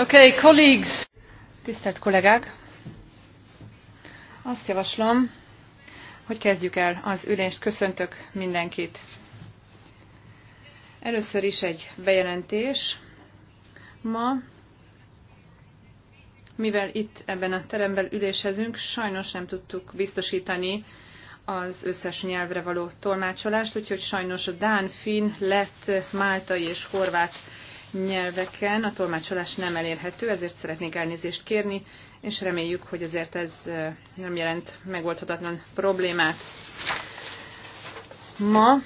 Okay, colleagues. Tisztelt kollégák! Azt javaslom, hogy kezdjük el az ülést. Köszöntök mindenkit! Először is egy bejelentés. Ma, mivel itt ebben a teremben ülésezünk, sajnos nem tudtuk biztosítani az összes nyelvre való tolmácsolást, úgyhogy sajnos a Dán, Finn, Lett, Máltai és Horvát nyelveken a tolmácsolás nem elérhető, ezért szeretnék elnézést kérni, és reméljük, hogy ezért ez nem jelent megoldhatatlan problémát. Ma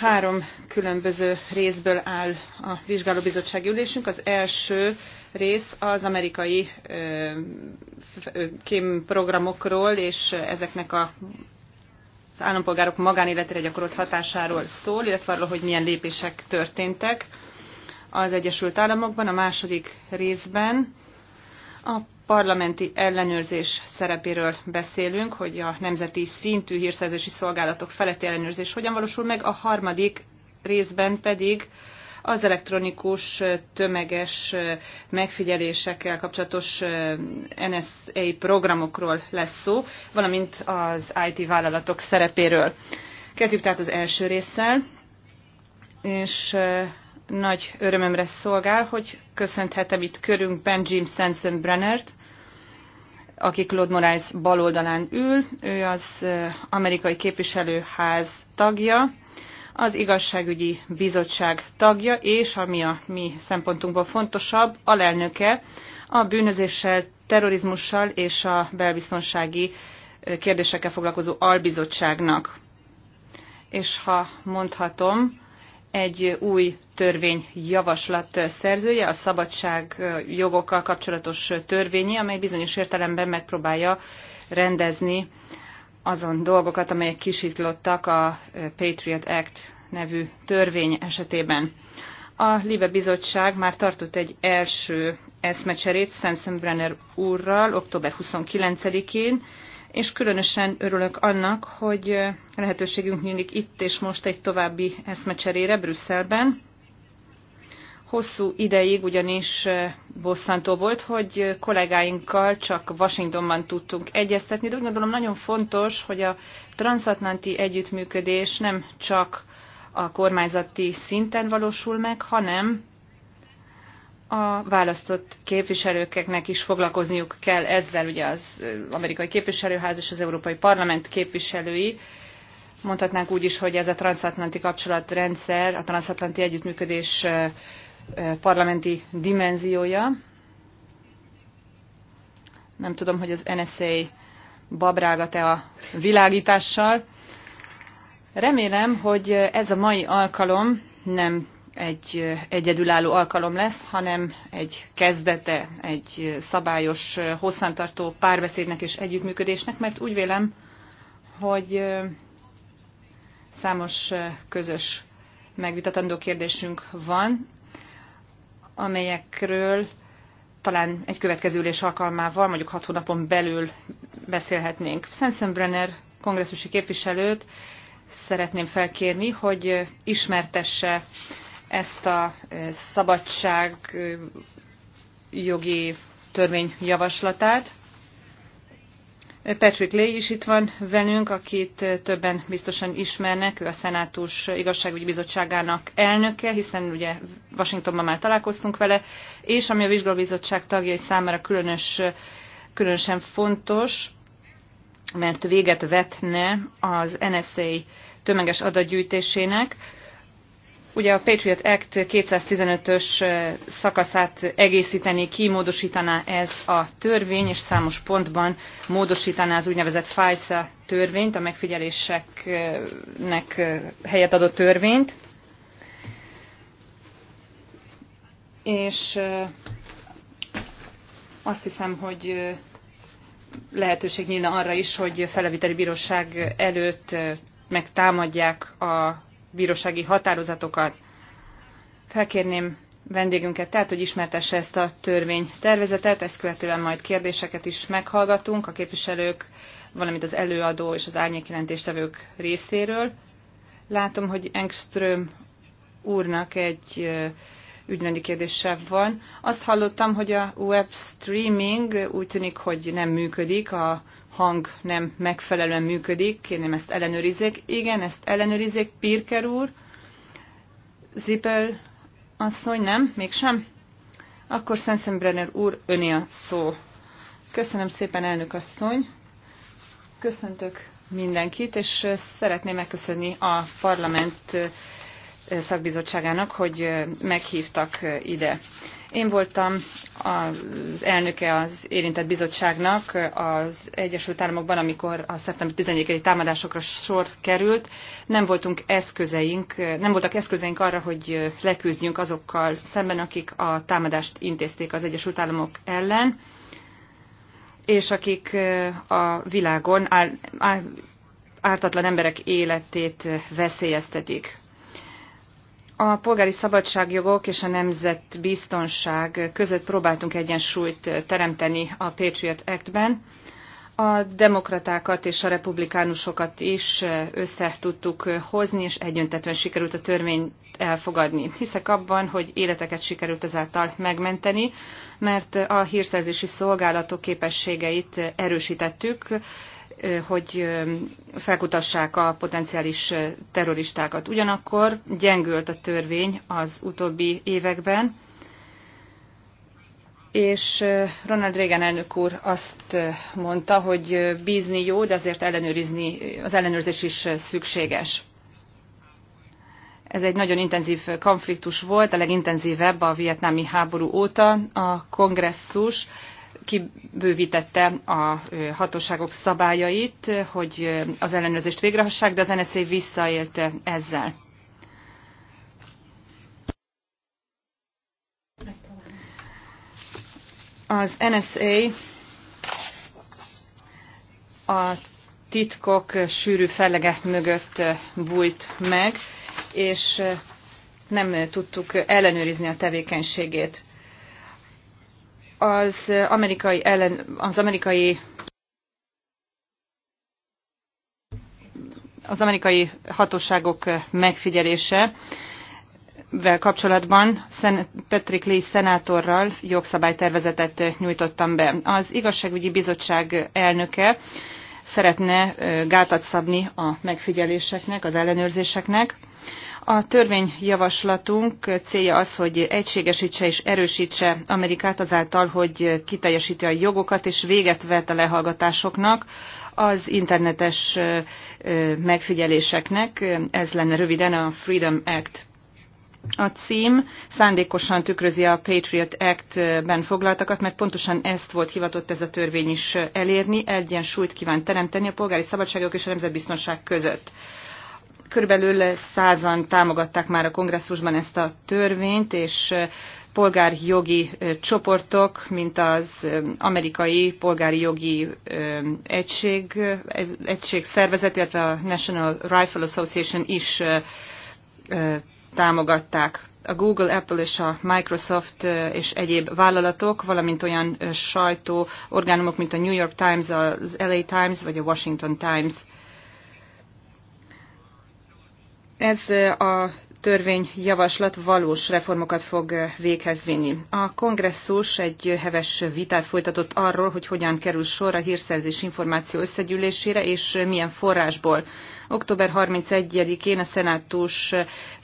három különböző részből áll a vizsgálóbizottsági ülésünk. Az első rész az amerikai kémprogramokról és ezeknek a az állampolgárok magánéletére gyakorolt hatásáról szól, illetve arról, hogy milyen lépések történtek az Egyesült Államokban, a második részben a parlamenti ellenőrzés szerepéről beszélünk, hogy a nemzeti szintű hírszerzési szolgálatok feletti ellenőrzés hogyan valósul meg, a harmadik részben pedig az elektronikus tömeges megfigyelésekkel kapcsolatos NSA programokról lesz szó, valamint az IT vállalatok szerepéről. Kezdjük tehát az első résszel, és nagy örömömre szolgál, hogy köszönhetem itt körünkben Jim Sensenbrennert, aki Claude Moraes baloldalán ül. Ő az amerikai képviselőház tagja, az igazságügyi bizottság tagja, és ami a mi szempontunkból fontosabb, alelnöke a bűnözéssel, terrorizmussal és a belbiztonsági kérdésekkel foglalkozó albizottságnak. És ha mondhatom, egy új törvényjavaslat szerzője, a szabadság jogokkal kapcsolatos törvényi, amely bizonyos értelemben megpróbálja rendezni azon dolgokat, amelyek kisítlottak a Patriot Act nevű törvény esetében. A Libe Bizottság már tartott egy első eszmecserét Sensenbrenner úrral október 29-én, és különösen örülök annak, hogy lehetőségünk nyílik itt és most egy további eszmecserére Brüsszelben. Hosszú ideig ugyanis bosszantó volt, hogy kollégáinkkal csak Washingtonban tudtunk egyeztetni, de úgy gondolom nagyon fontos, hogy a transatlanti együttműködés nem csak a kormányzati szinten valósul meg, hanem a választott képviselőknek is foglalkozniuk kell ezzel, ugye az amerikai képviselőház és az Európai Parlament képviselői, mondhatnánk úgy is, hogy ez a transatlanti kapcsolatrendszer, a transatlanti együttműködés parlamenti dimenziója. Nem tudom, hogy az NSA babrágat-e a világítással. Remélem, hogy ez a mai alkalom nem egy eh, egyedülálló alkalom lesz, hanem egy kezdete, egy eh, szabályos, eh, hosszantartó párbeszédnek és együttműködésnek, mert úgy vélem, hogy számos közös megvitatandó kérdésünk van, amelyekről talán egy következő ülés alkalmával, mondjuk hat hónapon belül beszélhetnénk. Sensenbrenner kongresszusi képviselőt szeretném felkérni, hogy ismertesse ezt a szabadság jogi törvény javaslatát. Patrick Lee is itt van velünk, akit többen biztosan ismernek, ő a Szenátus Igazságügyi Bizottságának elnöke, hiszen ugye Washingtonban már találkoztunk vele, és ami a vizsgálóbizottság tagjai számára különös, különösen fontos, mert véget vetne az NSA tömeges adatgyűjtésének, ugye a Patriot Act 215-ös szakaszát egészíteni kimódosítaná ez a törvény, és számos pontban módosítaná az úgynevezett FISA törvényt, a megfigyeléseknek helyet adott törvényt. És azt hiszem, hogy lehetőség nyílna arra is, hogy feleviteli bíróság előtt megtámadják a bírósági határozatokat. Felkérném vendégünket, tehát, hogy ismertesse ezt a törvénytervezetet, ezt követően majd kérdéseket is meghallgatunk a képviselők, valamint az előadó és az árnyékjelentéstevők részéről. Látom, hogy Engström úrnak egy ügyrendi kérdése van. Azt hallottam, hogy a web streaming úgy tűnik, hogy nem működik a hang nem megfelelően működik, kérném ezt ellenőrizzék. Igen, ezt ellenőrizzék, Pirker úr, Zipel asszony, nem, mégsem? Akkor Szenszembrenner úr, öné a szó. Köszönöm szépen, elnök asszony. Köszöntök mindenkit, és szeretném megköszönni a parlament szakbizottságának, hogy meghívtak ide. Én voltam az elnöke az érintett bizottságnak az Egyesült Államokban, amikor a szeptember 11 i támadásokra sor került. Nem voltunk eszközeink, nem voltak eszközeink arra, hogy leküzdjünk azokkal szemben, akik a támadást intézték az Egyesült Államok ellen, és akik eh, a világon áll, áll, ártatlan emberek életét veszélyeztetik a polgári szabadságjogok és a nemzetbiztonság között próbáltunk egyensúlyt teremteni a Patriot Act-ben. A demokratákat és a republikánusokat is össze tudtuk hozni, és egyöntetően sikerült a törvényt elfogadni. Hiszek abban, hogy életeket sikerült ezáltal megmenteni, mert a hírszerzési szolgálatok képességeit erősítettük, hogy felkutassák a potenciális terroristákat. Ugyanakkor gyengült a törvény az utóbbi években, és Ronald Reagan elnök úr azt mondta, hogy bízni jó, de azért ellenőrizni, az ellenőrzés is szükséges. Ez egy nagyon intenzív konfliktus volt, a legintenzívebb a vietnámi háború óta. A kongresszus kibővítette a hatóságok szabályait, hogy az ellenőrzést végrehassák, de az NSZ visszaélt ezzel. Az NSA a titkok sűrű fellege mögött bújt meg, és nem tudtuk ellenőrizni a tevékenységét az amerikai, ellen, az amerikai az amerikai hatóságok megfigyelése vel kapcsolatban Patrick Lee szenátorral jogszabálytervezetet nyújtottam be. Az igazságügyi bizottság elnöke szeretne gátat szabni a megfigyeléseknek, az ellenőrzéseknek. A törvényjavaslatunk célja az, hogy egységesítse és erősítse Amerikát azáltal, hogy kiteljesíti a jogokat és véget vet a lehallgatásoknak, az internetes megfigyeléseknek. Ez lenne röviden a Freedom Act. A cím szándékosan tükrözi a Patriot Act-ben foglaltakat, mert pontosan ezt volt hivatott ez a törvény is elérni, egyensúlyt kíván teremteni a polgári szabadságok és a nemzetbiztonság között. Körülbelül százan támogatták már a kongresszusban ezt a törvényt, és polgári jogi csoportok, mint az amerikai polgári jogi egység, egység szervezet, illetve a National Rifle Association is támogatták. A Google, Apple és a Microsoft és egyéb vállalatok, valamint olyan orgánumok, mint a New York Times, az LA Times vagy a Washington Times Ez a törvényjavaslat valós reformokat fog véghez vinni. A kongresszus egy heves vitát folytatott arról, hogy hogyan kerül sor a hírszerzés információ összegyűlésére és milyen forrásból. Október 31-én a Szenátus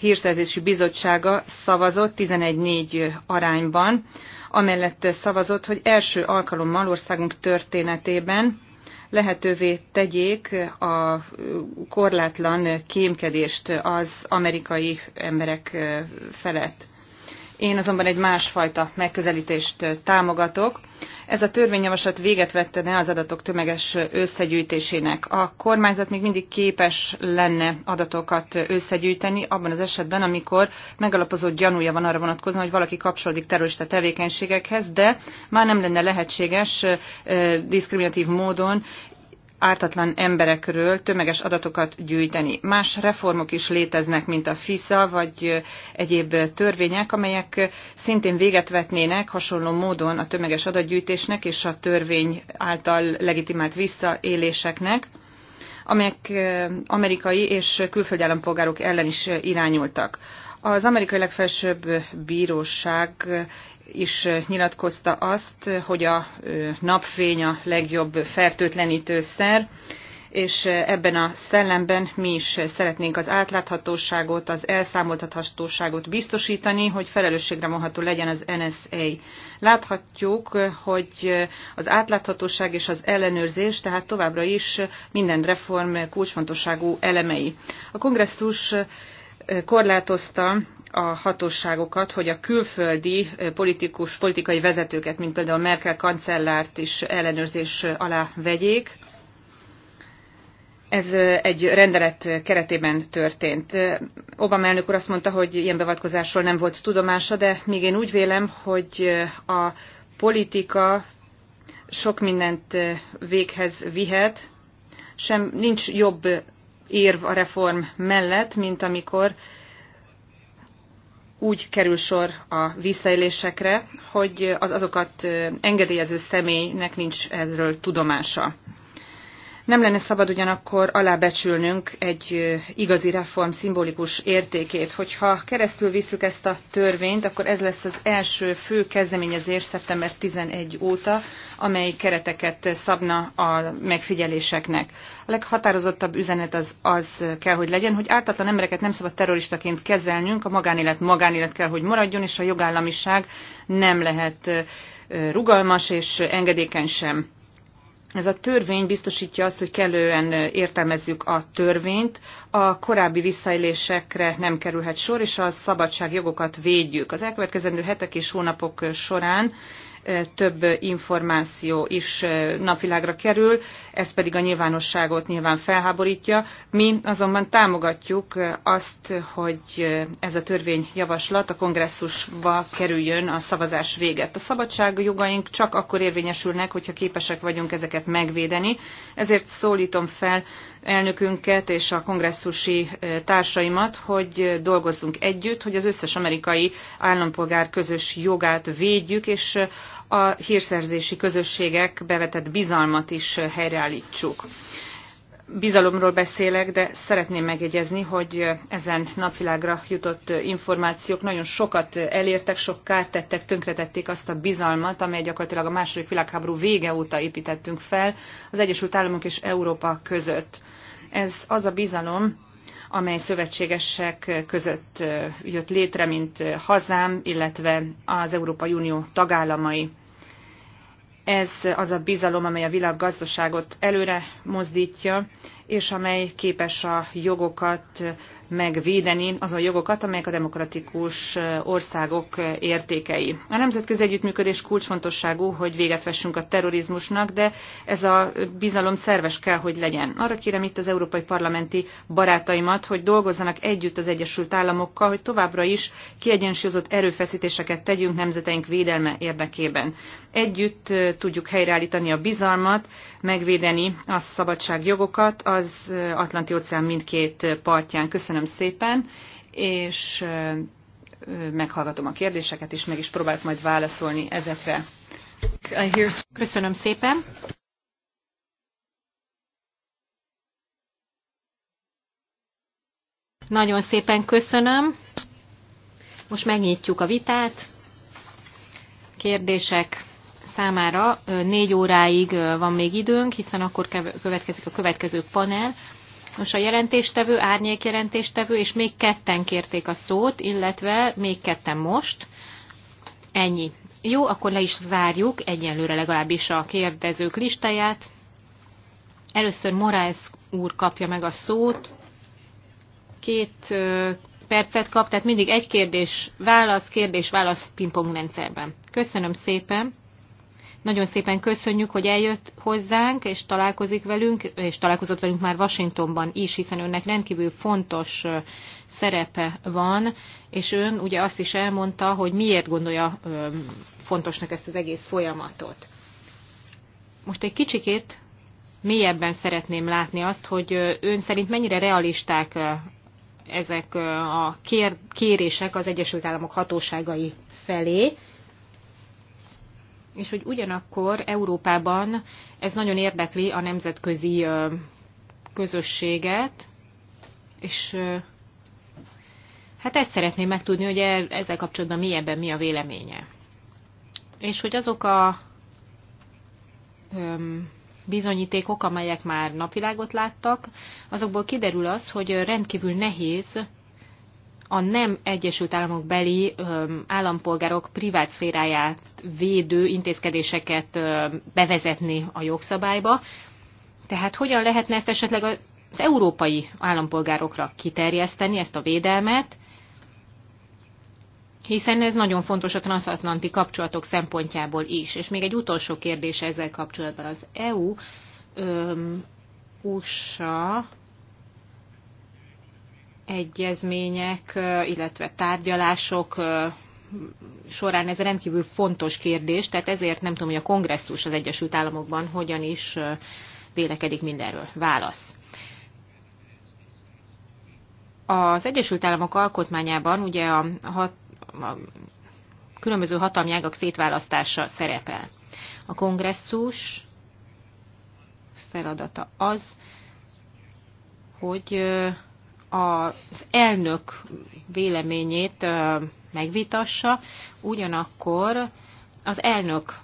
Hírszerzési Bizottsága szavazott 11-4 arányban, amellett szavazott, hogy első alkalommal országunk történetében lehetővé tegyék a korlátlan kémkedést az amerikai emberek felett. Én azonban egy másfajta megközelítést támogatok. Ez a törvényjavaslat véget vettene az adatok tömeges összegyűjtésének. A kormányzat még mindig képes lenne adatokat összegyűjteni abban az esetben, amikor megalapozott gyanúja van arra vonatkozóan, hogy valaki kapcsolódik terrorista tevékenységekhez, de már nem lenne lehetséges diszkriminatív módon ártatlan emberekről tömeges adatokat gyűjteni. Más reformok is léteznek, mint a FISA vagy egyéb törvények, amelyek szintén véget vetnének hasonló módon a tömeges adatgyűjtésnek és a törvény által legitimált visszaéléseknek amelyek eh, amerikai és külföldi állampolgárok ellen is irányultak. Az amerikai legfelsőbb bíróság is nyilatkozta azt, hogy a napfény a legjobb fertőtlenítőszer, és ebben a szellemben mi is szeretnénk az átláthatóságot, az elszámoltathatóságot biztosítani, hogy felelősségre vonható legyen az NSA. Láthatjuk, hogy az átláthatóság és az ellenőrzés tehát továbbra is minden reform kulcsfontosságú elemei. A kongresszus korlátozta a hatóságokat, hogy a külföldi eh, politikus, politikai vezetőket, mint például Merkel kancellárt is ellenőrzés alá vegyék. Ez eh, egy rendelet keretében történt. Eh, Obama elnök úr azt mondta, hogy ilyen bevatkozásról nem volt tudomása, de még én úgy vélem, hogy a politika sok mindent véghez vihet, sem nincs jobb érv a reform mellett, mint amikor úgy kerül sor a visszaélésekre, hogy az azokat engedélyező személynek nincs ezről tudomása. Nem lenne szabad ugyanakkor alábecsülnünk egy igazi reform szimbolikus értékét. Hogyha keresztül visszük ezt a törvényt, akkor ez lesz az első fő kezdeményezés szeptember 11 óta, amely kereteket szabna a megfigyeléseknek. A leghatározottabb üzenet az, az kell, hogy legyen, hogy ártatlan embereket nem szabad terroristaként kezelnünk, a magánélet magánélet kell, hogy maradjon, és a jogállamiság nem lehet rugalmas és engedékeny sem ez a törvény biztosítja azt, hogy kellően értelmezzük a törvényt, a korábbi visszaélésekre nem kerülhet sor, és a szabadságjogokat védjük. Az elkövetkezendő hetek és hónapok során több információ is napvilágra kerül, ez pedig a nyilvánosságot nyilván felháborítja. Mi azonban támogatjuk azt, hogy ez a törvényjavaslat a kongresszusba kerüljön a szavazás véget. A szabadságjogaink csak akkor érvényesülnek, hogyha képesek vagyunk ezeket megvédeni, ezért szólítom fel elnökünket és a kongresszusi társaimat, hogy dolgozzunk együtt, hogy az összes amerikai állampolgár közös jogát védjük, és a hírszerzési közösségek bevetett bizalmat is helyreállítsuk bizalomról beszélek, de szeretném megjegyezni, hogy ezen napvilágra jutott információk nagyon sokat elértek, sok kárt tettek, tönkretették azt a bizalmat, amely gyakorlatilag a második világháború vége óta építettünk fel az Egyesült Államok és Európa között. Ez az a bizalom, amely szövetségesek között jött létre, mint hazám, illetve az Európai Unió tagállamai ez az a bizalom, amely a világgazdaságot előre mozdtja és amely képes a jogokat megvédeni, azon jogokat, amelyek a demokratikus országok értékei. A nemzetközi együttműködés kulcsfontosságú, hogy véget vessünk a terrorizmusnak, de ez a bizalom szerves kell, hogy legyen. Arra kérem itt az európai parlamenti barátaimat, hogy dolgozzanak együtt az Egyesült Államokkal, hogy továbbra is kiegyensúlyozott erőfeszítéseket tegyünk nemzeteink védelme érdekében. Együtt tudjuk helyreállítani a bizalmat, megvédeni a szabadságjogokat, a az Atlanti óceán mindkét partján. Köszönöm szépen, és meghallgatom a kérdéseket, és meg is próbálok majd válaszolni ezekre. Köszönöm szépen. Nagyon szépen köszönöm. Most megnyitjuk a vitát. Kérdések, számára négy óráig van még időnk, hiszen akkor következik a következő panel. Most a jelentéstevő, árnyék jelentéstevő, és még ketten kérték a szót, illetve még ketten most. Ennyi. Jó, akkor le is zárjuk egyenlőre legalábbis a kérdezők listáját. Először Morales úr kapja meg a szót. Két percet kap, tehát mindig egy kérdés, válasz, kérdés, válasz pingpong rendszerben. Köszönöm szépen. Nagyon szépen köszönjük, hogy eljött hozzánk, és találkozik velünk, és találkozott velünk már Washingtonban is, hiszen önnek rendkívül fontos szerepe van, és ön ugye azt is elmondta, hogy miért gondolja fontosnak ezt az egész folyamatot. Most egy kicsikét mélyebben szeretném látni azt, hogy ön szerint mennyire realisták ezek a kérések az Egyesült Államok hatóságai felé, és hogy ugyanakkor Európában ez nagyon érdekli a nemzetközi közösséget, és hát ezt szeretném megtudni, hogy e, ezzel kapcsolatban mi ebben mi a véleménye. És hogy azok a bizonyítékok, amelyek már napvilágot láttak, azokból kiderül az, hogy rendkívül nehéz a nem Egyesült Államok beli állampolgárok privát szféráját védő intézkedéseket bevezetni a jogszabályba. Tehát hogyan lehetne ezt esetleg az európai állampolgárokra kiterjeszteni, ezt a védelmet, hiszen ez nagyon fontos a transatlanti kapcsolatok szempontjából is. És még egy utolsó kérdés ezzel kapcsolatban. Az EU öm, USA egyezmények, illetve tárgyalások során ez rendkívül fontos kérdés, tehát ezért nem tudom, hogy a kongresszus az Egyesült Államokban hogyan is vélekedik mindenről. Válasz. Az Egyesült Államok alkotmányában ugye a, hat, a különböző hatalmi ágak szétválasztása szerepel. A kongresszus feladata az, hogy az elnök véleményét megvitassa, ugyanakkor az elnök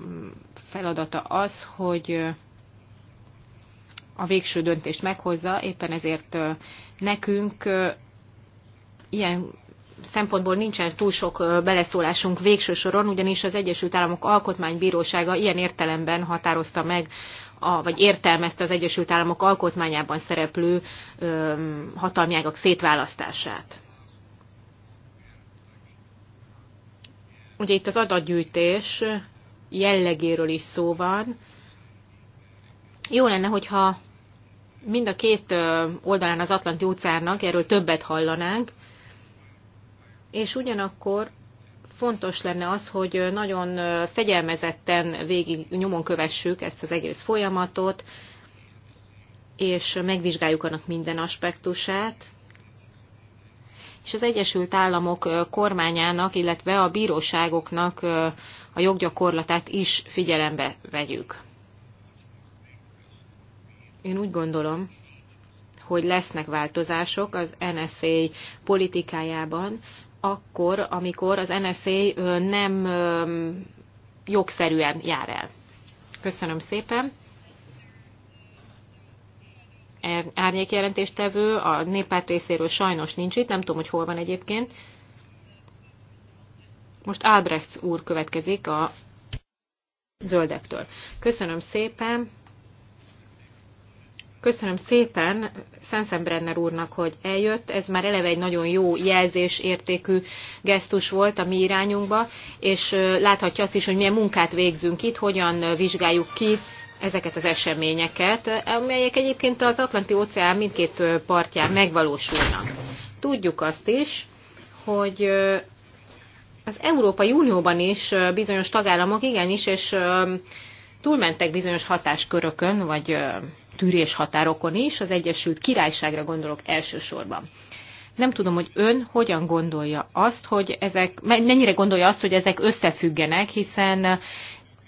mm, feladata az, hogy a végső döntést meghozza, éppen ezért nekünk ilyen szempontból nincsen túl sok beleszólásunk végső soron, ugyanis az Egyesült Államok Alkotmánybírósága ilyen értelemben határozta meg a, vagy értelmezte az Egyesült Államok alkotmányában szereplő ö, hatalmi szétválasztását. Ugye itt az adatgyűjtés jellegéről is szó van. Jó lenne, hogyha mind a két oldalán az Atlanti óceánnak erről többet hallanánk, és ugyanakkor fontos lenne az, hogy nagyon fegyelmezetten végig nyomon kövessük ezt az egész folyamatot, és megvizsgáljuk annak minden aspektusát, és az Egyesült Államok kormányának, illetve a bíróságoknak a joggyakorlatát is figyelembe vegyük. Én úgy gondolom, hogy lesznek változások az NSA politikájában, akkor, amikor az NSA nem jogszerűen jár el. Köszönöm szépen. Er, árnyékjelentéstevő a néppárt részéről sajnos nincs itt, nem tudom, hogy hol van egyébként. Most Albrecht úr következik a zöldektől. Köszönöm szépen. Köszönöm szépen Szenszembrenner úrnak, hogy eljött. Ez már eleve egy nagyon jó jelzés értékű gesztus volt a mi irányunkba, és láthatja azt is, hogy milyen munkát végzünk itt, hogyan vizsgáljuk ki ezeket az eseményeket, amelyek egyébként az Atlanti-óceán mindkét partján megvalósulnak. Tudjuk azt is, hogy az Európai Unióban is bizonyos tagállamok igenis, és túlmentek bizonyos hatáskörökön, vagy tűrés határokon is, az Egyesült Királyságra gondolok elsősorban. Nem tudom, hogy ön hogyan gondolja azt, hogy ezek, mennyire gondolja azt, hogy ezek összefüggenek, hiszen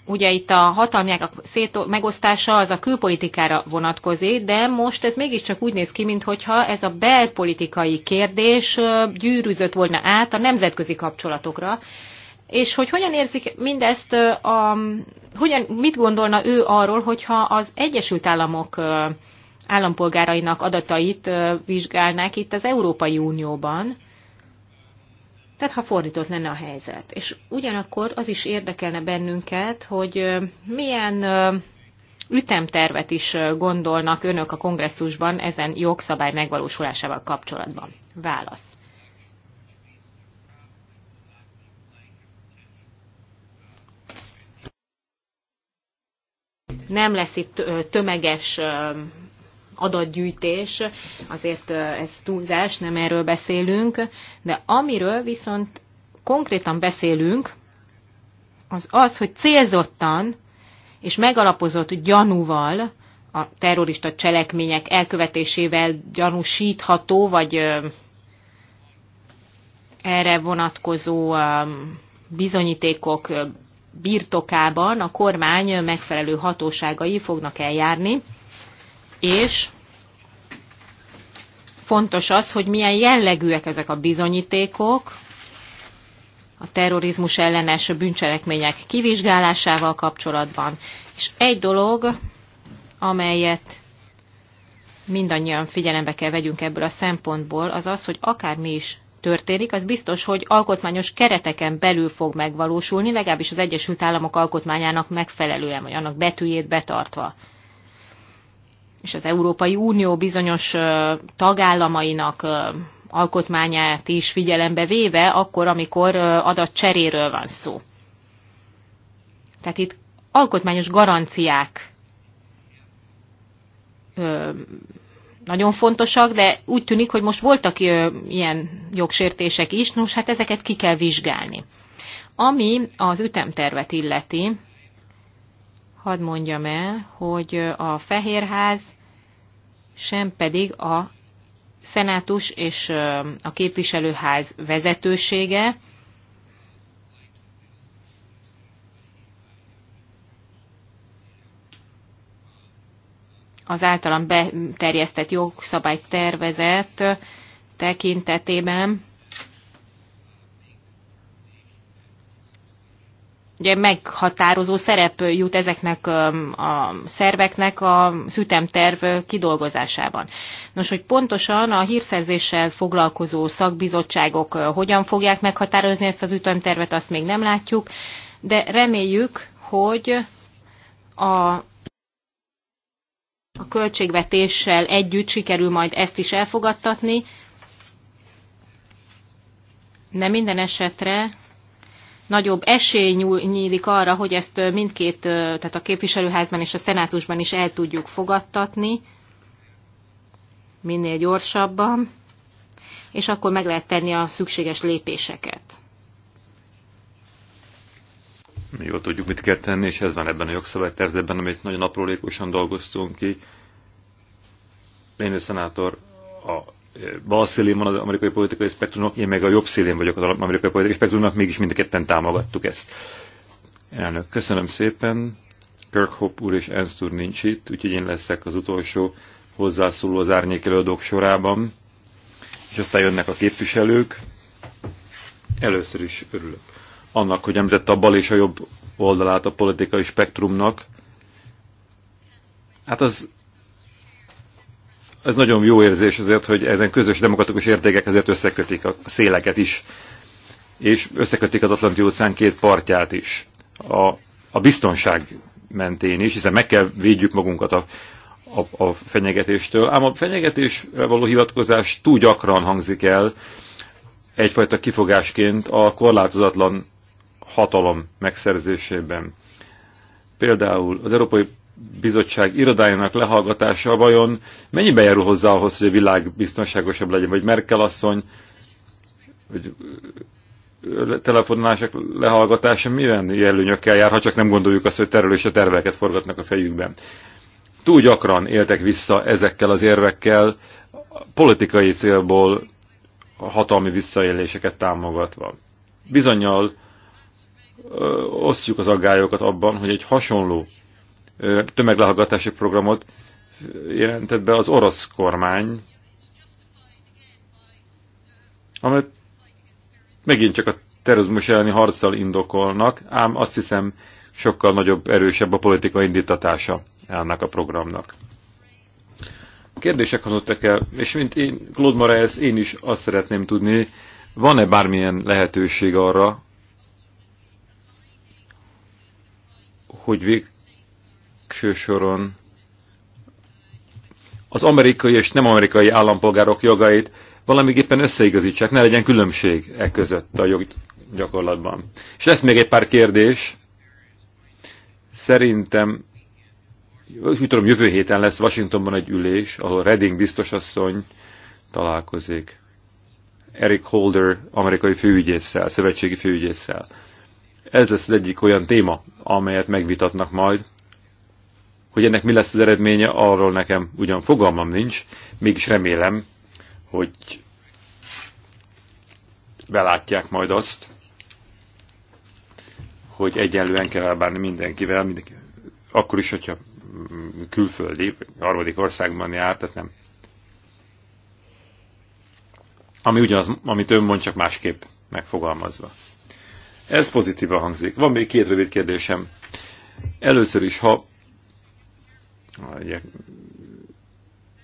ugye itt a hatalmiak szét megosztása az a külpolitikára vonatkozik, de most ez mégiscsak úgy néz ki, mintha ez a belpolitikai kérdés gyűrűzött volna át a nemzetközi kapcsolatokra, és hogy hogyan érzik mindezt, a, hogyan, mit gondolna ő arról, hogyha az Egyesült Államok állampolgárainak adatait vizsgálnák itt az Európai Unióban, tehát ha fordított lenne a helyzet. És ugyanakkor az is érdekelne bennünket, hogy milyen ütemtervet is gondolnak önök a kongresszusban ezen jogszabály megvalósulásával kapcsolatban. Válasz. nem lesz itt tömeges adatgyűjtés, azért ez túlzás, nem erről beszélünk, de amiről viszont konkrétan beszélünk, az az, hogy célzottan és megalapozott gyanúval a terrorista cselekmények elkövetésével gyanúsítható, vagy erre vonatkozó bizonyítékok birtokában a kormány megfelelő hatóságai fognak eljárni, és fontos az, hogy milyen jellegűek ezek a bizonyítékok, a terrorizmus ellenes bűncselekmények kivizsgálásával kapcsolatban. És egy dolog, amelyet mindannyian figyelembe kell vegyünk ebből a szempontból, az az, hogy akár mi is történik, az biztos, hogy alkotmányos kereteken belül fog megvalósulni, legalábbis az Egyesült Államok alkotmányának megfelelően, vagy annak betűjét betartva. És az Európai Unió bizonyos tagállamainak alkotmányát is figyelembe véve, akkor, amikor adatcseréről van szó. Tehát itt alkotmányos garanciák nagyon fontosak, de úgy tűnik, hogy most voltak ilyen jogsértések is, nos hát ezeket ki kell vizsgálni. Ami az ütemtervet illeti, hadd mondjam el, hogy a Fehérház sem pedig a szenátus és a képviselőház vezetősége az általam beterjesztett jogszabálytervezet tekintetében ugye meghatározó szerep jut ezeknek a szerveknek a szütemterv kidolgozásában. Nos, hogy pontosan a hírszerzéssel foglalkozó szakbizottságok hogyan fogják meghatározni ezt az ütemtervet, azt még nem látjuk, de reméljük, hogy a a költségvetéssel együtt sikerül majd ezt is elfogadtatni, de minden esetre nagyobb esély nyílik arra, hogy ezt mindkét, tehát a képviselőházban és a szenátusban is el tudjuk fogadtatni, minél gyorsabban, és akkor meg lehet tenni a szükséges lépéseket. Mi jól tudjuk, mit kell tenni, és ez van ebben a jogszabálytervezetben, amit nagyon aprólékosan dolgoztunk ki. Lénő szenátor a e, bal szélén van az amerikai politikai spektrumnak, én meg a jobb szélén vagyok az amerikai politikai spektrumnak, mégis ketten támogattuk ezt. Elnök, köszönöm szépen. Kirkhope úr és Ernst úr nincs itt, úgyhogy én leszek az utolsó hozzászóló az árnyékelődők sorában. És aztán jönnek a képviselők. Először is örülök annak, hogy említette a bal és a jobb oldalát a politikai spektrumnak. Hát az, ez nagyon jó érzés azért, hogy ezen közös demokratikus értékek azért összekötik a széleket is, és összekötik az Atlanti óceán két partját is. A, a biztonság mentén is, hiszen meg kell védjük magunkat a, a, a fenyegetéstől. Ám a fenyegetésre való hivatkozás túl gyakran hangzik el egyfajta kifogásként a korlátozatlan hatalom megszerzésében. Például az Európai Bizottság irodájának lehallgatása vajon mennyi járul hozzá ahhoz, hogy a világ biztonságosabb legyen, vagy Merkel asszony, vagy telefonálások lehallgatása milyen jelölnyökkel jár, ha csak nem gondoljuk azt, hogy a terveket forgatnak a fejükben. Túl gyakran éltek vissza ezekkel az érvekkel, politikai célból hatalmi visszaéléseket támogatva. Bizonyal osztjuk az aggályokat abban, hogy egy hasonló tömeglehallgatási programot jelentett be az orosz kormány, amely megint csak a terrorizmus elleni harccal indokolnak, ám azt hiszem sokkal nagyobb, erősebb a politika indítatása ennek a programnak. Kérdések hazudtak el, és mint én, Claude Moraes, én is azt szeretném tudni, van-e bármilyen lehetőség arra, hogy végső soron az amerikai és nem amerikai állampolgárok jogait valamiképpen összeigazítsák, ne legyen különbség e között a jog gyakorlatban. És lesz még egy pár kérdés. Szerintem, úgy tudom, jövő héten lesz Washingtonban egy ülés, ahol Redding biztosasszony találkozik. Eric Holder amerikai főügyésszel, szövetségi főügyésszel. Ez lesz az egyik olyan téma, amelyet megvitatnak majd. Hogy ennek mi lesz az eredménye, arról nekem ugyan fogalmam nincs, mégis remélem, hogy belátják majd azt, hogy egyenlően kell elbánni mindenkivel, mindenki, akkor is, hogyha külföldi, harmadik országban jár, tehát nem. Ami ugyanaz, amit ön mond, csak másképp megfogalmazva. Ez pozitívan hangzik. Van még két rövid kérdésem. Először is, ha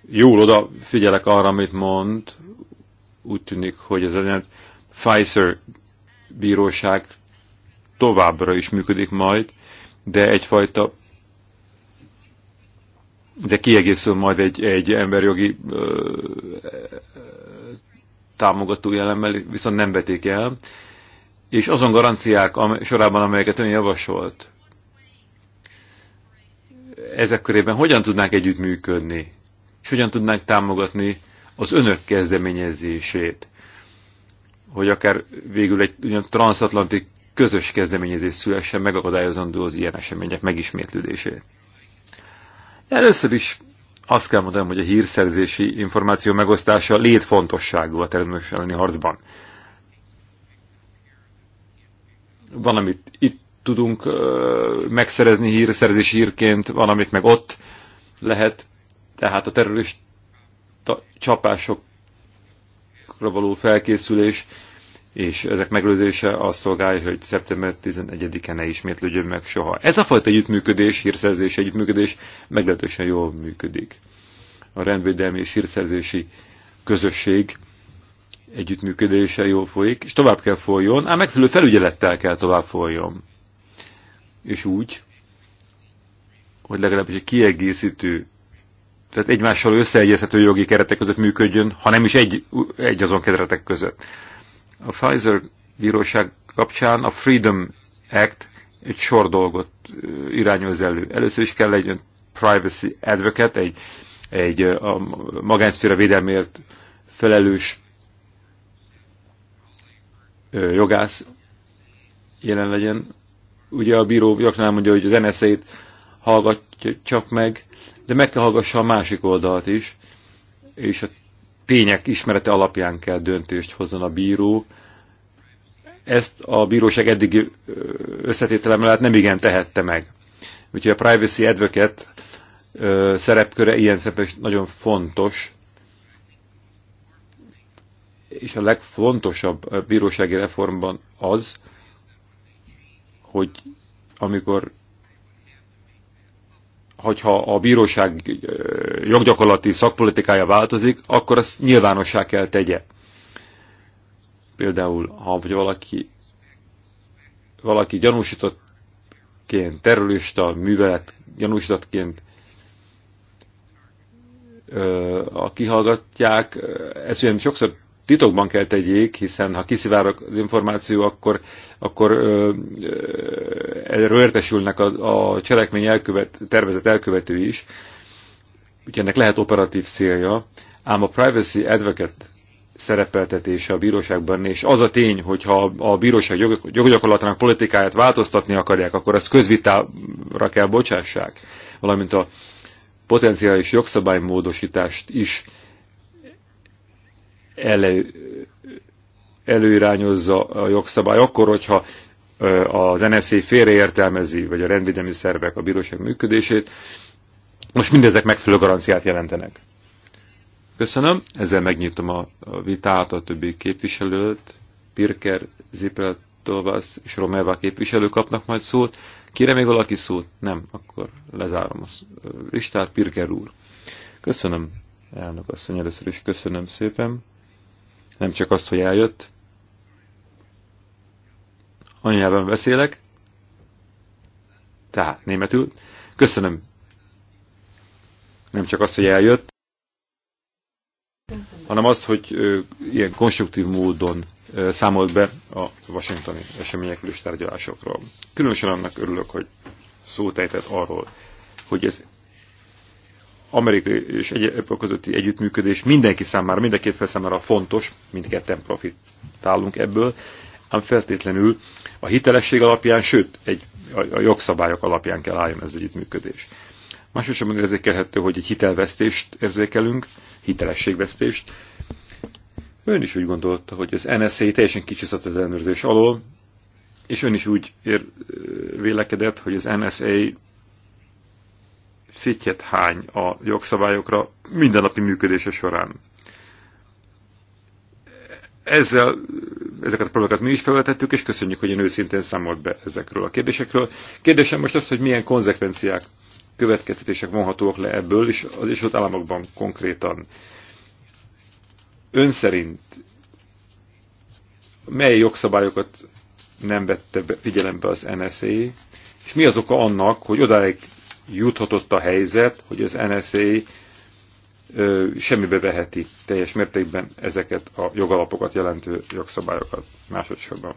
jól oda figyelek arra, amit mond, úgy tűnik, hogy ez a Pfizer bíróság továbbra is működik majd, de egyfajta de kiegészül majd egy, egy emberjogi ö, ö, támogató jellemmel, viszont nem vetik el és azon garanciák sorában, amelyeket ön javasolt, ezek körében hogyan tudnánk együttműködni, és hogyan tudnánk támogatni az önök kezdeményezését, hogy akár végül egy ugyan transatlanti közös kezdeményezés szülessen, megakadályozandó az ilyen események megismétlődését. Először is azt kell mondanom, hogy a hírszerzési információ megosztása létfontosságú a terrorizmus elleni harcban. Van, amit itt tudunk megszerezni hírszerzési hírként, van, amit meg ott lehet. Tehát a terrorista csapásokra való felkészülés és ezek meglőzése azt szolgálja, hogy szeptember 11-e ne ismétlődjön meg soha. Ez a fajta együttműködés, hírszerzés, együttműködés meglehetősen jól működik. A rendvédelmi és hírszerzési közösség együttműködése jól folyik, és tovább kell folyjon, ám megfelelő felügyelettel kell tovább folyjon. És úgy, hogy legalábbis egy kiegészítő, tehát egymással összeegyezhető jogi keretek között működjön, ha nem is egy, egy azon keretek között. A Pfizer bíróság kapcsán a Freedom Act egy sor dolgot irányoz elő. Először is kell egy privacy advocate, egy, egy a magánszféra védelmért felelős jogász jelen legyen. Ugye a bíró gyakran mondja, hogy az nsz ét hallgatja csak meg, de meg kell hallgassa a másik oldalt is, és a tények ismerete alapján kell döntést hozzon a bíró. Ezt a bíróság összetétele mellett hát nem igen tehette meg. Úgyhogy a privacy advocate szerepköre ilyen szempontból nagyon fontos, és a legfontosabb eh, bírósági reformban az, hogy amikor hogyha a bíróság eh, joggyakorlati szakpolitikája változik, akkor azt nyilvánossá kell tegye. Például, ha vagy valaki, valaki gyanúsítottként, terrorista művelet gyanúsítottként eh, a kihallgatják, ez olyan sokszor titokban kell tegyék, hiszen ha kiszivárog az információ, akkor, akkor ö, ö, erről értesülnek a, a cselekmény elkövet, tervezett elkövető is. Úgyhogy ennek lehet operatív célja, ám a privacy advocate szerepeltetése a bíróságban, és az a tény, hogyha a bíróság joggyakorlatának politikáját változtatni akarják, akkor ezt közvitára kell bocsássák, valamint a potenciális jogszabálymódosítást is elő, előirányozza a jogszabály, akkor, hogyha az NSZ félreértelmezi, vagy a rendvédelmi szervek a bíróság működését, most mindezek megfelelő garanciát jelentenek. Köszönöm, ezzel megnyitom a vitát a többi képviselőt. Pirker, Zipel, Tolvász és Romelva képviselő kapnak majd szót. Kire még valaki szót? Nem, akkor lezárom a listát. Pirker úr. Köszönöm, elnök asszony, először is köszönöm szépen nem csak azt, hogy eljött. Anyanyelven beszélek, tehát németül. Köszönöm. Nem csak azt, hogy eljött, hanem az, hogy ö, ilyen konstruktív módon ö, számolt be a washingtoni eseményekről és tárgyalásokról. Különösen annak örülök, hogy szót ejtett arról, hogy ez amerikai és egyébként közötti együttműködés mindenki számára, mind a két fel számára fontos, mindketten profitálunk ebből, ám feltétlenül a hitelesség alapján, sőt, egy, a, a jogszabályok alapján kell álljon ez együttműködés. Másosabban érzékelhető, hogy egy hitelvesztést érzékelünk, hitelességvesztést. Ön is úgy gondolta, hogy az NSA teljesen kicsiszott az ellenőrzés alól, és ön is úgy ér, vélekedett, hogy az NSA fityet hány a jogszabályokra mindennapi működése során. Ezzel ezeket a problémákat mi is felvetettük, és köszönjük, hogy én őszintén számolt be ezekről a kérdésekről. Kérdésem most az, hogy milyen konzekvenciák, következtetések vonhatóak le ebből, és az is ott Államokban konkrétan. Ön szerint mely jogszabályokat nem vette figyelembe az NSA, és mi az oka annak, hogy odáig juthatott a helyzet, hogy az NSA ö, semmibe veheti teljes mértékben ezeket a jogalapokat jelentő jogszabályokat másodszorban.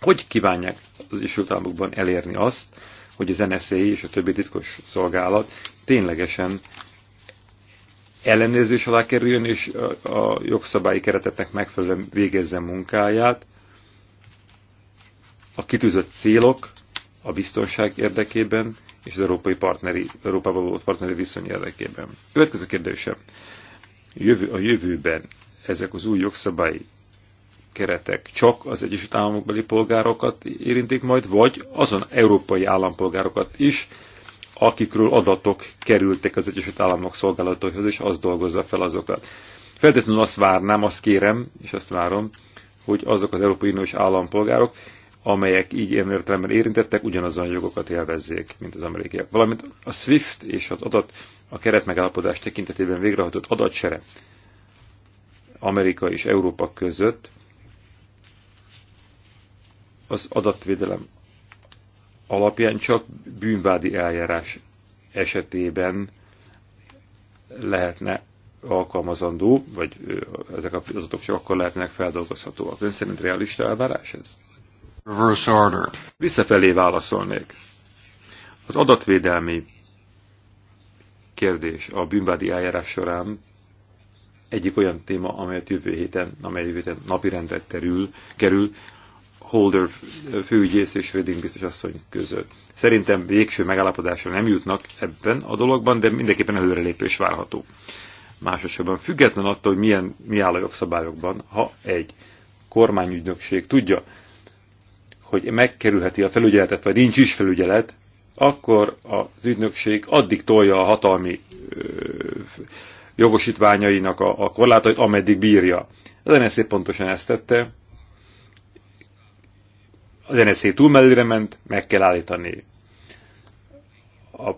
Hogy kívánják az Isült Államokban elérni azt, hogy az NSA és a többi titkos szolgálat ténylegesen ellenőrzés alá kerüljön, és a, a jogszabályi keretetnek megfelelően végezze munkáját, a kitűzött célok a biztonság érdekében és az európai partneri, Európával volt partneri viszony érdekében. Következő kérdése: Jövő, a jövőben ezek az új jogszabályi keretek csak az Egyesült Államokbeli polgárokat érintik majd, vagy azon európai állampolgárokat is, akikről adatok kerültek az Egyesült Államok szolgálatóhoz, és az dolgozza fel azokat. Feltétlenül azt várnám, azt kérem, és azt várom, hogy azok az Európai Uniós állampolgárok, amelyek így ilyen értelemben érintettek, ugyanazon jogokat élvezzék, mint az amerikaiak. Valamint a SWIFT és az adat a keretmegállapodás tekintetében végrehajtott adatsere Amerika és Európa között az adatvédelem alapján csak bűnvádi eljárás esetében lehetne alkalmazandó, vagy ezek az adatok csak akkor lehetnek feldolgozhatóak. Ön szerint realista elvárás ez? Visszafelé válaszolnék. Az adatvédelmi kérdés a bűnvádi eljárás során egyik olyan téma, amelyet jövő héten, amely jövő héten napirendre terül, kerül, Holder főügyész és Reding biztos asszony között. Szerintem végső megállapodásra nem jutnak ebben a dologban, de mindenképpen előrelépés várható. Másosabban független attól, hogy milyen, mi áll a jogszabályokban, ha egy kormányügynökség tudja, hogy megkerülheti a felügyeletet, vagy nincs is felügyelet, akkor az ügynökség addig tolja a hatalmi ö, jogosítványainak a, a korlátait, ameddig bírja. Az NSZ pontosan ezt tette. Az NSZ túl mellőre ment, meg kell állítani. A,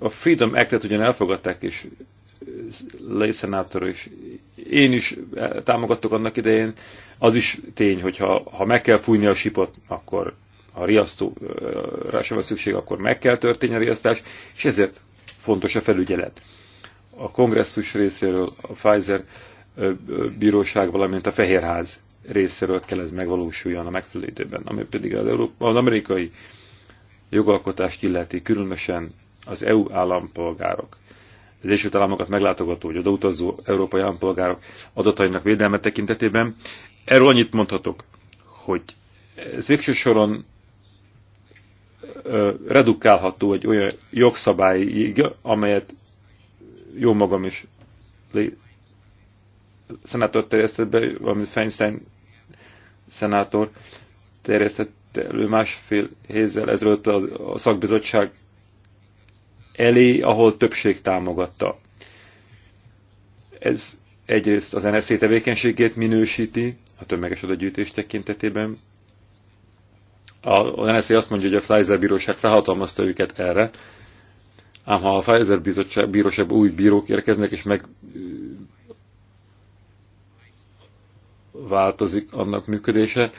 a Freedom Act-et ugyan elfogadták, és Lejszenátor és én is támogattok annak idején, az is tény, hogy ha, ha meg kell fújni a sipot, akkor a rá sem van szükség, akkor meg kell történni a riasztás, és ezért fontos a felügyelet. A kongresszus részéről a Pfizer bíróság, valamint a Fehérház részéről kell ez megvalósuljon a megfelelő időben, ami pedig az, Európa, az amerikai jogalkotást illeti, különösen az EU állampolgárok az Egyesült Államokat meglátogató, vagy odautazó európai állampolgárok adatainak védelme tekintetében. Erről annyit mondhatok, hogy ez végső soron redukálható egy olyan jogszabályig, amelyet jó magam is szenátor terjesztett be, valamint Feinstein szenátor terjesztett elő másfél hézzel ezelőtt a szakbizottság elé, ahol többség támogatta. Ez egyrészt az NSZ tevékenységét minősíti, a tömeges adagyűjtés tekintetében. A NSZ azt mondja, hogy a Pfizer bíróság felhatalmazta őket erre, ám ha a Pfizer bizottság, új bírók érkeznek, és meg változik annak működése,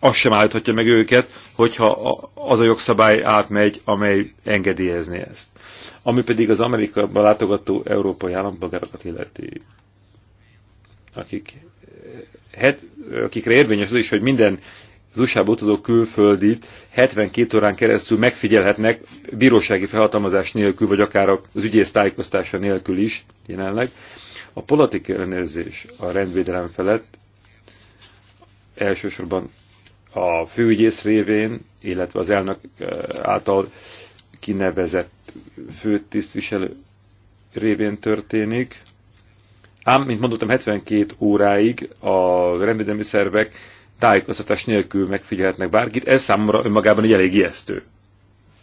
az sem állíthatja meg őket, hogyha az a jogszabály átmegy, amely engedélyezné ezt. Ami pedig az Amerikában látogató európai állampolgárokat illeti, akik, het, akikre érvényes az is, hogy minden az usa utazó külföldit 72 órán keresztül megfigyelhetnek bírósági felhatalmazás nélkül, vagy akár az ügyész tájékoztása nélkül is jelenleg. A politikai ellenőrzés a rendvédelem felett elsősorban a főügyész révén, illetve az elnök által kinevezett főtisztviselő révén történik. Ám, mint mondottam, 72 óráig a rendvédelmi szervek tájékoztatás nélkül megfigyelhetnek bárkit. Ez számomra önmagában egy elég ijesztő.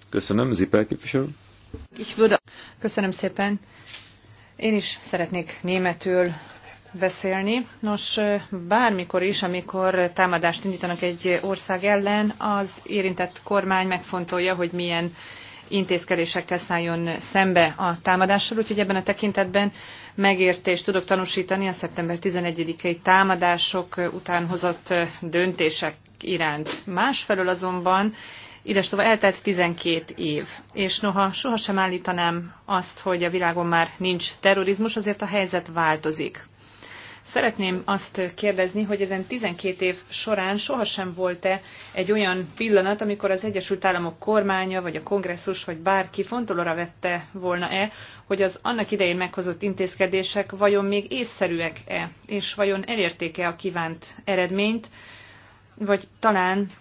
Köszönöm, Zipel képviselő. Köszönöm szépen. Én is szeretnék németül beszélni. Nos, bármikor is, amikor támadást indítanak egy ország ellen, az érintett kormány megfontolja, hogy milyen intézkedésekkel szálljon szembe a támadással, úgyhogy ebben a tekintetben megértést tudok tanúsítani a szeptember 11-i támadások után hozott döntések iránt. Másfelől azonban Idestova eltelt 12 év, és noha sohasem állítanám azt, hogy a világon már nincs terrorizmus, azért a helyzet változik. Szeretném azt kérdezni, hogy ezen 12 év során sohasem volt-e egy olyan pillanat, amikor az Egyesült Államok kormánya, vagy a kongresszus, vagy bárki fontolóra vette volna-e, hogy az annak idején meghozott intézkedések vajon még észszerűek-e, és vajon elérték-e a kívánt eredményt, vagy talán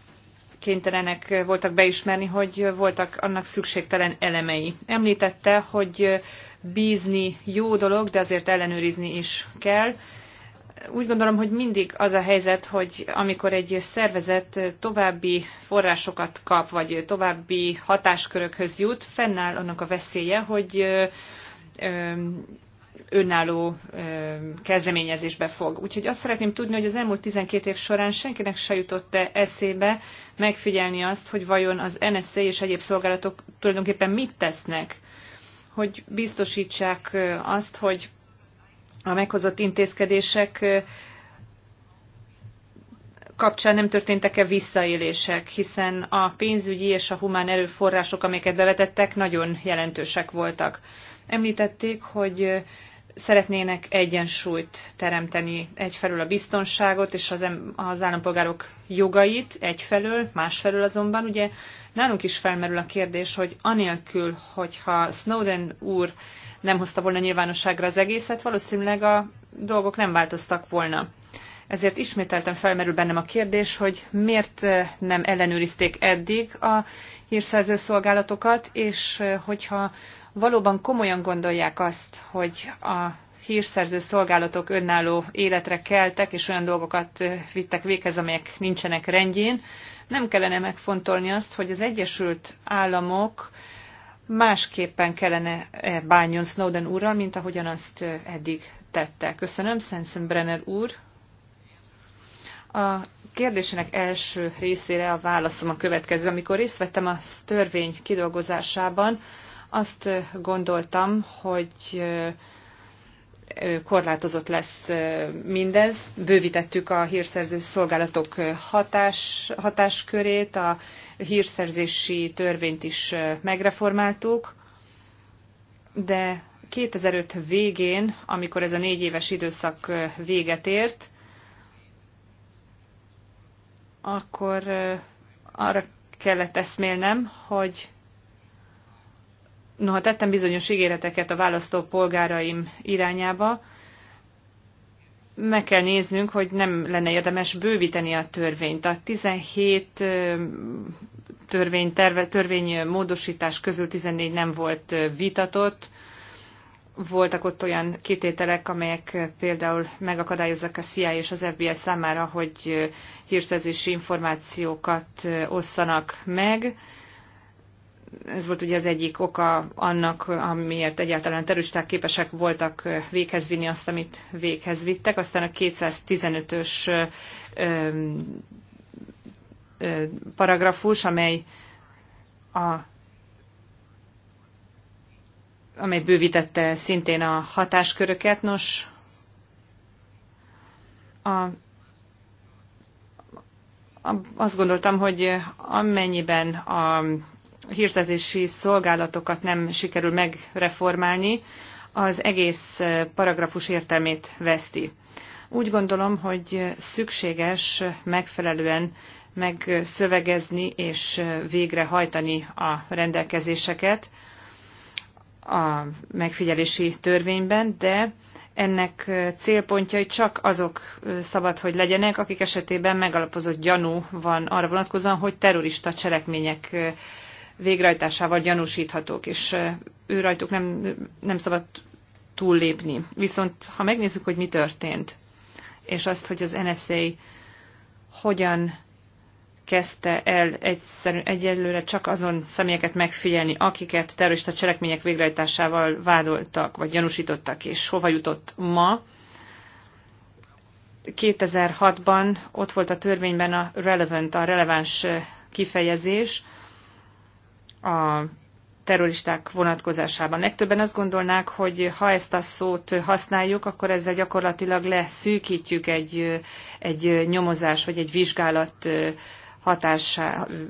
kénytelenek voltak beismerni, hogy voltak annak szükségtelen elemei. Említette, hogy bízni jó dolog, de azért ellenőrizni is kell úgy gondolom, hogy mindig az a helyzet, hogy amikor egy szervezet további forrásokat kap, vagy további hatáskörökhöz jut, fennáll annak a veszélye, hogy önálló kezdeményezésbe fog. Úgyhogy azt szeretném tudni, hogy az elmúlt 12 év során senkinek se jutott -e eszébe megfigyelni azt, hogy vajon az NSZ és egyéb szolgálatok tulajdonképpen mit tesznek, hogy biztosítsák azt, hogy a meghozott intézkedések kapcsán nem történtek-e visszaélések, hiszen a pénzügyi és a humán erőforrások, amiket bevetettek, nagyon jelentősek voltak. Említették, hogy szeretnének egyensúlyt teremteni egyfelől a biztonságot és az, az állampolgárok jogait egyfelől, másfelől azonban ugye nálunk is felmerül a kérdés, hogy anélkül, hogyha Snowden úr nem hozta volna nyilvánosságra az egészet, valószínűleg a dolgok nem változtak volna. Ezért ismételten felmerül bennem a kérdés, hogy miért eh, nem ellenőrizték eddig a hírszerző szolgálatokat, és eh, hogyha valóban komolyan gondolják azt, hogy a hírszerző szolgálatok önálló életre keltek, és olyan dolgokat eh, vittek véghez, amelyek nincsenek rendjén, nem kellene megfontolni azt, hogy az Egyesült Államok másképpen kellene eh, bánjon Snowden úrral, mint ahogyan azt eh, eddig tette. Köszönöm, Sensenbrenner úr. A kérdésének első részére a válaszom a következő. Amikor részt vettem a törvény kidolgozásában, azt eh, gondoltam, hogy korlátozott lesz mindez. Bővítettük a hírszerző szolgálatok hatás, hatáskörét, a hírszerzési törvényt is megreformáltuk, de 2005 végén, amikor ez a négy éves időszak véget ért, akkor arra kellett eszmélnem, hogy Noha tettem bizonyos ígéreteket a választó polgáraim irányába, meg kell néznünk, hogy nem lenne érdemes bővíteni a törvényt. A 17 törvény, terve, törvény módosítás közül 14 nem volt vitatott. Voltak ott olyan kitételek, amelyek például megakadályozzák a CIA és az FBI számára, hogy hírszerzési információkat osszanak meg ez volt ugye az egyik oka annak, amiért egyáltalán terüsták képesek voltak véghez vinni azt, amit véghez vittek. Aztán a 215-ös paragrafus, amely a amely bővítette szintén a hatásköröket. Nos, a azt gondoltam, hogy amennyiben a hírszerzési szolgálatokat nem sikerül megreformálni, az egész paragrafus értelmét veszti. Úgy gondolom, hogy szükséges megfelelően megszövegezni és végrehajtani a rendelkezéseket a megfigyelési törvényben, de ennek célpontjai csak azok szabad, hogy legyenek, akik esetében megalapozott gyanú van arra vonatkozóan, hogy terrorista cselekmények végrehajtásával gyanúsíthatók, és ő rajtuk nem, nem szabad túllépni. Viszont ha megnézzük, hogy mi történt, és azt, hogy az NSA hogyan kezdte el egyszerű, egyelőre csak azon személyeket megfigyelni, akiket terrorista cselekmények végrehajtásával vádoltak, vagy gyanúsítottak, és hova jutott ma. 2006-ban ott volt a törvényben a relevant, a releváns kifejezés, a terroristák vonatkozásában. Legtöbben azt gondolnák, hogy ha ezt a szót használjuk, akkor ezzel gyakorlatilag leszűkítjük egy, egy nyomozás vagy egy vizsgálat hatás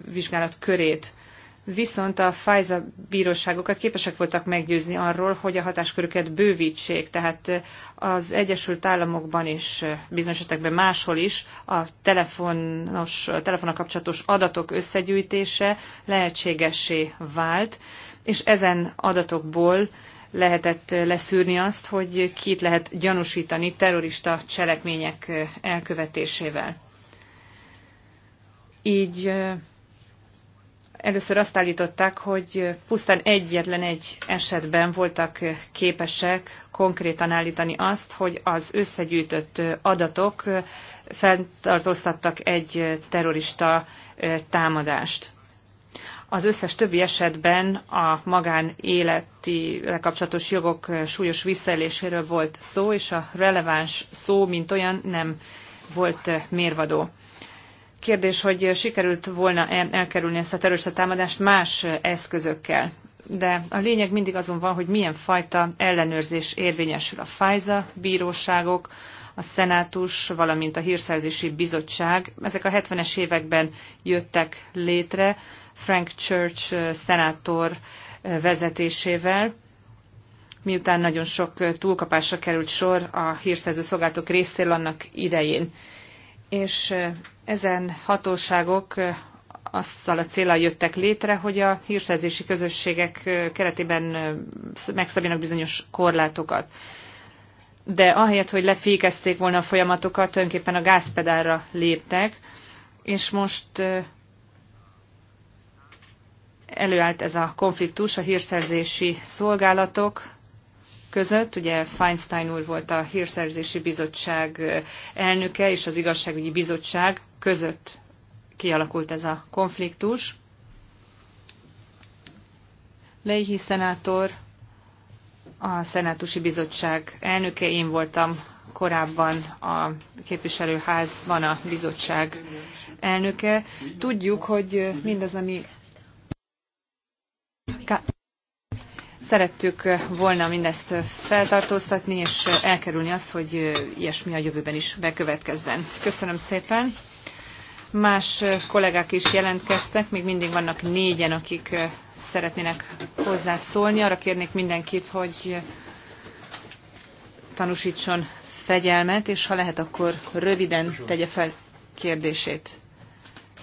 vizsgálat körét viszont a Pfizer bíróságokat képesek voltak meggyőzni arról, hogy a hatáskörüket bővítsék, tehát az Egyesült Államokban is, bizonyos esetekben máshol is a telefonos, telefonnal kapcsolatos adatok összegyűjtése lehetségessé vált, és ezen adatokból lehetett leszűrni azt, hogy kit lehet gyanúsítani terrorista cselekmények elkövetésével. Így Először azt állították, hogy pusztán egyetlen egy esetben voltak képesek konkrétan állítani azt, hogy az összegyűjtött adatok feltartóztattak egy terrorista támadást. Az összes többi esetben a magánéleti kapcsolatos jogok súlyos visszaéléséről volt szó, és a releváns szó, mint olyan, nem volt mérvadó. Kérdés, hogy sikerült volna -e elkerülni ezt a terrorista támadást más eszközökkel. De a lényeg mindig azon van, hogy milyen fajta ellenőrzés érvényesül a FISA, bíróságok, a szenátus, valamint a hírszerzési bizottság. Ezek a 70-es években jöttek létre Frank Church szenátor vezetésével, miután nagyon sok túlkapásra került sor a hírszerző szolgálatok részéről annak idején és ezen hatóságok azzal a célral jöttek létre, hogy a hírszerzési közösségek keretében megszabjanak bizonyos korlátokat. De ahelyett, hogy lefékezték volna a folyamatokat, tulajdonképpen a gázpedálra léptek, és most előállt ez a konfliktus a hírszerzési szolgálatok között. Ugye Feinstein úr volt a Hírszerzési Bizottság elnöke, és az Igazságügyi Bizottság között kialakult ez a konfliktus. Leihi szenátor, a Szenátusi Bizottság elnöke, én voltam korábban a képviselőházban a bizottság elnöke. Tudjuk, hogy mindaz, ami Szerettük volna mindezt feltartóztatni, és elkerülni azt, hogy ilyesmi a jövőben is bekövetkezzen. Köszönöm szépen. Más kollégák is jelentkeztek, még mindig vannak négyen, akik szeretnének hozzászólni. Arra kérnék mindenkit, hogy tanúsítson fegyelmet, és ha lehet, akkor röviden tegye fel kérdését.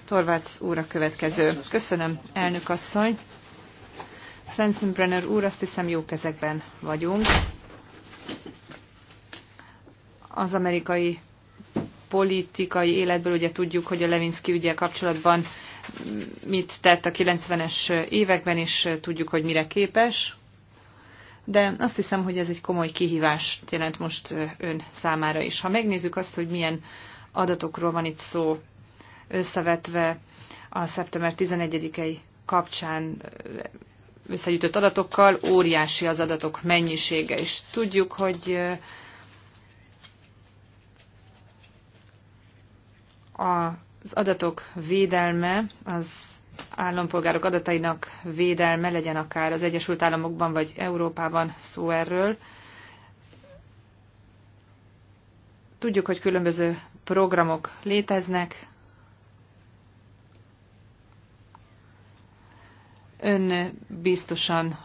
Torvács úr a következő. Köszönöm, elnök asszony. Sensenbrenner úr, azt hiszem jó kezekben vagyunk. Az amerikai politikai életből ugye tudjuk, hogy a Levinsky ügyel kapcsolatban mit tett a 90-es években, és tudjuk, hogy mire képes. De azt hiszem, hogy ez egy komoly kihívást jelent most ön számára is. Ha megnézzük azt, hogy milyen adatokról van itt szó összevetve a szeptember 11-ei kapcsán összegyűjtött adatokkal, óriási az adatok mennyisége, és tudjuk, hogy az adatok védelme, az állampolgárok adatainak védelme legyen akár az Egyesült Államokban vagy Európában szó erről. Tudjuk, hogy különböző programok léteznek, Ön biztosan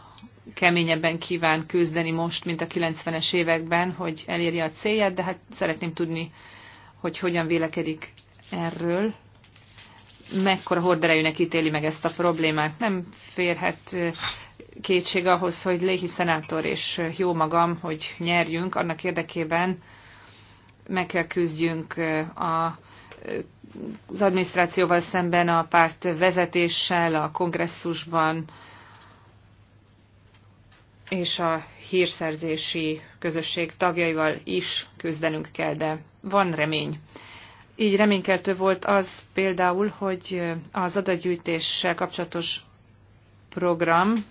keményebben kíván küzdeni most, mint a 90-es években, hogy elérje a célját, de hát szeretném tudni, hogy hogyan vélekedik erről. Mekkora horderejűnek ítéli meg ezt a problémát? Nem férhet kétség ahhoz, hogy Léhi szenátor és jó magam, hogy nyerjünk, annak érdekében meg kell küzdjünk a az adminisztrációval szemben, a párt vezetéssel, a kongresszusban és a hírszerzési közösség tagjaival is küzdenünk kell, de van remény. Így reménykeltő volt az például, hogy az adatgyűjtéssel kapcsolatos program,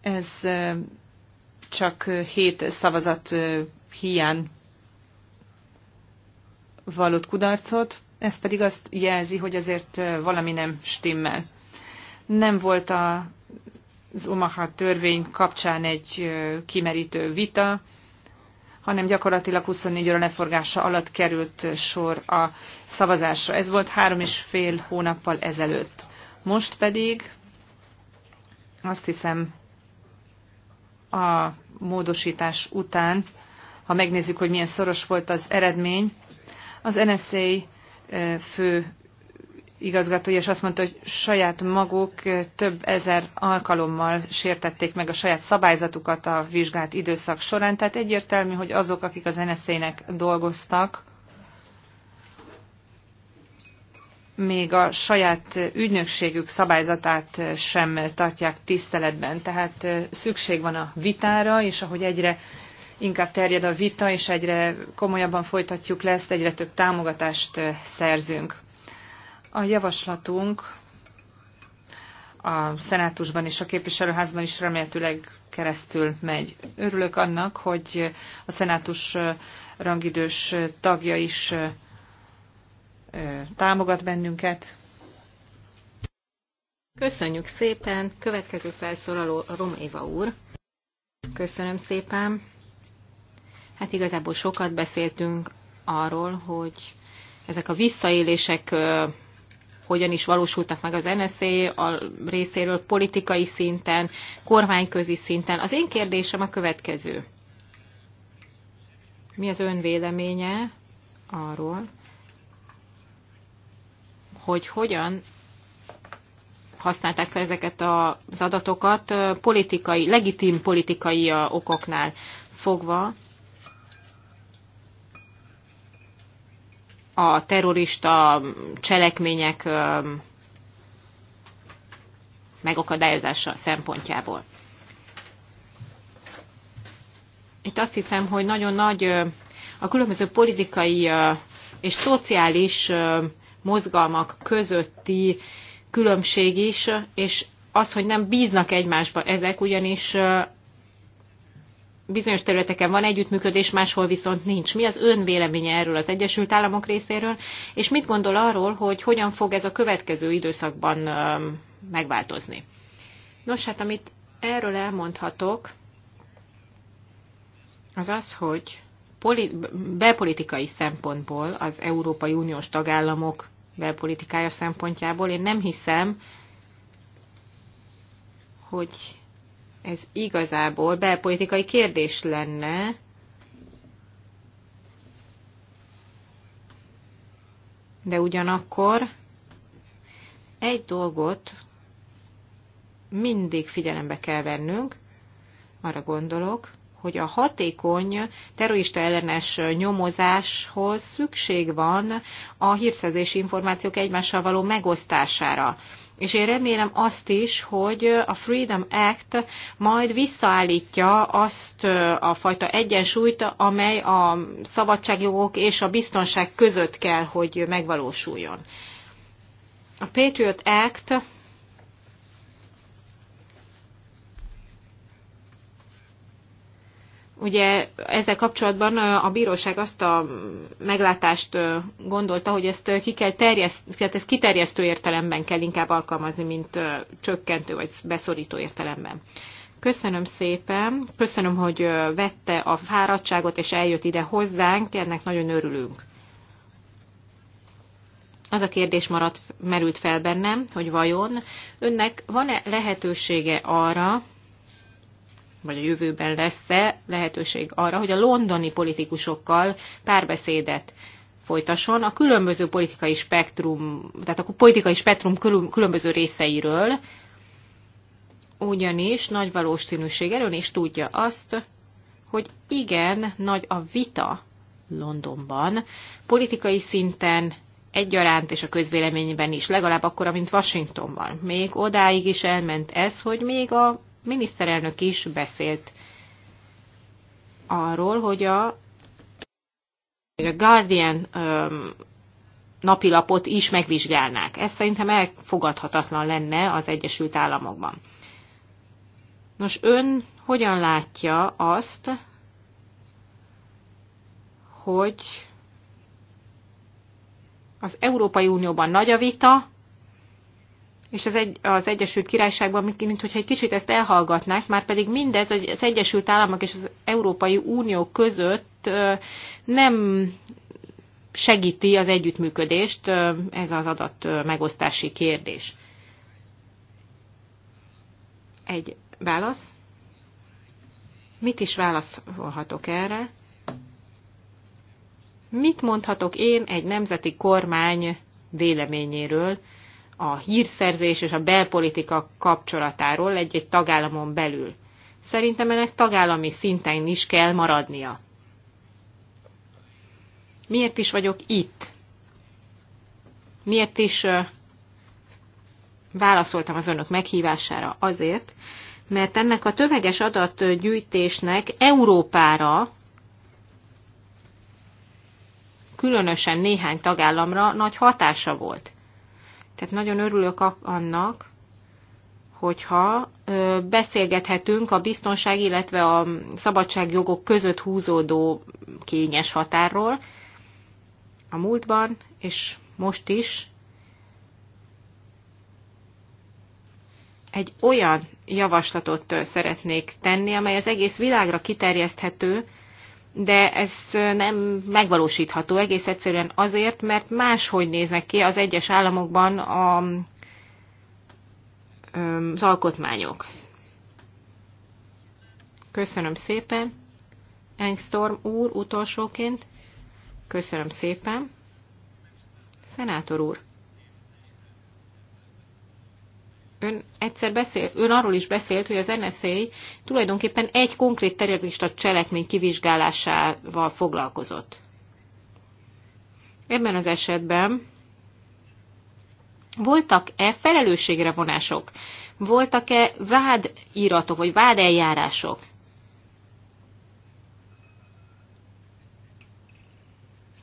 ez csak hét szavazat hiány vallott kudarcot, ez pedig azt jelzi, hogy azért valami nem stimmel. Nem volt a, az Omaha törvény kapcsán egy kimerítő vita, hanem gyakorlatilag 24 óra leforgása alatt került sor a szavazásra. Ez volt három és fél hónappal ezelőtt. Most pedig azt hiszem a módosítás után, ha megnézzük, hogy milyen szoros volt az eredmény, az NSA eh, fő igazgatója, és azt mondta, hogy saját maguk eh, több ezer alkalommal sértették meg a saját szabályzatukat a vizsgált időszak során. Tehát egyértelmű, hogy azok, akik az NSZ-nek dolgoztak, még a saját ügynökségük szabályzatát eh, sem tartják tiszteletben. Tehát szükség van a vitára, és ahogy egyre inkább terjed a vita, és egyre komolyabban folytatjuk le ezt, egyre több támogatást szerzünk. A javaslatunk a szenátusban és a képviselőházban is remélhetőleg keresztül megy. Örülök annak, hogy a szenátus rangidős tagja is támogat bennünket. Köszönjük szépen. Következő felszólaló Roméva úr. Köszönöm szépen. Hát igazából sokat beszéltünk arról, hogy ezek a visszaélések hogyan is valósultak meg az NSZ a részéről politikai szinten, kormányközi szinten. Az én kérdésem a következő. Mi az ön véleménye arról, hogy hogyan használták fel ezeket az adatokat politikai, legitim politikai okoknál fogva, a terrorista cselekmények megakadályozása szempontjából. Itt azt hiszem, hogy nagyon nagy a különböző politikai és szociális mozgalmak közötti különbség is, és az, hogy nem bíznak egymásba ezek, ugyanis bizonyos területeken van együttműködés, máshol viszont nincs. Mi az ön véleménye erről az Egyesült Államok részéről, és mit gondol arról, hogy hogyan fog ez a következő időszakban megváltozni? Nos, hát amit erről elmondhatok, az az, hogy belpolitikai szempontból az Európai Uniós tagállamok belpolitikája szempontjából én nem hiszem, hogy ez igazából belpolitikai kérdés lenne, de ugyanakkor egy dolgot mindig figyelembe kell vennünk, arra gondolok, hogy a hatékony terrorista ellenes nyomozáshoz szükség van a hírszerzési információk egymással való megosztására. És én remélem azt is, hogy a Freedom Act majd visszaállítja azt a fajta egyensúlyt, amely a szabadságjogok és a biztonság között kell, hogy megvalósuljon. A Patriot Act Ugye ezzel kapcsolatban a bíróság azt a meglátást gondolta, hogy ezt, ki kell terjeszt, tehát ezt kiterjesztő értelemben kell inkább alkalmazni, mint csökkentő vagy beszorító értelemben. Köszönöm szépen, köszönöm, hogy vette a fáradtságot és eljött ide hozzánk, ennek nagyon örülünk. Az a kérdés maradt, merült fel bennem, hogy vajon önnek van-e lehetősége arra, vagy a jövőben lesz-e lehetőség arra, hogy a londoni politikusokkal párbeszédet folytasson a különböző politikai spektrum, tehát a politikai spektrum különböző részeiről, ugyanis nagy valószínűséggel ön is tudja azt, hogy igen, nagy a vita Londonban, politikai szinten egyaránt és a közvéleményben is, legalább akkor, mint Washingtonban. Még odáig is elment ez, hogy még a miniszterelnök is beszélt arról, hogy a, Guardian napilapot is megvizsgálnák. Ez szerintem elfogadhatatlan lenne az Egyesült Államokban. Nos, ön hogyan látja azt, hogy az Európai Unióban nagy a vita, és az, egy, az Egyesült Királyságban, mint hogyha egy kicsit ezt elhallgatnák, már pedig mindez az Egyesült Államok és az Európai Unió között nem segíti az együttműködést, ez az adat megosztási kérdés. Egy válasz. Mit is válaszolhatok erre? Mit mondhatok én egy nemzeti kormány véleményéről, a hírszerzés és a belpolitika kapcsolatáról egy-egy tagállamon belül. Szerintem ennek tagállami szinten is kell maradnia. Miért is vagyok itt? Miért is válaszoltam az önök meghívására? Azért, mert ennek a töveges adatgyűjtésnek Európára, különösen néhány tagállamra nagy hatása volt. Tehát nagyon örülök annak, hogyha beszélgethetünk a biztonság, illetve a szabadságjogok között húzódó kényes határról. A múltban és most is egy olyan javaslatot szeretnék tenni, amely az egész világra kiterjeszthető, de ez nem megvalósítható egész egyszerűen azért, mert máshogy néznek ki az egyes államokban a, az alkotmányok. Köszönöm szépen. Engstorm úr utolsóként. Köszönöm szépen. Szenátor úr. ön egyszer beszél, ön arról is beszélt, hogy az NSA tulajdonképpen egy konkrét terrorista cselekmény kivizsgálásával foglalkozott. Ebben az esetben voltak-e felelősségre vonások? Voltak-e vádíratok, vagy vádeljárások?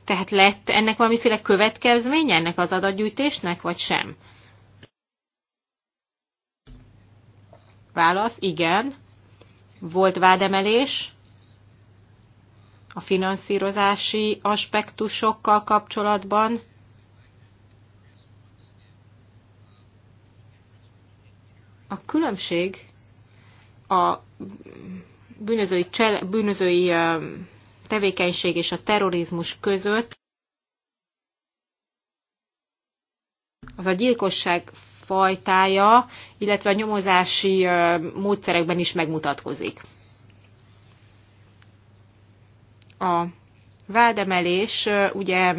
Tehát lett ennek valamiféle következménye ennek az adatgyűjtésnek, vagy sem? Válasz, igen. Volt vádemelés a finanszírozási aspektusokkal kapcsolatban. A különbség a bűnözői, csele, bűnözői tevékenység és a terrorizmus között az a gyilkosság fajtája, illetve a nyomozási módszerekben is megmutatkozik. A vádemelés ugye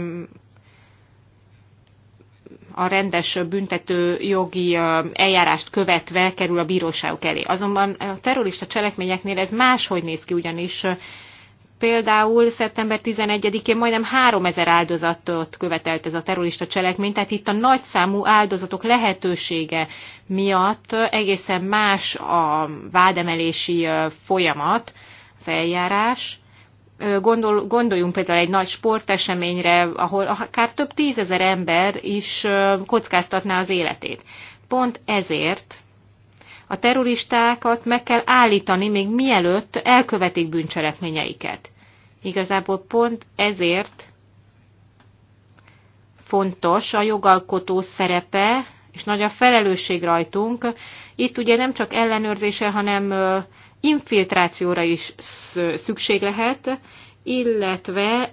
a rendes büntető jogi eljárást követve kerül a bíróságok elé. Azonban a terrorista cselekményeknél ez máshogy néz ki, ugyanis például szeptember 11-én majdnem 3000 áldozatot követelt ez a terrorista cselekmény, tehát itt a nagyszámú áldozatok lehetősége miatt egészen más a vádemelési folyamat, az eljárás. Gondol, gondoljunk például egy nagy sporteseményre, ahol akár több tízezer ember is kockáztatná az életét. Pont ezért a terroristákat meg kell állítani, még mielőtt elkövetik bűncselekményeiket. Igazából pont ezért fontos a jogalkotó szerepe, és nagy a felelősség rajtunk. Itt ugye nem csak ellenőrzése, hanem infiltrációra is szükség lehet, illetve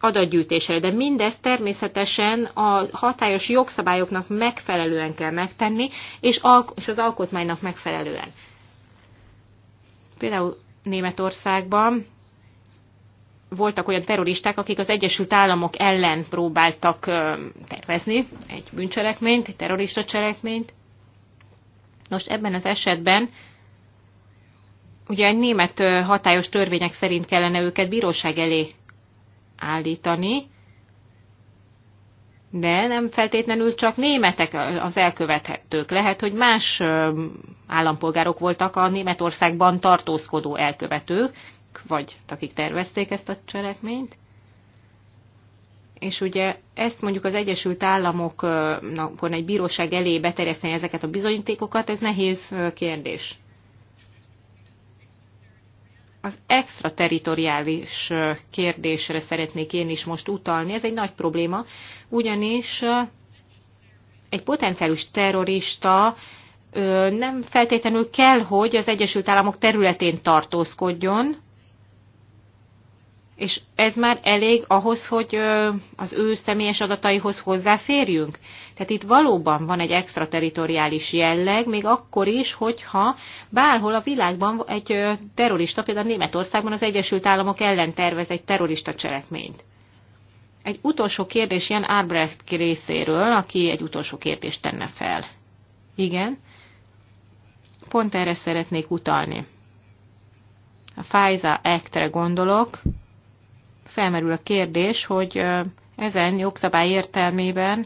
adatgyűjtésre, de mindezt természetesen a hatályos jogszabályoknak megfelelően kell megtenni, és, és az alkotmánynak megfelelően. Például Németországban voltak olyan terroristák, akik az Egyesült Államok ellen próbáltak tervezni egy bűncselekményt, egy terrorista cselekményt. Most ebben az esetben ugye egy német hatályos törvények szerint kellene őket bíróság elé állítani, de nem feltétlenül csak németek az elkövethetők. Lehet, hogy más állampolgárok voltak a Németországban tartózkodó elkövetők, vagy akik tervezték ezt a cselekményt. És ugye ezt mondjuk az Egyesült Államokon egy bíróság elé beterjeszteni ezeket a bizonyítékokat, ez nehéz kérdés. Az extrateritoriális kérdésre szeretnék én is most utalni. Ez egy nagy probléma, ugyanis egy potenciális terrorista nem feltétlenül kell, hogy az Egyesült Államok területén tartózkodjon, és ez már elég ahhoz, hogy az ő személyes adataihoz hozzáférjünk? Tehát itt valóban van egy extrateritoriális jelleg, még akkor is, hogyha bárhol a világban egy terrorista, például Németországban az Egyesült Államok ellen tervez egy terrorista cselekményt. Egy utolsó kérdés ilyen Arbrecht részéről, aki egy utolsó kérdést tenne fel. Igen? Pont erre szeretnék utalni. A FISA Act-re gondolok, felmerül a kérdés, hogy ezen jogszabály értelmében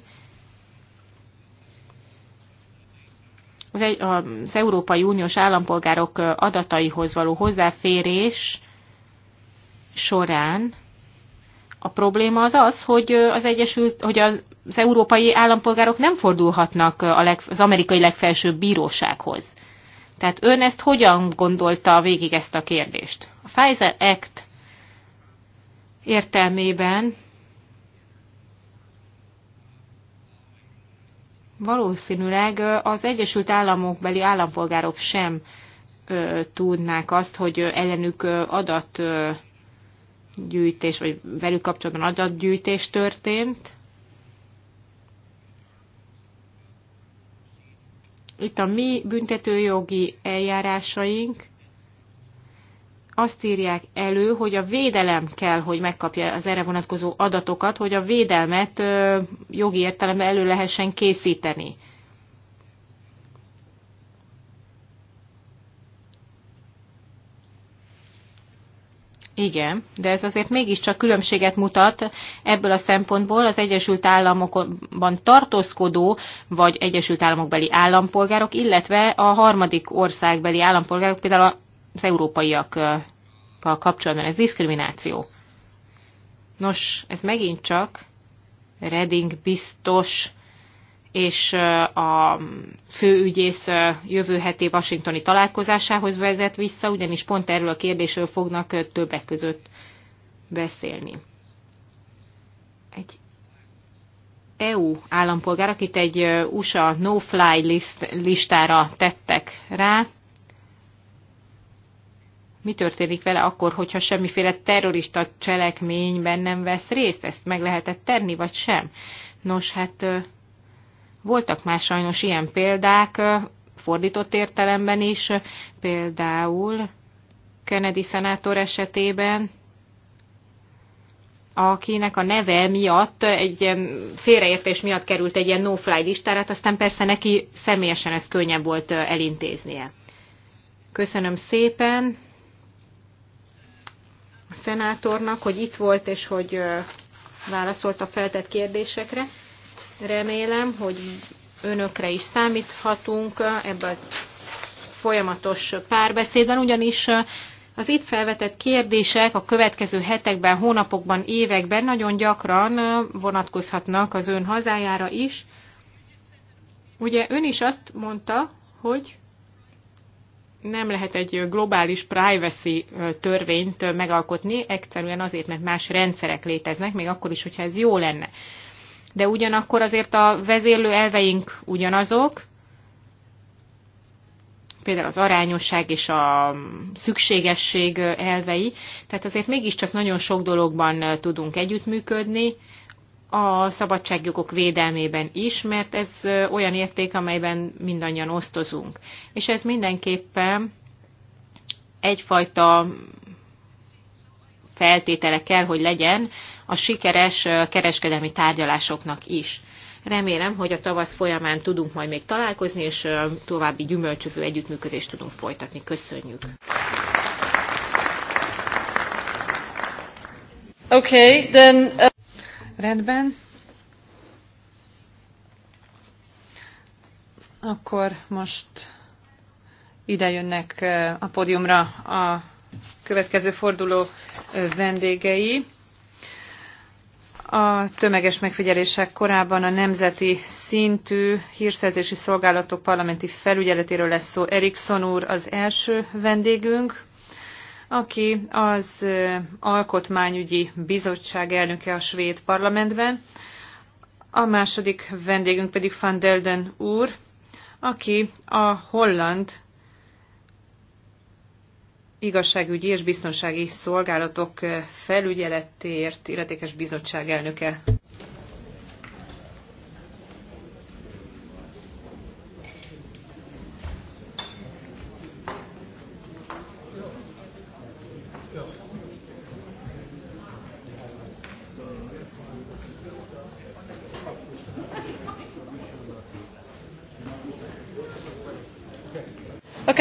az, egy, az Európai Uniós állampolgárok adataihoz való hozzáférés során a probléma az az, hogy az Egyesült, hogy az európai állampolgárok nem fordulhatnak a leg, az amerikai legfelsőbb bírósághoz. Tehát ön ezt hogyan gondolta végig ezt a kérdést? A Pfizer Act értelmében valószínűleg az Egyesült Államok beli állampolgárok sem tudnák azt, hogy ellenük adatgyűjtés, vagy velük kapcsolatban adatgyűjtés történt. Itt a mi büntetőjogi eljárásaink azt írják elő, hogy a védelem kell, hogy megkapja az erre vonatkozó adatokat, hogy a védelmet jogi értelemben elő lehessen készíteni. Igen, de ez azért mégiscsak különbséget mutat ebből a szempontból az Egyesült Államokban tartózkodó vagy Egyesült Államokbeli állampolgárok, illetve a harmadik országbeli állampolgárok, például az európaiakkal kapcsolatban. Ez diszkrimináció. Nos, ez megint csak Reding biztos és a főügyész jövő heti washingtoni találkozásához vezet vissza, ugyanis pont erről a kérdésről fognak többek között beszélni. Egy EU állampolgár, akit egy USA no-fly list, listára tettek rá, mi történik vele akkor, hogyha semmiféle terrorista cselekményben nem vesz részt? Ezt meg lehetett tenni, vagy sem? Nos, hát voltak már sajnos ilyen példák, fordított értelemben is, például Kennedy szenátor esetében, akinek a neve miatt, egy ilyen félreértés miatt került egy ilyen no-fly listára, hát aztán persze neki személyesen ez könnyebb volt elintéznie. Köszönöm szépen! a szenátornak, hogy itt volt és hogy válaszolt a feltett kérdésekre. Remélem, hogy önökre is számíthatunk ebben a folyamatos párbeszédben, ugyanis az itt felvetett kérdések a következő hetekben, hónapokban, években nagyon gyakran vonatkozhatnak az ön hazájára is. Ugye ön is azt mondta, hogy nem lehet egy globális privacy törvényt megalkotni, egyszerűen azért, mert más rendszerek léteznek, még akkor is, hogyha ez jó lenne. De ugyanakkor azért a vezérlő elveink ugyanazok, például az arányosság és a szükségesség elvei, tehát azért mégiscsak nagyon sok dologban tudunk együttműködni, a szabadságjogok védelmében is, mert ez olyan érték, amelyben mindannyian osztozunk. És ez mindenképpen egyfajta feltétele kell, hogy legyen a sikeres kereskedelmi tárgyalásoknak is. Remélem, hogy a tavasz folyamán tudunk majd még találkozni, és további gyümölcsöző együttműködést tudunk folytatni. Köszönjük! Okay, then, uh... Rendben. Akkor most ide jönnek a pódiumra a következő forduló vendégei. A tömeges megfigyelések korában a nemzeti szintű hírszerzési szolgálatok parlamenti felügyeletéről lesz szó. Erikson úr az első vendégünk aki az Alkotmányügyi Bizottság elnöke a svéd parlamentben, a második vendégünk pedig Van Delden úr, aki a holland igazságügyi és biztonsági szolgálatok felügyeletért illetékes bizottság elnöke.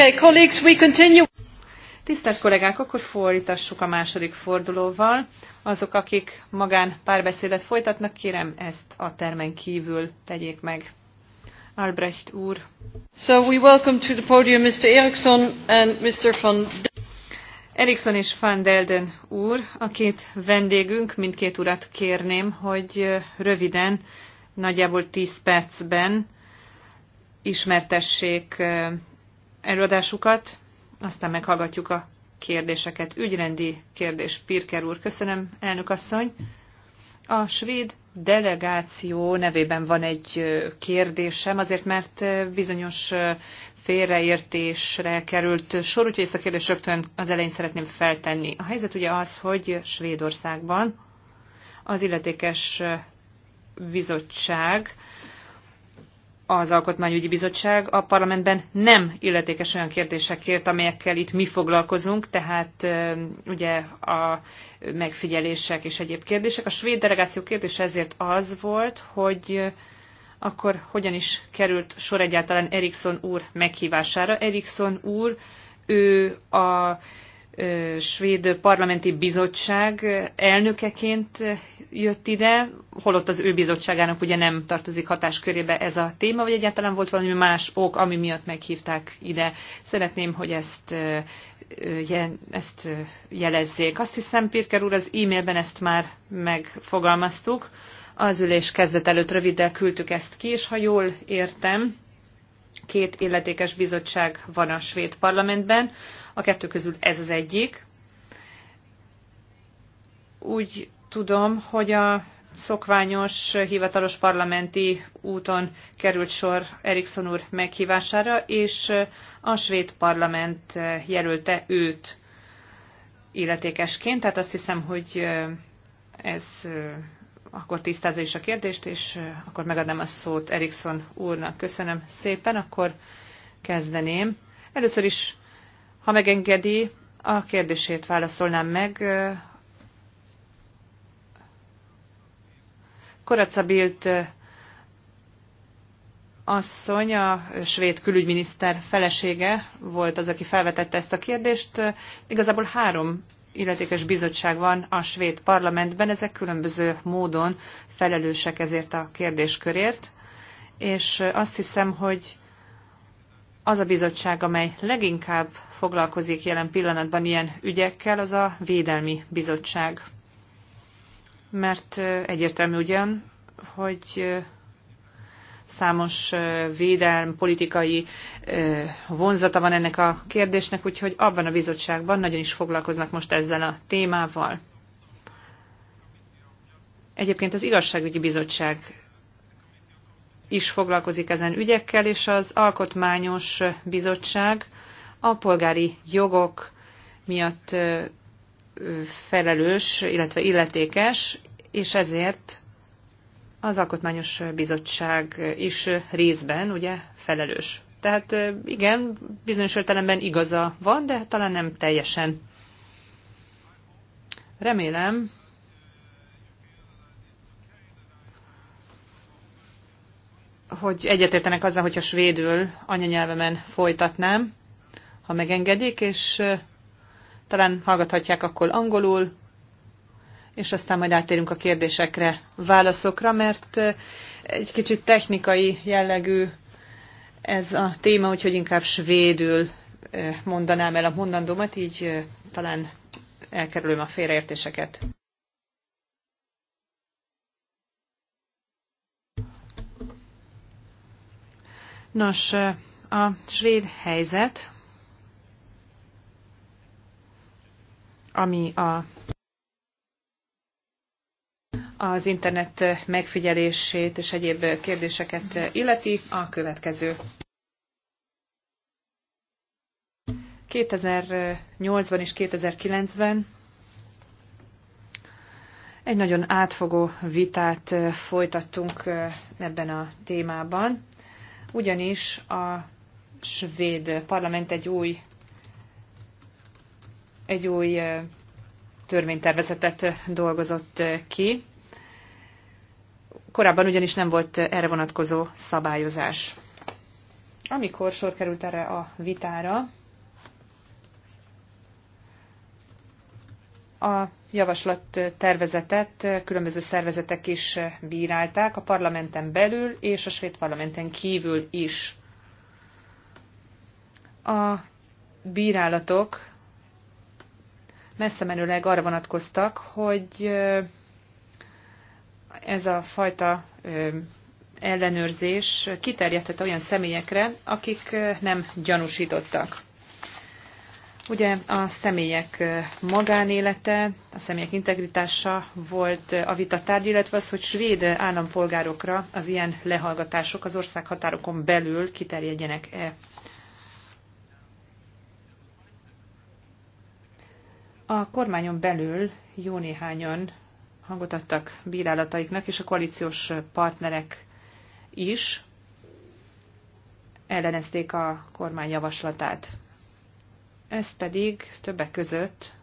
Okay, colleagues, we continue. Tisztelt kollégák, akkor folytassuk a második fordulóval. Azok, akik magán párbeszédet folytatnak, kérem ezt a termen kívül tegyék meg. Albrecht úr. So we welcome to the podium Mr. Eriksson and Mr. van Eriksson és van Delden úr, a két vendégünk, mindkét urat kérném, hogy röviden, nagyjából 10 percben ismertessék előadásukat, aztán meghallgatjuk a kérdéseket. Ügyrendi kérdés, Pirker úr. Köszönöm, elnök asszony. A svéd delegáció nevében van egy kérdésem, azért mert bizonyos félreértésre került sor, úgyhogy ezt a kérdést rögtön az elején szeretném feltenni. A helyzet ugye az, hogy Svédországban az illetékes bizottság az Alkotmányügyi Bizottság a parlamentben nem illetékes olyan kérdésekért, amelyekkel itt mi foglalkozunk, tehát ugye a megfigyelések és egyéb kérdések. A svéd delegáció kérdése ezért az volt, hogy akkor hogyan is került sor egyáltalán Erikson úr meghívására. Erikson úr, ő a svéd parlamenti bizottság elnökeként jött ide, holott az ő bizottságának ugye nem tartozik hatáskörébe ez a téma, vagy egyáltalán volt valami más ok, ami miatt meghívták ide. Szeretném, hogy ezt, ezt jelezzék. Azt hiszem, Pirker úr, az e-mailben ezt már megfogalmaztuk. Az ülés kezdet előtt röviddel küldtük ezt ki, és ha jól értem, két illetékes bizottság van a svéd parlamentben, a kettő közül ez az egyik. Úgy tudom, hogy a szokványos hivatalos parlamenti úton került sor Eriksson úr meghívására, és a svéd parlament jelölte őt illetékesként, tehát azt hiszem, hogy ez akkor tisztázza is a kérdést, és akkor megadnám a szót Erikson úrnak. Köszönöm szépen, akkor kezdeném. Először is, ha megengedi, a kérdését válaszolnám meg. Koracabilt asszony, a svéd külügyminiszter felesége volt az, aki felvetette ezt a kérdést. Igazából három illetékes bizottság van a svéd parlamentben, ezek különböző módon felelősek ezért a kérdéskörért, és azt hiszem, hogy az a bizottság, amely leginkább foglalkozik jelen pillanatban ilyen ügyekkel, az a Védelmi Bizottság. Mert egyértelmű ugyan, hogy számos védelm, politikai vonzata van ennek a kérdésnek, úgyhogy abban a bizottságban nagyon is foglalkoznak most ezzel a témával. Egyébként az igazságügyi bizottság is foglalkozik ezen ügyekkel, és az alkotmányos bizottság a polgári jogok miatt felelős, illetve illetékes, és ezért az Alkotmányos Bizottság is részben ugye felelős. Tehát igen, bizonyos értelemben igaza van, de talán nem teljesen. Remélem, hogy egyetértenek azzal, hogyha svédül anyanyelvemen folytatnám, ha megengedik, és talán hallgathatják akkor angolul, és aztán majd átérünk a kérdésekre, válaszokra, mert egy kicsit technikai jellegű ez a téma, úgyhogy inkább svédül mondanám el a mondandómat, így talán elkerülöm a félreértéseket. Nos, a svéd helyzet, ami a az internet megfigyelését és egyéb kérdéseket illeti, a következő. 2008-ban és 2009-ben egy nagyon átfogó vitát folytattunk ebben a témában, ugyanis a svéd parlament egy új, egy új törvénytervezetet dolgozott ki, Korábban ugyanis nem volt erre vonatkozó szabályozás. Amikor sor került erre a vitára, a javaslat tervezetet különböző szervezetek is bírálták, a parlamenten belül és a svéd parlamenten kívül is. A bírálatok messze menőleg arra vonatkoztak, hogy ez a fajta ellenőrzés kiterjedhet olyan személyekre, akik nem gyanúsítottak. Ugye a személyek magánélete, a személyek integritása volt a vita tárgy, illetve az, hogy svéd állampolgárokra az ilyen lehallgatások az ország határokon belül kiterjedjenek-e. A kormányon belül jó néhányan hangot adtak bírálataiknak, és a koalíciós partnerek is ellenezték a kormány javaslatát. Ez pedig többek között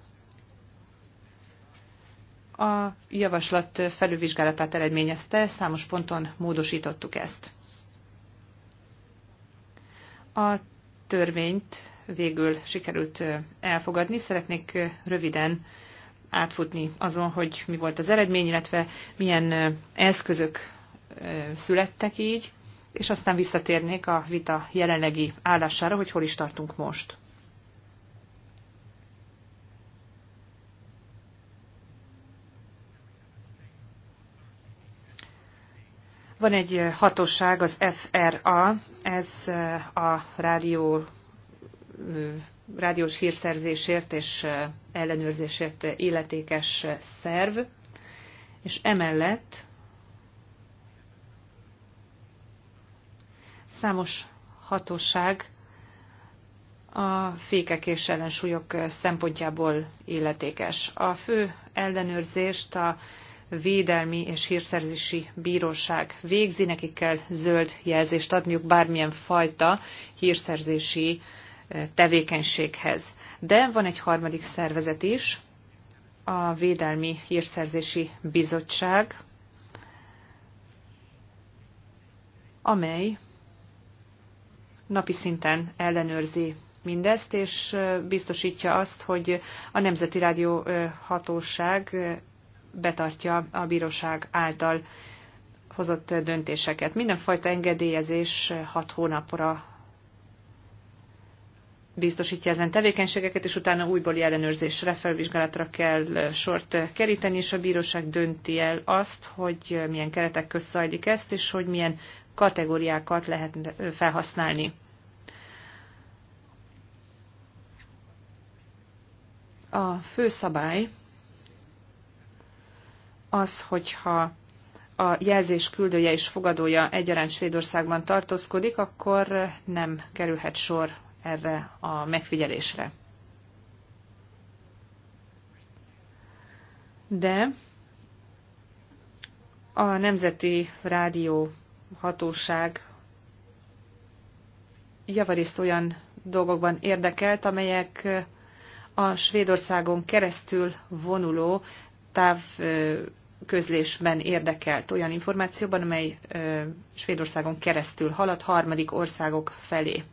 a javaslat felülvizsgálatát eredményezte, számos ponton módosítottuk ezt. A törvényt végül sikerült elfogadni. Szeretnék röviden átfutni azon, hogy mi volt az eredmény, illetve milyen eszközök születtek így, és aztán visszatérnék a vita jelenlegi állására, hogy hol is tartunk most. Van egy hatóság, az FRA, ez a rádió rádiós hírszerzésért és ellenőrzésért életékes szerv, és emellett számos hatóság a fékek és ellensúlyok szempontjából életékes. A fő ellenőrzést a Védelmi és Hírszerzési Bíróság végzi, nekik kell zöld jelzést adniuk bármilyen fajta hírszerzési tevékenységhez. De van egy harmadik szervezet is, a Védelmi Hírszerzési Bizottság, amely napi szinten ellenőrzi mindezt, és biztosítja azt, hogy a Nemzeti Rádió Hatóság betartja a bíróság által hozott döntéseket. Mindenfajta engedélyezés hat hónapra biztosítja ezen tevékenységeket, és utána újbóli ellenőrzésre, felvizsgálatra kell sort keríteni, és a bíróság dönti el azt, hogy milyen keretek közt zajlik ezt, és hogy milyen kategóriákat lehet felhasználni. A fő szabály az, hogyha a jelzés küldője és fogadója egyaránt Svédországban tartózkodik, akkor nem kerülhet sor erre a megfigyelésre. De a Nemzeti Rádió Hatóság javarészt olyan dolgokban érdekelt, amelyek a Svédországon keresztül vonuló távközlésben érdekelt olyan információban, amely Svédországon keresztül halad harmadik országok felé.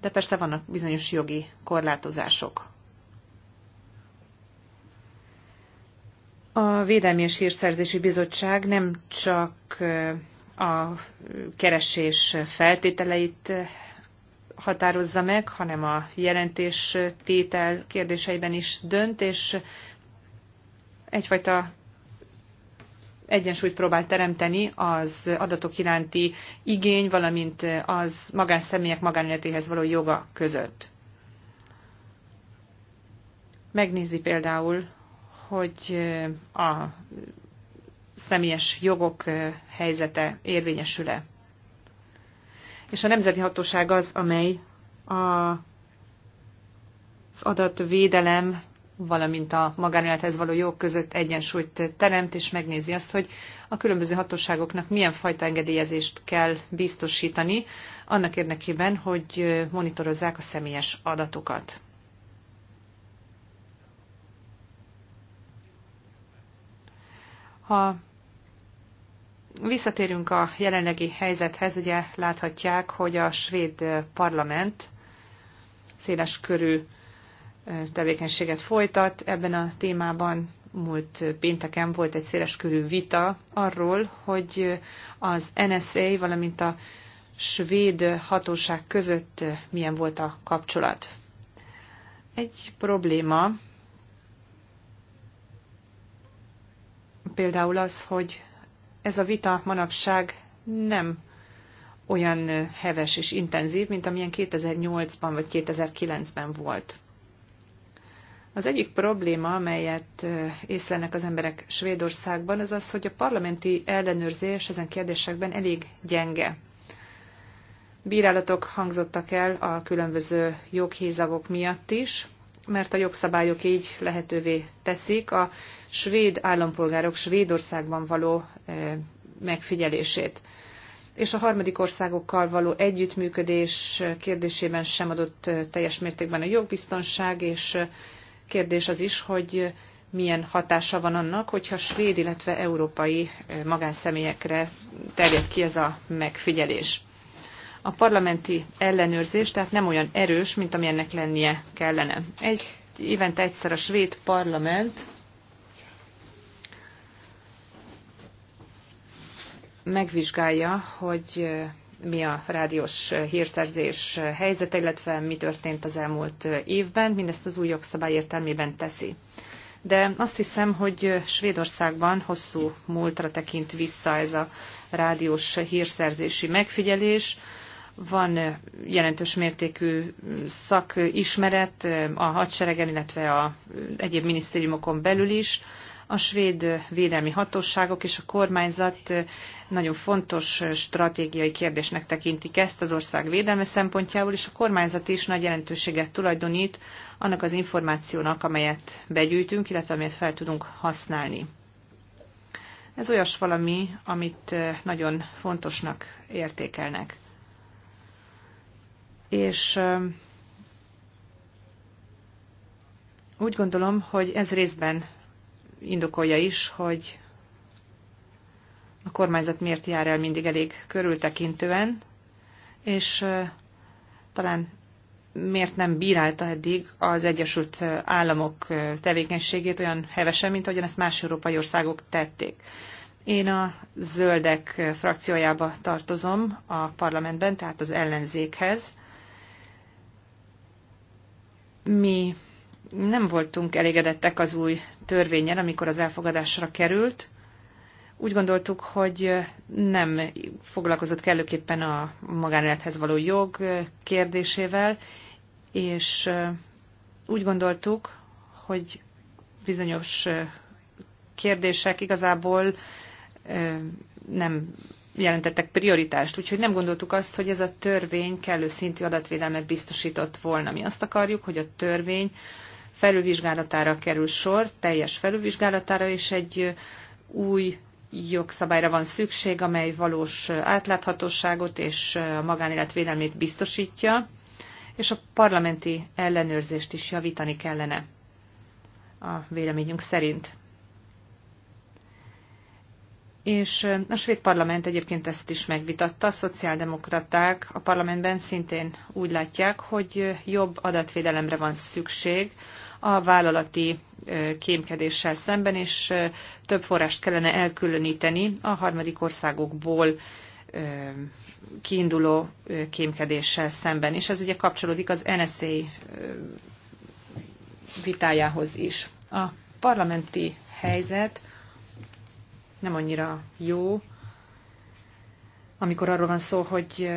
de persze vannak bizonyos jogi korlátozások. A Védelmi és Hírszerzési Bizottság nem csak a keresés feltételeit határozza meg, hanem a jelentés tétel kérdéseiben is dönt, és egyfajta egyensúlyt próbál teremteni az adatok iránti igény, valamint az magánszemélyek magánéletéhez való joga között. Megnézi például, hogy a személyes jogok helyzete érvényesül-e. És a nemzeti hatóság az, amely a, az adatvédelem valamint a magánélethez való jog között egyensúlyt teremt, és megnézi azt, hogy a különböző hatóságoknak milyen fajta engedélyezést kell biztosítani, annak érdekében, hogy monitorozzák a személyes adatokat. Ha visszatérünk a jelenlegi helyzethez, ugye láthatják, hogy a svéd parlament széles körű tevékenységet folytat. Ebben a témában múlt pénteken volt egy széleskörű vita arról, hogy az NSA, valamint a svéd hatóság között milyen volt a kapcsolat. Egy probléma például az, hogy ez a vita manapság nem olyan heves és intenzív, mint amilyen 2008-ban vagy 2009-ben volt. Az egyik probléma, amelyet észlelnek az emberek Svédországban, az az, hogy a parlamenti ellenőrzés ezen kérdésekben elég gyenge. Bírálatok hangzottak el a különböző joghézagok miatt is, mert a jogszabályok így lehetővé teszik a svéd állampolgárok Svédországban való megfigyelését. És a harmadik országokkal való együttműködés kérdésében sem adott teljes mértékben a jogbiztonság, és Kérdés az is, hogy milyen hatása van annak, hogyha svéd, illetve európai eh, magánszemélyekre terjed ki ez a megfigyelés. A parlamenti ellenőrzés tehát nem olyan erős, mint amilyennek lennie kellene. Egy évente egyszer a svéd parlament megvizsgálja, hogy eh, mi a rádiós hírszerzés helyzete, illetve mi történt az elmúlt évben, mindezt az új jogszabály értelmében teszi. De azt hiszem, hogy Svédországban hosszú múltra tekint vissza ez a rádiós hírszerzési megfigyelés, van jelentős mértékű szakismeret a hadseregen, illetve a egyéb minisztériumokon belül is. A svéd védelmi hatóságok és a kormányzat nagyon fontos stratégiai kérdésnek tekintik ezt az ország védelme szempontjából, és a kormányzat is nagy jelentőséget tulajdonít annak az információnak, amelyet begyűjtünk, illetve amelyet fel tudunk használni. Ez olyas valami, amit nagyon fontosnak értékelnek. És úgy gondolom, hogy ez részben indokolja is, hogy a kormányzat miért jár el mindig elég körültekintően, és talán miért nem bírálta eddig az Egyesült Államok tevékenységét olyan hevesen, mint ahogyan ezt más európai országok tették. Én a zöldek frakciójába tartozom a parlamentben, tehát az ellenzékhez. Mi nem voltunk elégedettek az új törvényen, amikor az elfogadásra került. Úgy gondoltuk, hogy nem foglalkozott kellőképpen a magánélethez való jog kérdésével, és úgy gondoltuk, hogy bizonyos kérdések igazából nem jelentettek prioritást, úgyhogy nem gondoltuk azt, hogy ez a törvény kellő szintű adatvédelmet biztosított volna. Mi azt akarjuk, hogy a törvény felülvizsgálatára kerül sor, teljes felülvizsgálatára, és egy új jogszabályra van szükség, amely valós átláthatóságot és a magánélet védelmét biztosítja, és a parlamenti ellenőrzést is javítani kellene a véleményünk szerint. És a svéd parlament egyébként ezt is megvitatta, a szociáldemokraták a parlamentben szintén úgy látják, hogy jobb adatvédelemre van szükség a vállalati kémkedéssel szemben, és több forrást kellene elkülöníteni a harmadik országokból kiinduló kémkedéssel szemben. És ez ugye kapcsolódik az NSA vitájához is. A parlamenti helyzet nem annyira jó, amikor arról van szó, hogy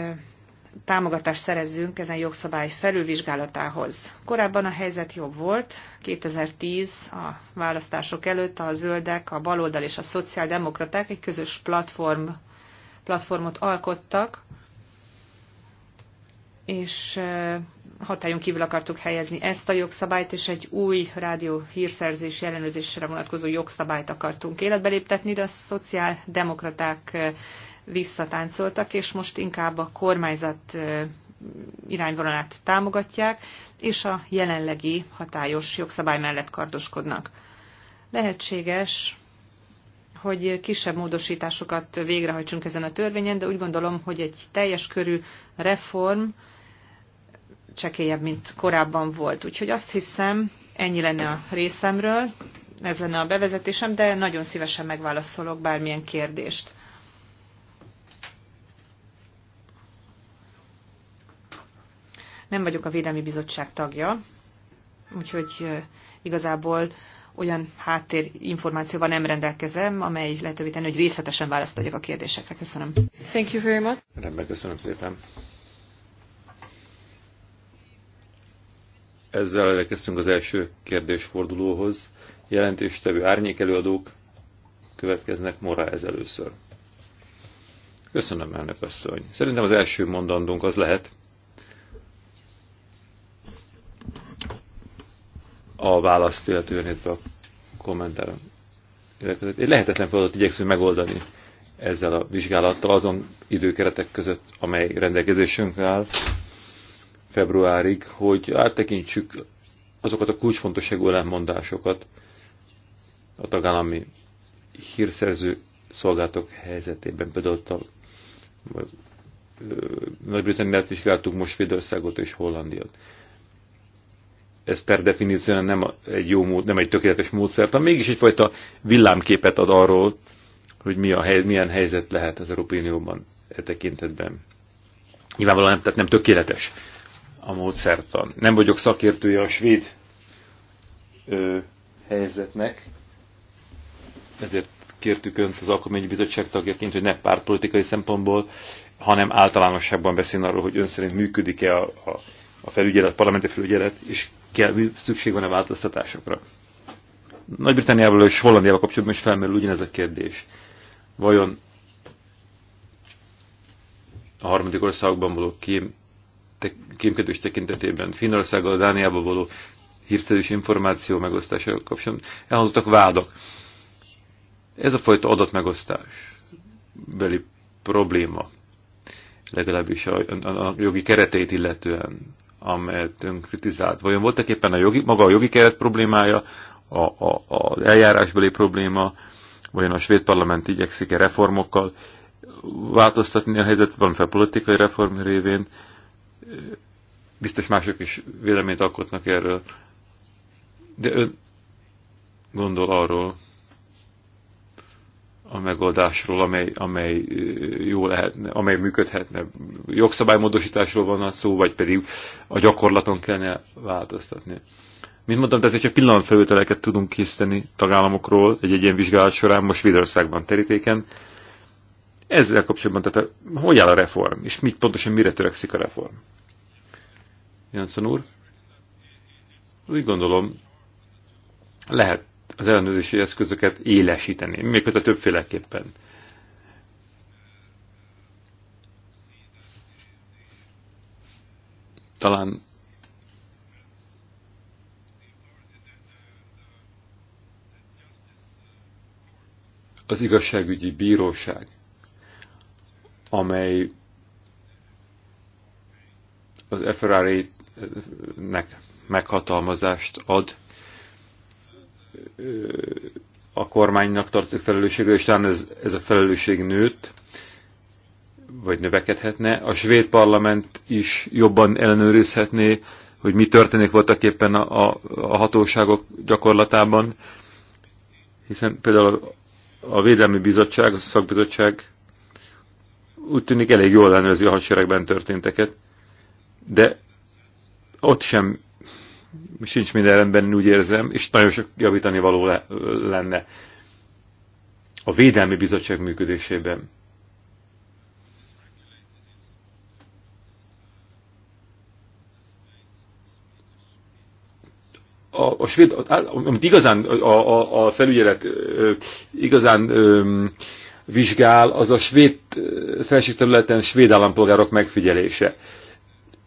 támogatást szerezzünk ezen jogszabály felülvizsgálatához. Korábban a helyzet jobb volt, 2010 a választások előtt a zöldek, a baloldal és a szociáldemokraták egy közös platform, platformot alkottak, és hatályon kívül akartuk helyezni ezt a jogszabályt, és egy új rádió hírszerzési ellenőrzésre vonatkozó jogszabályt akartunk életbe léptetni, de a szociáldemokraták visszatáncoltak, és most inkább a kormányzat irányvonalát támogatják, és a jelenlegi hatályos jogszabály mellett kardoskodnak. Lehetséges, hogy kisebb módosításokat végrehajtsunk ezen a törvényen, de úgy gondolom, hogy egy teljes körű reform csekélyebb, mint korábban volt. Úgyhogy azt hiszem, ennyi lenne a részemről, ez lenne a bevezetésem, de nagyon szívesen megválaszolok bármilyen kérdést. Nem vagyok a Védelmi Bizottság tagja, úgyhogy igazából olyan háttérinformációval nem rendelkezem, amely lehetővé tenni, hogy részletesen választ adjak a kérdésekre. Köszönöm. Thank you very much. Rendben, köszönöm szépen. Ezzel elkezdtünk az első kérdésfordulóhoz. Jelentéstevő árnyékelőadók következnek Mora ez először. Köszönöm, elnök asszony. Szerintem az első mondandónk az lehet, a választ, illetően itt a kommentára. Egy lehetetlen feladat igyekszünk megoldani ezzel a vizsgálattal azon időkeretek között, amely rendelkezésünk áll februárig, hogy áttekintsük azokat a kulcsfontosságú elmondásokat a tagállami hírszerző szolgálatok helyzetében. Például a Nagy-Britanniát vizsgáltuk, most Védországot és Hollandiát ez per definíció nem egy jó mód, nem egy tökéletes hanem mégis egyfajta villámképet ad arról, hogy mi a hely, milyen helyzet lehet az Európai Unióban e tekintetben. Nyilvánvalóan nem, tehát nem tökéletes a módszertan. Nem vagyok szakértője a svéd ö, helyzetnek, ezért kértük Önt az Alkotmányi Bizottság tagjaként, hogy ne pártpolitikai szempontból, hanem általánosságban beszéljen arról, hogy Ön szerint működik-e a, a, a felügyelet, parlamenti felügyelet, és kell, szükség van a változtatásokra. Nagy-Britanniával és Hollandiával kapcsolatban is felmerül ugyanez a kérdés. Vajon a harmadik országban való kém, te, kémkedős tekintetében, Finnországgal, Dániával való hírszerűs információ megosztása kapcsolatban elhangzottak vádak. Ez a fajta adatmegosztás beli probléma, legalábbis a, a, a jogi kereteit illetően amelyet ön kritizált. Vajon voltak éppen a jogi, maga a jogi keret problémája, a, a, a eljárásbeli probléma, vajon a svéd parlament igyekszik-e reformokkal változtatni a helyzet valamiféle politikai reform révén, biztos mások is véleményt alkotnak erről, de ön gondol arról, a megoldásról, amely, amely jó lehetne, amely működhetne. Jogszabálymódosításról van szó, vagy pedig a gyakorlaton kellene változtatni. Mint mondtam, tehát hogyha pillanatfelvételeket tudunk készíteni tagállamokról egy, egy ilyen vizsgálat során, most Védországban terítéken, ezzel kapcsolatban, tehát hogy áll a reform, és mit pontosan mire törekszik a reform? Jansson úr? Úgy gondolom, lehet az ellenőrzési eszközöket élesíteni, méghozzá többféleképpen. Talán az igazságügyi bíróság, amely az FRA-nek meghatalmazást ad a kormánynak tartozik felelősségre, és talán ez, ez a felelősség nőtt, vagy növekedhetne. A svéd parlament is jobban ellenőrizhetné, hogy mi történik voltak éppen a, a, a hatóságok gyakorlatában, hiszen például a Védelmi Bizottság, a Szakbizottság úgy tűnik elég jól ellenőrzi a hadseregben történteket, de ott sem sincs minden rendben, úgy érzem, és nagyon sok javítani való le, lenne a Védelmi Bizottság működésében. a, a svéd, amit igazán a, a, a felügyelet igazán öm, vizsgál, az a svéd felségterületen svéd állampolgárok megfigyelése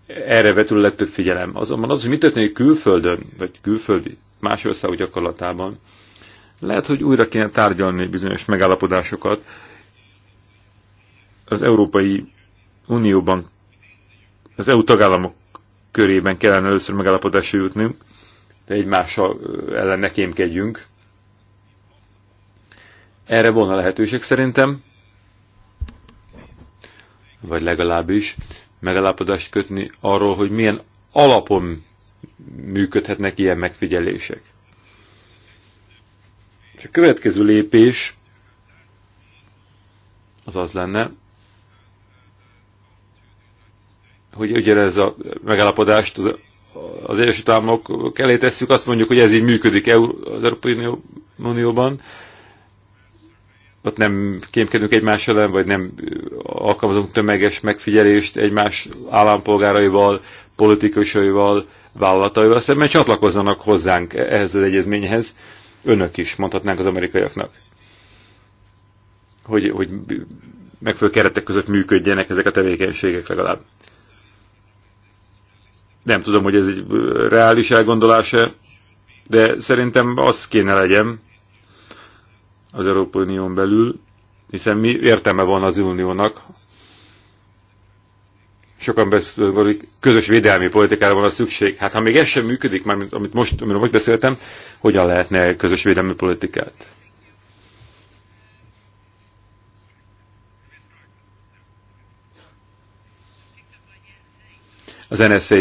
erre vetül a legtöbb figyelem. Azonban az, hogy mi történik külföldön, vagy külföldi más ország gyakorlatában, lehet, hogy újra kéne tárgyalni bizonyos megállapodásokat az Európai Unióban, az EU tagállamok körében kellene először megállapodásra jutnunk, de egymással ellen ne kémkedjünk. Erre volna lehetőség szerintem, vagy legalábbis megállapodást kötni arról, hogy milyen alapon működhetnek ilyen megfigyelések. És a következő lépés az az lenne, hogy ugye ez a megállapodást az, az Egyesült Államok elé tesszük, azt mondjuk, hogy ez így működik az Európai Unióban, ott nem kémkedünk egymás ellen, vagy nem alkalmazunk tömeges megfigyelést egymás állampolgáraival, politikusaival, vállalataival szemben csatlakozzanak hozzánk ehhez az egyezményhez, önök is, mondhatnánk az amerikaiaknak. Hogy, hogy megfelelő keretek között működjenek ezek a tevékenységek legalább. Nem tudom, hogy ez egy reális elgondolása, de szerintem az kéne legyen, az Európai Unión belül, hiszen mi értelme van az Uniónak. Sokan beszélünk, hogy közös védelmi politikára van a szükség. Hát ha még ez sem működik, már mint, amit most, amiről most beszéltem, hogyan lehetne közös védelmi politikát? Az NSA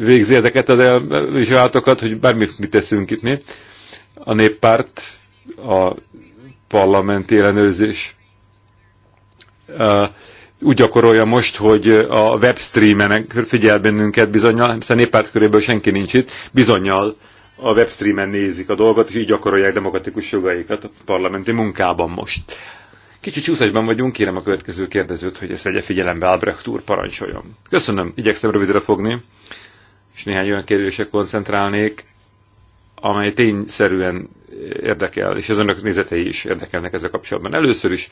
végzi ezeket az elvizsgálatokat, hogy bármit mit teszünk itt mi. A néppárt, a parlamenti ellenőrzés úgy gyakorolja most, hogy a webstreamen figyel bennünket bizonyal, hiszen néppárt köréből senki nincs itt, bizonyal a webstreamen nézik a dolgot, és így gyakorolják demokratikus jogaikat a parlamenti munkában most. Kicsit csúszásban vagyunk, kérem a következő kérdezőt, hogy ezt vegye figyelembe, Albrecht úr, parancsoljon. Köszönöm, igyekszem rövidre fogni és néhány olyan kérdésre koncentrálnék, amely tényszerűen érdekel, és az önök nézetei is érdekelnek ezzel kapcsolatban. Először is,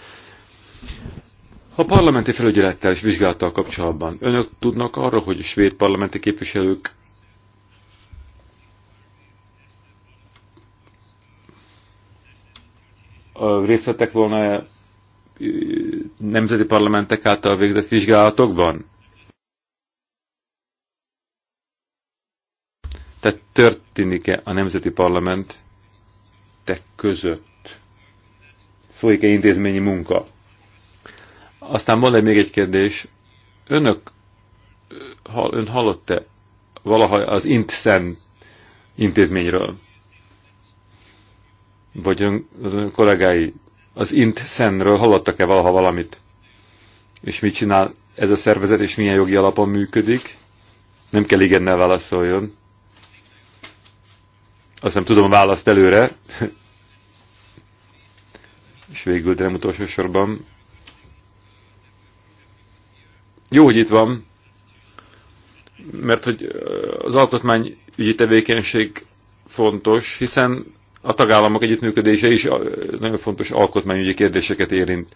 a parlamenti felügyelettel és vizsgálattal kapcsolatban önök tudnak arra, hogy a svéd parlamenti képviselők részt volna -e nemzeti parlamentek által végzett vizsgálatokban? Tehát történik-e a nemzeti parlamentek között? Folyik-e intézményi munka? Aztán van még egy kérdés. Önök, ön hallott-e valaha az Intszen intézményről? Vagy ön, az ön kollégái az Intszenről hallottak-e valaha valamit? És mit csinál ez a szervezet, és milyen jogi alapon működik? Nem kell igennel válaszoljon. Azt nem tudom a választ előre. És végül, de nem utolsó sorban. Jó, hogy itt van, mert hogy az alkotmányügyi tevékenység fontos, hiszen a tagállamok együttműködése is nagyon fontos alkotmányügyi kérdéseket érint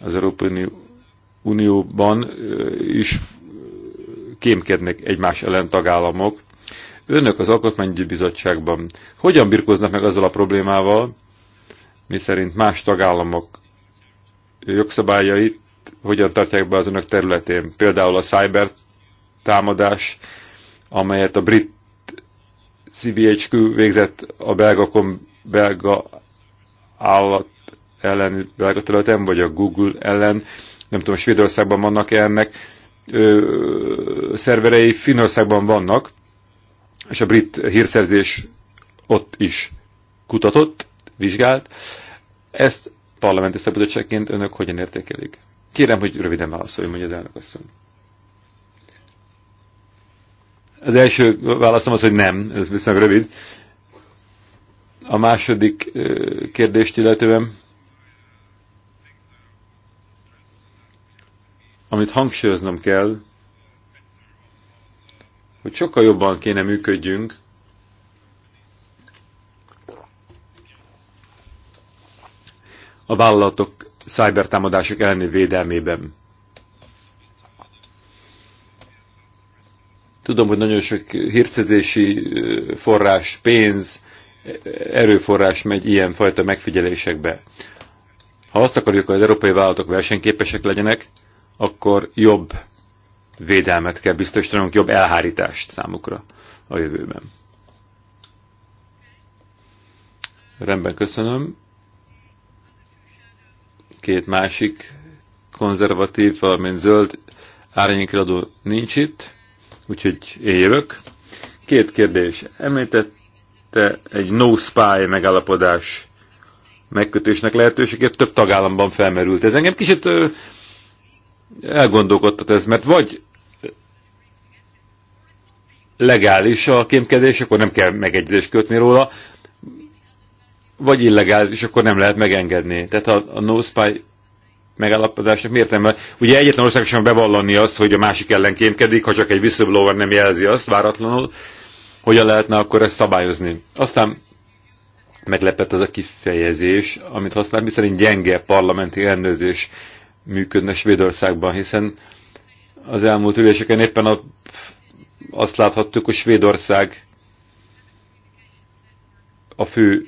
az Európai Unióban is kémkednek egymás ellen tagállamok, Önök az Alkotmányügyi Bizottságban hogyan birkoznak meg azzal a problémával, miszerint más tagállamok jogszabályait hogyan tartják be az önök területén. Például a cyber támadás, amelyet a brit CBHQ végzett a belgakon, belga állat ellen, belga területen, vagy a Google ellen, nem tudom, Svédországban vannak -e ennek ö, szerverei, Finországban vannak, és a brit hírszerzés ott is kutatott, vizsgált. Ezt parlamenti szabadságként önök hogyan értékelik? Kérem, hogy röviden válaszoljon, mondja az elnök asszony. Az első válaszom az, hogy nem, ez viszonylag rövid. A második kérdést illetően, amit hangsúlyoznom kell, hogy sokkal jobban kéne működjünk, a vállalatok szájbertámadások elleni védelmében. Tudom, hogy nagyon sok hírszerzési forrás, pénz, erőforrás megy ilyenfajta megfigyelésekbe. Ha azt akarjuk, hogy az európai vállalatok versenyképesek legyenek, akkor jobb védelmet kell biztosítanunk, jobb elhárítást számukra a jövőben. Rendben, köszönöm. Két másik konzervatív, valamint zöld árnyékiradó nincs itt, úgyhogy én jövök. Két kérdés. Említette egy no-spy megállapodás megkötésnek lehetőséget több tagállamban felmerült. Ez engem kicsit elgondolkodtat ez, mert vagy legális a kémkedés, akkor nem kell megegyezést kötni róla, vagy illegális, akkor nem lehet megengedni. Tehát a, a no spy megállapodásnak miért nem? Ugye egyetlen ország sem bevallani azt, hogy a másik ellen kémkedik, ha csak egy whistleblower nem jelzi azt váratlanul, hogyan lehetne akkor ezt szabályozni. Aztán meglepett az a kifejezés, amit használ, miszerint gyenge parlamenti rendőrzés működne Svédországban, hiszen az elmúlt üléseken éppen a azt láthattuk, hogy Svédország a fő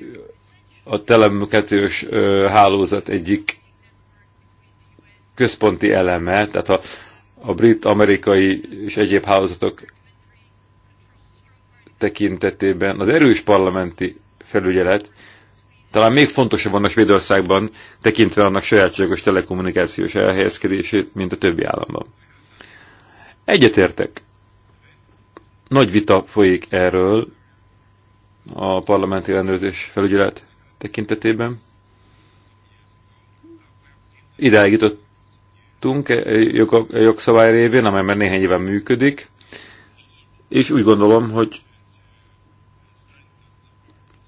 a telemukációs hálózat egyik központi eleme, tehát a, a brit, amerikai és egyéb hálózatok tekintetében az erős parlamenti felügyelet talán még fontosabb van a Svédországban, tekintve annak sajátságos telekommunikációs elhelyezkedését, mint a többi államban. Egyetértek nagy vita folyik erről a parlamenti ellenőrzés felügyelet tekintetében. Idáig jutottunk e e jogszabály révén, amely már néhány éven működik, és úgy gondolom, hogy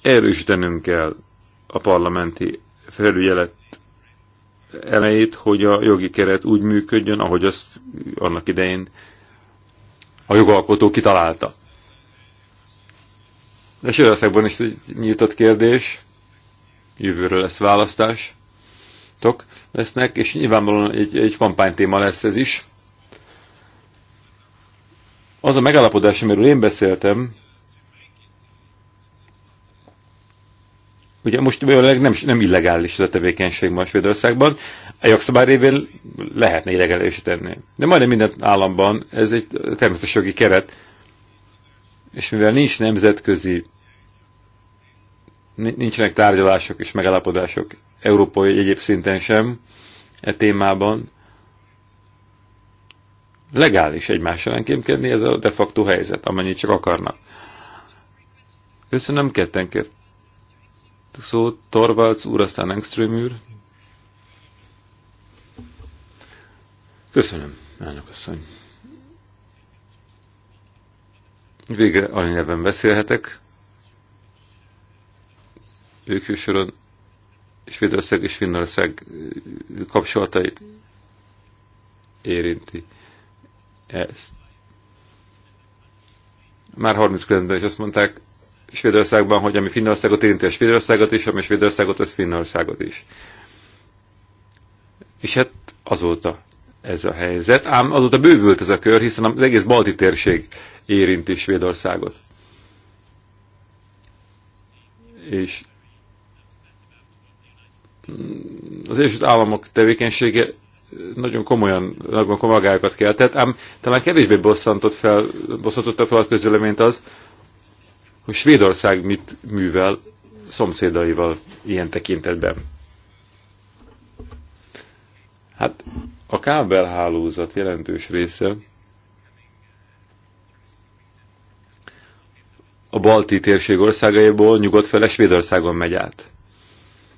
erősítenünk kell a parlamenti felügyelet elejét, hogy a jogi keret úgy működjön, ahogy azt annak idején a jogalkotó kitalálta. De Sörösszegben is egy nyitott kérdés, jövőről lesz választás, tok lesznek, és nyilvánvalóan egy, egy kampánytéma lesz ez is. Az a megállapodás, amiről én beszéltem, Ugye most nem, nem illegális ez a tevékenység ma Svédországban, a jogszabály révén lehetne illegális tenni. De majdnem minden államban ez egy természetes jogi keret, és mivel nincs nemzetközi, nincsenek tárgyalások és megállapodások európai egyéb szinten sem e témában, legális egymás ellen kémkedni, ez a de facto helyzet, amennyit csak akarnak. Köszönöm, ketten szó, Torvalds úr, aztán Engström úr. Köszönöm, elnök asszony. Végre nyelven beszélhetek. Ők soron Svédország és Finnország kapcsolatait érinti ezt. Már 30 ben is azt mondták, Svédországban, hogy ami Finnországot érinti, a Svédországot is, ami Svédországot, az Finnországot is. És hát azóta ez a helyzet. Ám azóta bővült ez a kör, hiszen az egész balti térség érinti Svédországot. És az Egyesült Államok tevékenysége nagyon komolyan, nagyon komoly kell, keltett, ám talán kevésbé bosszantott fel, bosszantotta fel a közöleményt az, hogy Svédország mit művel szomszédaival ilyen tekintetben. Hát a kábelhálózat jelentős része a balti térség országaiból nyugodt fele Svédországon megy át.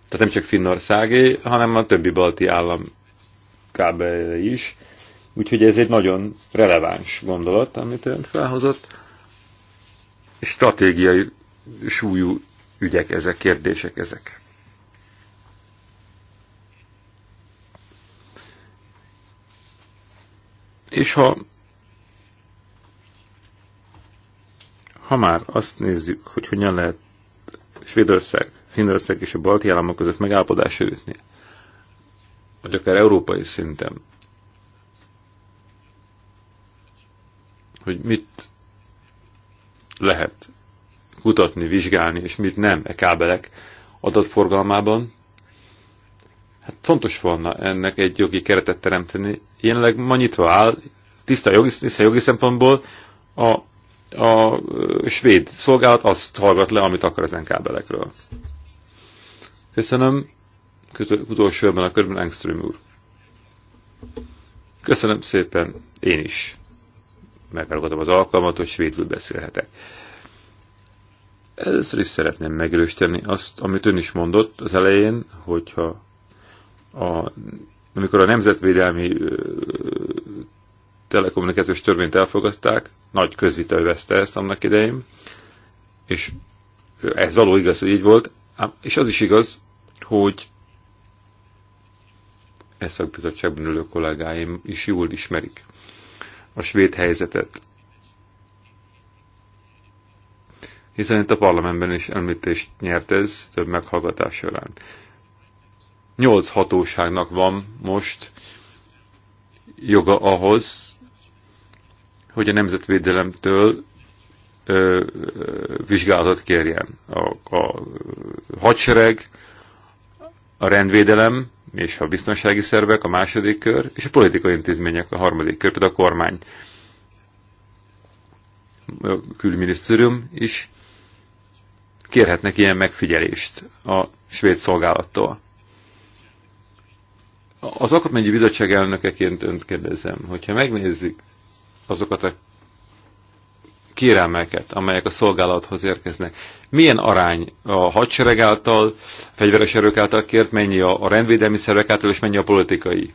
Tehát nem csak Finnországé, hanem a többi balti állam kábelje is. Úgyhogy ez egy nagyon releváns gondolat, amit ön felhozott stratégiai súlyú ügyek ezek, kérdések ezek. És ha, ha már azt nézzük, hogy hogyan lehet Svédország, Finnország és a balti államok között megállapodásra jutni, vagy akár európai szinten, hogy mit lehet kutatni, vizsgálni, és mit nem e kábelek adatforgalmában. Hát fontos volna ennek egy jogi keretet teremteni. Jelenleg ma nyitva áll, tiszta jogi, tiszta jogi szempontból a, a svéd szolgálat azt hallgat le, amit akar ezen kábelekről. Köszönöm. Utolsó ebben a körben Engström úr. Köszönöm szépen, én is megragadom az alkalmat, hogy svédül beszélhetek. Először is szeretném megerősíteni azt, amit ön is mondott az elején, hogyha a, amikor a nemzetvédelmi telekommunikációs törvényt elfogadták, nagy közvita övezte ezt annak idején, és ez való igaz, hogy így volt, és az is igaz, hogy ezt a bizottságban ülő kollégáim is jól ismerik a svéd helyzetet. Hiszen itt a parlamentben is említést nyert ez több meghallgatás során. Nyolc hatóságnak van most joga ahhoz, hogy a nemzetvédelemtől ö, ö, vizsgálatot kérjen. A, a hadsereg, a rendvédelem és a biztonsági szervek a második kör, és a politikai intézmények a harmadik kör, például a kormány, a külügyminisztérium is kérhetnek ilyen megfigyelést a svéd szolgálattól. Az Alkotmányi Bizottság elnökeként önt kérdezem, hogyha megnézzük azokat a kérelmeket, amelyek a szolgálathoz érkeznek. Milyen arány a hadsereg által, a fegyveres erők által kért, mennyi a rendvédelmi szervek által, és mennyi a politikai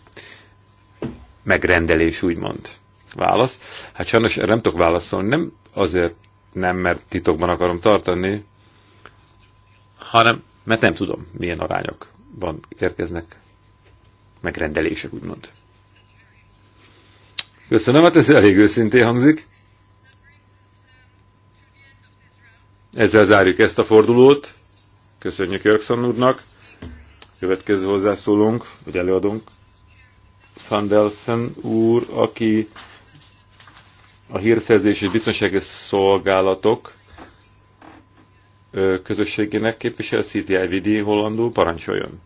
megrendelés, úgymond? Válasz? Hát sajnos nem tudok válaszolni, nem azért nem, mert titokban akarom tartani, hanem mert nem tudom, milyen arányokban érkeznek megrendelések, úgymond. Köszönöm, hát ez elég őszintén hangzik. Ezzel zárjuk ezt a fordulót. Köszönjük Jörgson úrnak. Következő hozzászólunk, vagy előadunk. Van Delsen úr, aki a hírszerzés és biztonsági szolgálatok közösségének képvisel, CTIVD hollandú parancsoljon.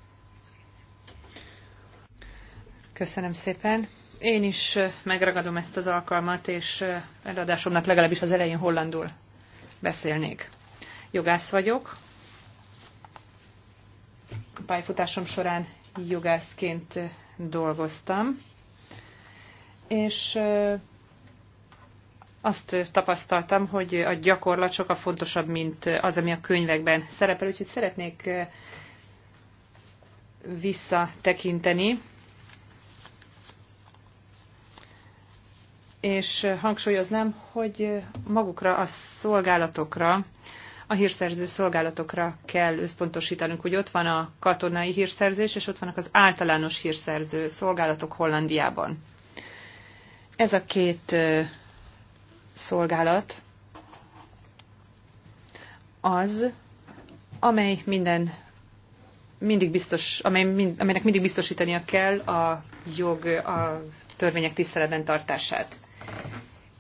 Köszönöm szépen. Én is megragadom ezt az alkalmat, és előadásomnak legalábbis az elején hollandul beszélnék. Jogász vagyok. A pályafutásom során jogászként dolgoztam, és azt tapasztaltam, hogy a gyakorlat sokkal fontosabb, mint az, ami a könyvekben szerepel, úgyhogy szeretnék visszatekinteni és hangsúlyoznám, hogy magukra a szolgálatokra, a hírszerző szolgálatokra kell összpontosítanunk, hogy ott van a katonai hírszerzés, és ott vannak az általános hírszerző szolgálatok Hollandiában. Ez a két szolgálat az, amely minden mindig biztos, amely, mind, amelynek mindig biztosítania kell a jog, a törvények tiszteletben tartását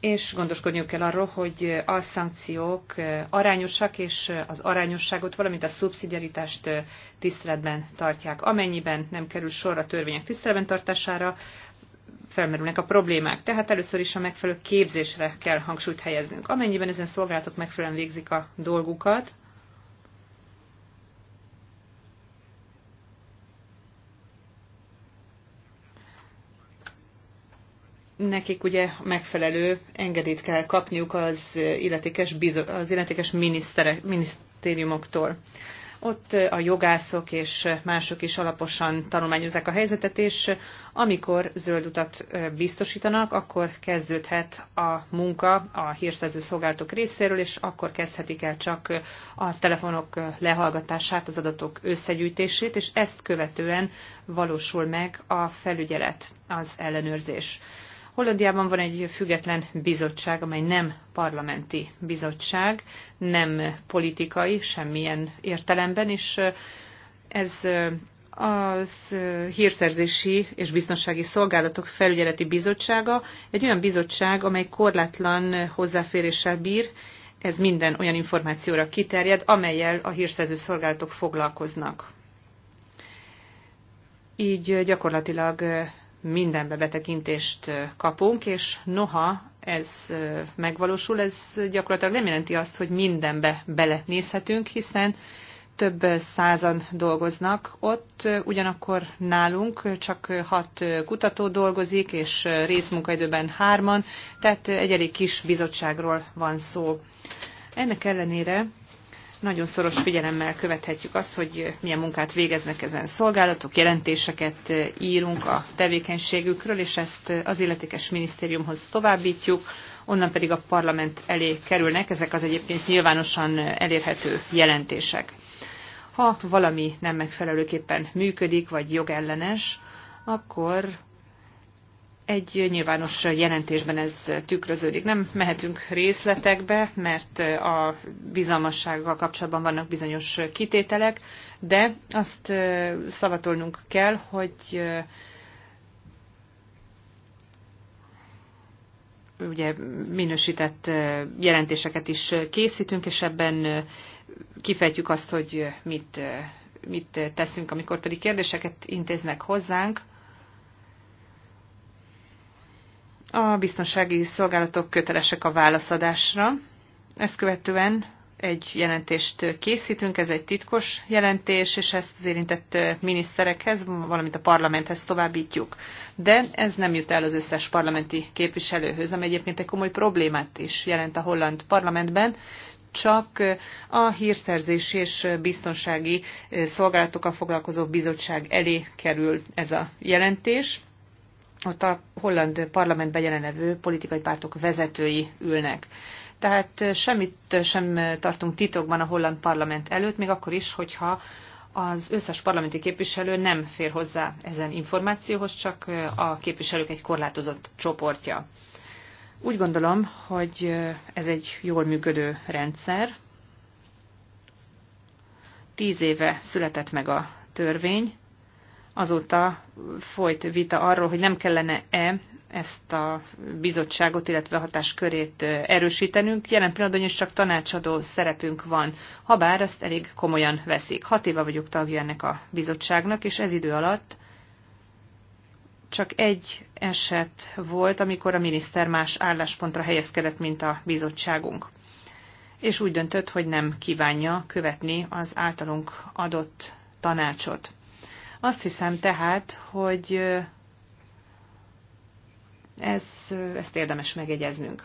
és gondoskodniuk kell arról, hogy a szankciók arányosak, és az arányosságot, valamint a szubszidiaritást tiszteletben tartják. Amennyiben nem kerül sor a törvények tiszteletben tartására, felmerülnek a problémák. Tehát először is a megfelelő képzésre kell hangsúlyt helyeznünk. Amennyiben ezen szolgálatok megfelelően végzik a dolgukat, nekik ugye megfelelő engedélyt kell kapniuk az illetékes, bizo- az illetékes minisztériumoktól. Ott a jogászok és mások is alaposan tanulmányozzák a helyzetet, és amikor zöld utat biztosítanak, akkor kezdődhet a munka a hírszerző szolgálatok részéről, és akkor kezdhetik el csak a telefonok lehallgatását, az adatok összegyűjtését, és ezt követően valósul meg a felügyelet, az ellenőrzés. Hollandiában van egy független bizottság, amely nem parlamenti bizottság, nem politikai semmilyen értelemben, és ez az hírszerzési és biztonsági szolgálatok felügyeleti bizottsága egy olyan bizottság, amely korlátlan hozzáféréssel bír, ez minden olyan információra kiterjed, amelyel a hírszerző szolgálatok foglalkoznak. Így gyakorlatilag mindenbe betekintést kapunk, és noha ez megvalósul, ez gyakorlatilag nem jelenti azt, hogy mindenbe belenézhetünk, hiszen több százan dolgoznak ott, ugyanakkor nálunk csak hat kutató dolgozik, és részmunkaidőben hárman, tehát egy elég kis bizottságról van szó. Ennek ellenére nagyon szoros figyelemmel követhetjük azt, hogy milyen munkát végeznek ezen szolgálatok, jelentéseket eh, írunk a tevékenységükről, és ezt az illetékes minisztériumhoz továbbítjuk, onnan pedig a parlament elé kerülnek ezek az egyébként nyilvánosan elérhető jelentések. Ha valami nem megfelelőképpen működik, vagy jogellenes, akkor egy nyilvános jelentésben ez tükröződik. Nem mehetünk részletekbe, mert a bizalmassággal kapcsolatban vannak bizonyos kitételek, de azt szavatolnunk kell, hogy ugye minősített jelentéseket is készítünk, és ebben kifejtjük azt, hogy mit, mit teszünk, amikor pedig kérdéseket intéznek hozzánk, A biztonsági szolgálatok kötelesek a válaszadásra. Ezt követően egy jelentést készítünk, ez egy titkos jelentés, és ezt az érintett miniszterekhez, valamint a parlamenthez továbbítjuk. De ez nem jut el az összes parlamenti képviselőhöz, ami egyébként egy komoly problémát is jelent a holland parlamentben, csak a hírszerzés és biztonsági szolgálatokkal foglalkozó bizottság elé kerül ez a jelentés ott a holland parlamentben jelenlevő politikai pártok vezetői ülnek. Tehát semmit sem tartunk titokban a holland parlament előtt, még akkor is, hogyha az összes parlamenti képviselő nem fér hozzá ezen információhoz, csak a képviselők egy korlátozott csoportja. Úgy gondolom, hogy ez egy jól működő rendszer. Tíz éve született meg a törvény, Azóta folyt vita arról, hogy nem kellene-e ezt a bizottságot, illetve hatáskörét erősítenünk. Jelen pillanatban is csak tanácsadó szerepünk van, Ha bár ezt elég komolyan veszik. Hat éve vagyok tagja ennek a bizottságnak, és ez idő alatt csak egy eset volt, amikor a miniszter más álláspontra helyezkedett, mint a bizottságunk. És úgy döntött, hogy nem kívánja követni az általunk adott tanácsot. Azt hiszem tehát, hogy ez, ezt érdemes megegyeznünk.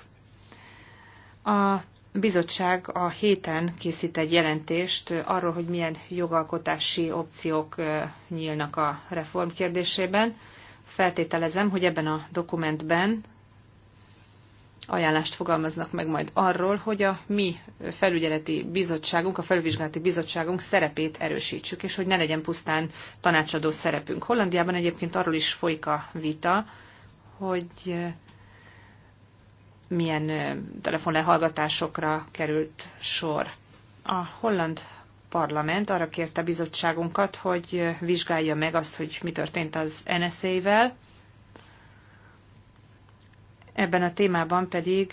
A bizottság a héten készít egy jelentést arról, hogy milyen jogalkotási opciók nyílnak a reform kérdésében. Feltételezem, hogy ebben a dokumentben ajánlást fogalmaznak meg majd arról, hogy a mi felügyeleti bizottságunk, a felvizsgálati bizottságunk szerepét erősítsük, és hogy ne legyen pusztán tanácsadó szerepünk. Hollandiában egyébként arról is folyik a vita, hogy milyen telefonlehallgatásokra került sor. A holland parlament arra kérte bizottságunkat, hogy vizsgálja meg azt, hogy mi történt az NSA-vel, Ebben a témában pedig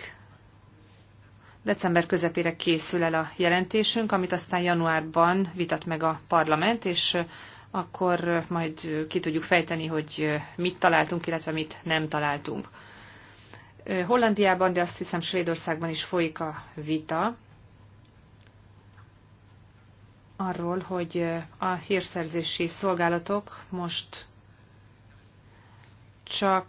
december közepére készül el a jelentésünk, amit aztán januárban vitat meg a parlament, és akkor majd ki tudjuk fejteni, hogy mit találtunk, illetve mit nem találtunk. Hollandiában, de azt hiszem Svédországban is folyik a vita arról, hogy a hírszerzési szolgálatok most csak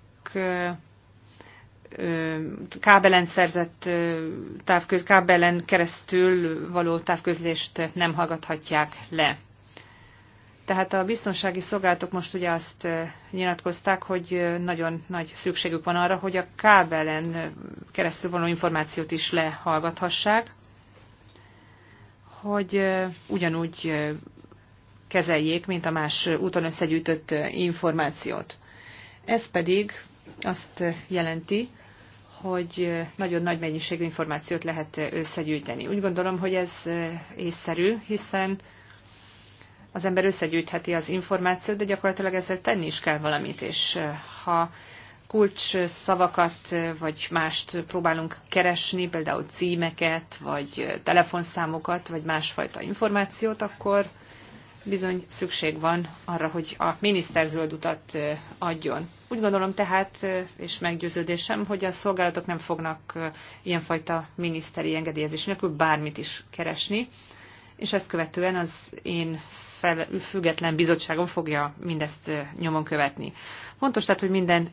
kábelen szerzett távköz, kábelen keresztül való távközlést nem hallgathatják le. Tehát a biztonsági szolgálatok most ugye azt nyilatkozták, hogy nagyon nagy szükségük van arra, hogy a kábelen keresztül való információt is lehallgathassák, hogy ugyanúgy kezeljék, mint a más úton összegyűjtött információt. Ez pedig azt jelenti, hogy nagyon nagy mennyiségű információt lehet összegyűjteni. Úgy gondolom, hogy ez észszerű, hiszen az ember összegyűjtheti az információt, de gyakorlatilag ezzel tenni is kell valamit, és ha kulcs szavakat vagy mást próbálunk keresni, például címeket, vagy telefonszámokat, vagy másfajta információt, akkor bizony szükség van arra, hogy a miniszter zöld utat adjon. Úgy gondolom tehát, és meggyőződésem, hogy a szolgálatok nem fognak ilyenfajta miniszteri engedélyezés nélkül bármit is keresni, és ezt követően az én fel, független bizottságom fogja mindezt nyomon követni. Fontos tehát, hogy minden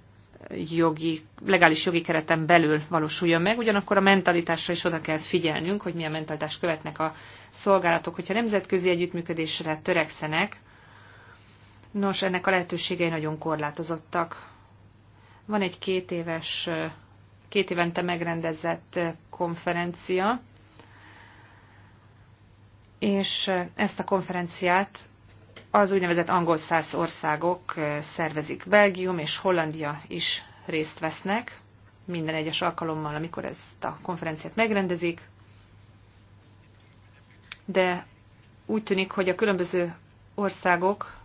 jogi, legális jogi kereten belül valósuljon meg, ugyanakkor a mentalitásra is oda kell figyelnünk, hogy milyen mentalitást követnek a szolgálatok, hogyha nemzetközi együttműködésre törekszenek. Nos, ennek a lehetőségei nagyon korlátozottak. Van egy két éves, két évente megrendezett konferencia, és ezt a konferenciát az úgynevezett angol száz országok szervezik. Belgium és Hollandia is részt vesznek minden egyes alkalommal, amikor ezt a konferenciát megrendezik. De úgy tűnik, hogy a különböző országok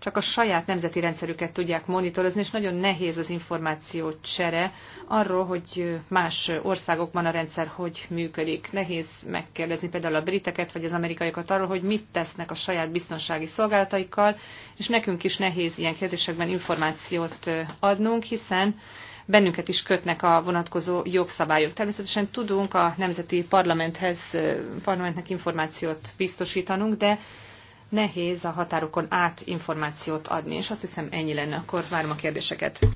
csak a saját nemzeti rendszerüket tudják monitorozni, és nagyon nehéz az információ csere arról, hogy más országokban a rendszer hogy működik. Nehéz megkérdezni például a briteket vagy az amerikaiakat arról, hogy mit tesznek a saját biztonsági szolgálataikkal, és nekünk is nehéz ilyen kérdésekben információt adnunk, hiszen bennünket is kötnek a vonatkozó jogszabályok. Természetesen tudunk a Nemzeti Parlamenthez, Parlamentnek információt biztosítanunk, de nehéz a határokon át információt adni, és azt hiszem ennyi lenne, akkor várom a kérdéseket.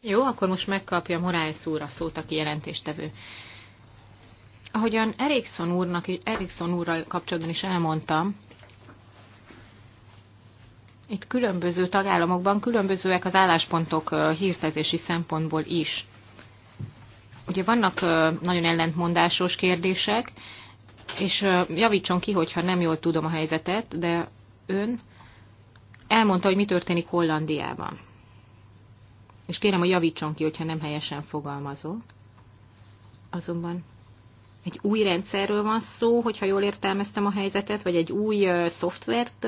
Jó, akkor most megkapja Morales úr a szót, aki jelentéstevő. Ahogyan Erikson úrnak, Erikson úrral kapcsolatban is elmondtam, itt különböző tagállamokban különbözőek az álláspontok hírszerzési szempontból is. Ugye vannak nagyon ellentmondásos kérdések, és javítson ki, hogyha nem jól tudom a helyzetet, de ön elmondta, hogy mi történik Hollandiában. És kérem, hogy javítson ki, hogyha nem helyesen fogalmazom. Azonban egy új rendszerről van szó, hogyha jól értelmeztem a helyzetet, vagy egy új szoftvert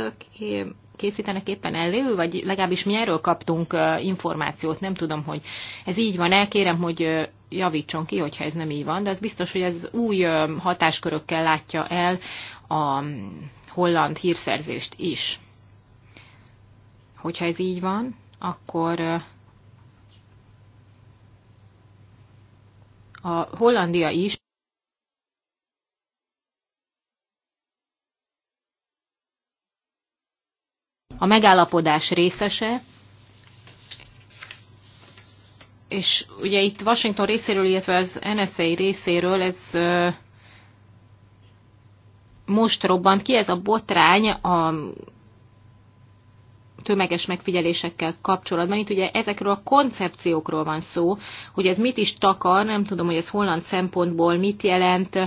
készítenek éppen elő, vagy legalábbis mi erről kaptunk információt, nem tudom, hogy ez így van Elkérem, hogy javítson ki, hogyha ez nem így van, de az biztos, hogy ez új hatáskörökkel látja el a mm, holland hírszerzést is. Hogyha ez így van, akkor a Hollandia is a megállapodás részese, és ugye itt Washington részéről, illetve az NSA részéről ez most robbant ki, ez a botrány a tömeges megfigyelésekkel kapcsolatban. Itt ugye ezekről a koncepciókról van szó, hogy ez mit is takar, nem tudom, hogy ez holland szempontból mit jelent,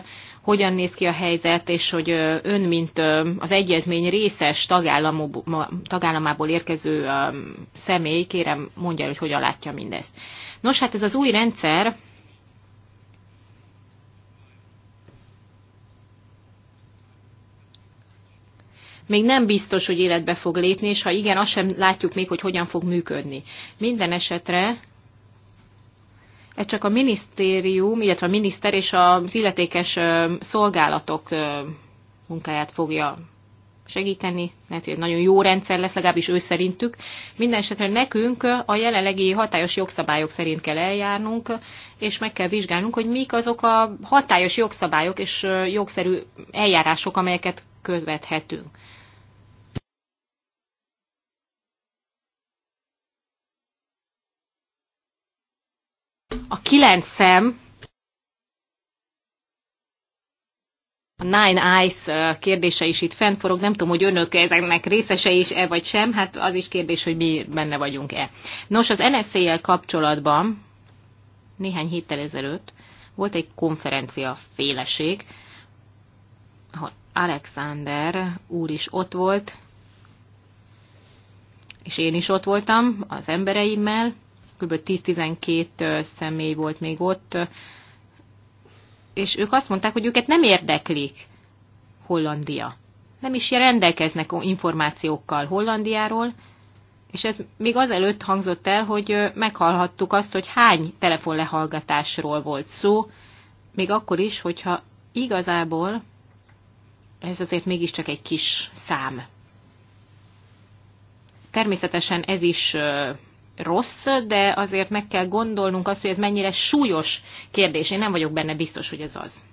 hogyan néz ki a helyzet, és hogy ön, mint az egyezmény részes tagállamából érkező személy, kérem mondja el, hogy hogyan látja mindezt. Nos, hát ez az új rendszer még nem biztos, hogy életbe fog lépni, és ha igen, azt sem látjuk még, hogy hogyan fog működni. Minden esetre ez csak a minisztérium, illetve a miniszter és az illetékes szolgálatok munkáját fogja segíteni, lehet, hogy nagyon jó rendszer lesz, legalábbis ő szerintük. Minden esetre nekünk a jelenlegi hatályos jogszabályok szerint kell eljárnunk, és meg kell vizsgálnunk, hogy mik azok a hatályos jogszabályok és jogszerű eljárások, amelyeket követhetünk. a kilenc szem, a Nine Eyes kérdése is itt fennforog, nem tudom, hogy önök ezeknek részese is-e vagy sem, hát az is kérdés, hogy mi benne vagyunk-e. Nos, az NSZ-jel kapcsolatban néhány héttel ezelőtt volt egy konferencia féleség, ahol Alexander úr is ott volt, és én is ott voltam az embereimmel, kb. 10-12 személy volt még ott, és ők azt mondták, hogy őket nem érdeklik Hollandia. Nem is rendelkeznek információkkal Hollandiáról, és ez még azelőtt hangzott el, hogy meghallhattuk azt, hogy hány telefonlehallgatásról volt szó, még akkor is, hogyha igazából ez azért mégiscsak egy kis szám. Természetesen ez is rossz, de azért meg kell gondolnunk azt, hogy ez mennyire súlyos kérdés. Én nem vagyok benne biztos, hogy ez az.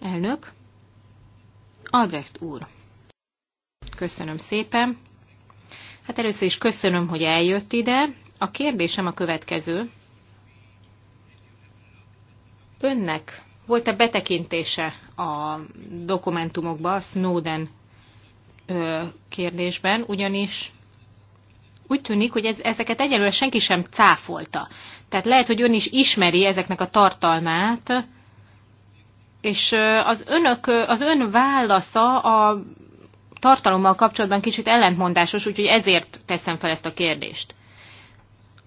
Elnök. Albrecht úr. Köszönöm szépen. Hát először is köszönöm, hogy eljött ide. A kérdésem a következő. Önnek volt a betekintése a dokumentumokba, a Snowden kérdésben, ugyanis úgy tűnik, hogy ez, ezeket egyelőre senki sem cáfolta. Tehát lehet, hogy ön is ismeri ezeknek a tartalmát, és az, önök, az ön válasza a tartalommal kapcsolatban kicsit ellentmondásos, úgyhogy ezért teszem fel ezt a kérdést.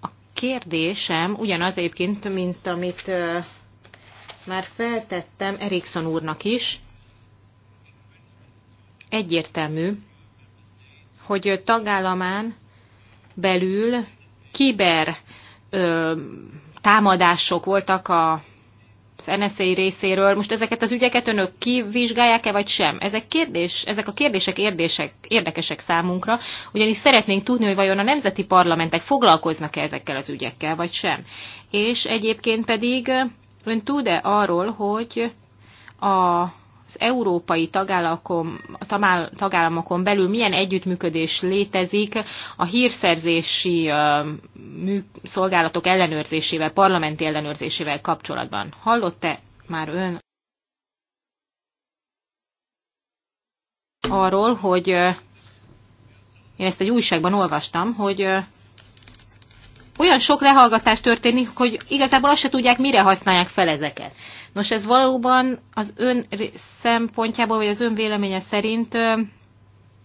A kérdésem ugyanaz egyébként, mint amit már feltettem Erikson úrnak is, egyértelmű, hogy tagállamán belül kiber ö, támadások voltak a az NSA részéről. Most ezeket az ügyeket önök kivizsgálják-e, vagy sem? Ezek, kérdés, ezek a kérdések érdések, érdekesek számunkra, ugyanis szeretnénk tudni, hogy vajon a nemzeti parlamentek foglalkoznak-e ezekkel az ügyekkel, vagy sem. És egyébként pedig ön tud-e arról, hogy a európai tagállamokon, tagállamokon belül milyen együttműködés létezik a hírszerzési szolgálatok ellenőrzésével, parlamenti ellenőrzésével kapcsolatban. Hallott-e már ön arról, hogy én ezt egy újságban olvastam, hogy olyan sok lehallgatás történik, hogy igazából azt se tudják, mire használják fel ezeket. Nos, ez valóban az ön szempontjából, vagy az ön véleménye szerint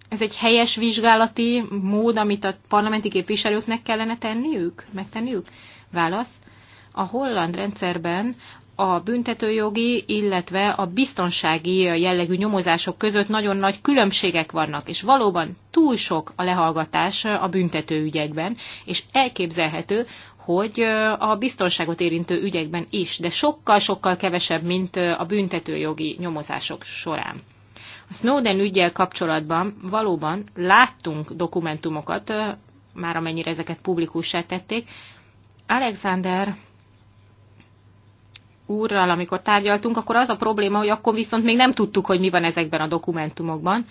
ez egy helyes vizsgálati mód, amit a parlamenti képviselőknek kellene tenniük, megtenniük? Válasz. A holland rendszerben a büntetőjogi, illetve a biztonsági jellegű nyomozások között nagyon nagy különbségek vannak, és valóban túl sok a lehallgatás a büntetőügyekben, és elképzelhető, hogy a biztonságot érintő ügyekben is, de sokkal-sokkal kevesebb, mint a büntetőjogi nyomozások során. A Snowden ügyel kapcsolatban valóban láttunk dokumentumokat, már amennyire ezeket publikussá tették. Alexander úrral, amikor tárgyaltunk, akkor az a probléma, hogy akkor viszont még nem tudtuk, hogy mi van ezekben a dokumentumokban.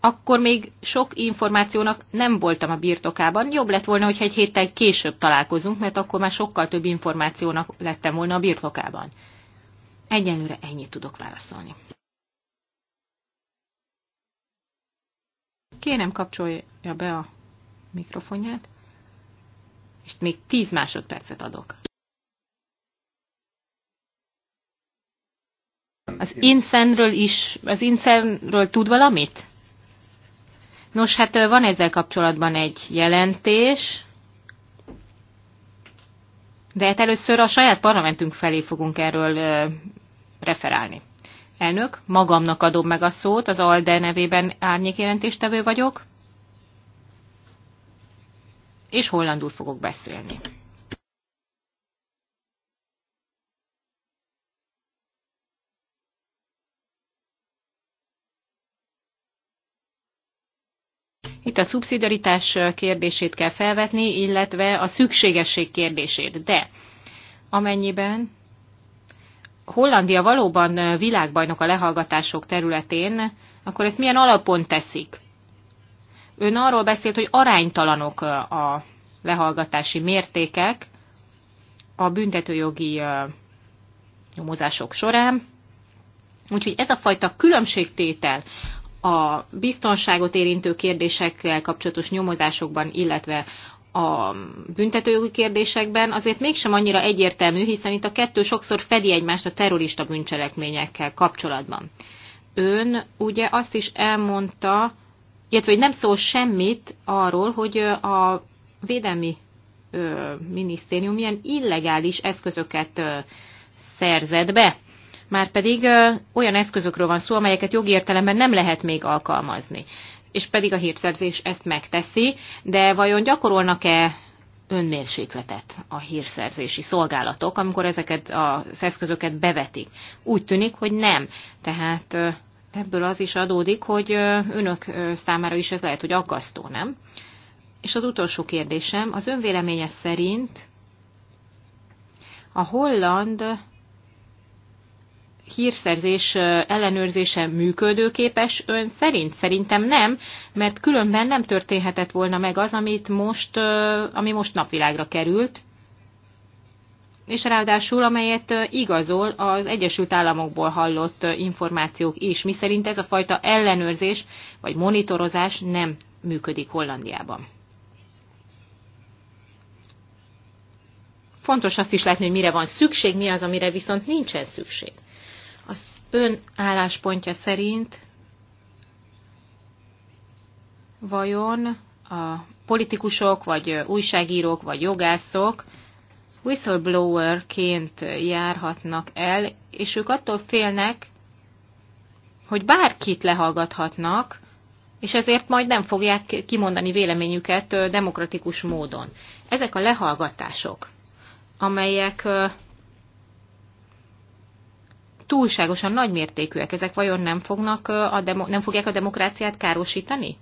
Akkor még sok információnak nem voltam a birtokában. Jobb lett volna, hogyha egy héttel később találkozunk, mert akkor már sokkal több információnak lettem volna a birtokában. Egyenlőre ennyit tudok válaszolni. Kérem, kapcsolja be a mikrofonját, és még 10 másodpercet adok. Az Incenről is, az Incenről tud valamit? Nos, hát van ezzel kapcsolatban egy jelentés, de hát először a saját parlamentünk felé fogunk erről ö, referálni. Elnök, magamnak adom meg a szót, az ALDE nevében árnyékjelentéstevő vagyok, és hollandul fogok beszélni. Itt a szubszidaritás kérdését kell felvetni, illetve a szükségesség kérdését. De amennyiben Hollandia valóban világbajnok a lehallgatások területén, akkor ezt milyen alapon teszik? Ön arról beszélt, hogy aránytalanok a lehallgatási mértékek a büntetőjogi nyomozások során. Úgyhogy ez a fajta különbségtétel a biztonságot érintő kérdésekkel kapcsolatos nyomozásokban, illetve a büntetőjogi kérdésekben azért mégsem annyira egyértelmű, hiszen itt a kettő sokszor fedi egymást a terrorista bűncselekményekkel kapcsolatban. Ön ugye azt is elmondta, illetve hogy nem szól semmit arról, hogy a védelmi ö, minisztérium milyen illegális eszközöket ö, szerzett be. Márpedig olyan eszközökről van szó, amelyeket jogi értelemben nem lehet még alkalmazni. És pedig a hírszerzés ezt megteszi, de vajon gyakorolnak-e önmérsékletet a hírszerzési szolgálatok, amikor ezeket az eszközöket bevetik. Úgy tűnik, hogy nem. Tehát ebből az is adódik, hogy önök számára is ez lehet, hogy aggasztó, nem? És az utolsó kérdésem, az önvéleménye szerint a holland hírszerzés ellenőrzése működőképes ön szerint? Szerintem nem, mert különben nem történhetett volna meg az, amit most, ami most napvilágra került, és ráadásul amelyet igazol az Egyesült Államokból hallott információk is, szerint ez a fajta ellenőrzés vagy monitorozás nem működik Hollandiában. Fontos azt is látni, hogy mire van szükség, mi az, amire viszont nincsen szükség. Az ön álláspontja szerint vajon a politikusok, vagy újságírók, vagy jogászok whistleblowerként járhatnak el, és ők attól félnek, hogy bárkit lehallgathatnak, és ezért majd nem fogják kimondani véleményüket demokratikus módon. Ezek a lehallgatások, amelyek túlságosan nagymértékűek. Ezek vajon nem, fognak a demo, nem fogják a demokráciát károsítani?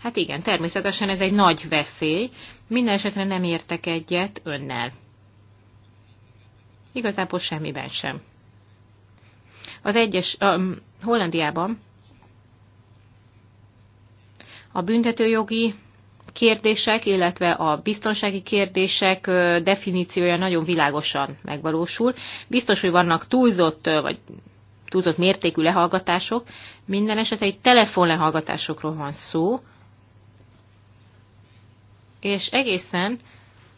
Hát igen, természetesen ez egy nagy veszély. Minden esetre nem értek egyet önnel. Igazából semmiben sem. Az egyes, um, Hollandiában a büntetőjogi kérdések, illetve a biztonsági kérdések definíciója nagyon világosan megvalósul. Biztos, hogy vannak túlzott vagy túlzott mértékű lehallgatások, minden esetre egy telefonlehallgatásokról van szó, és egészen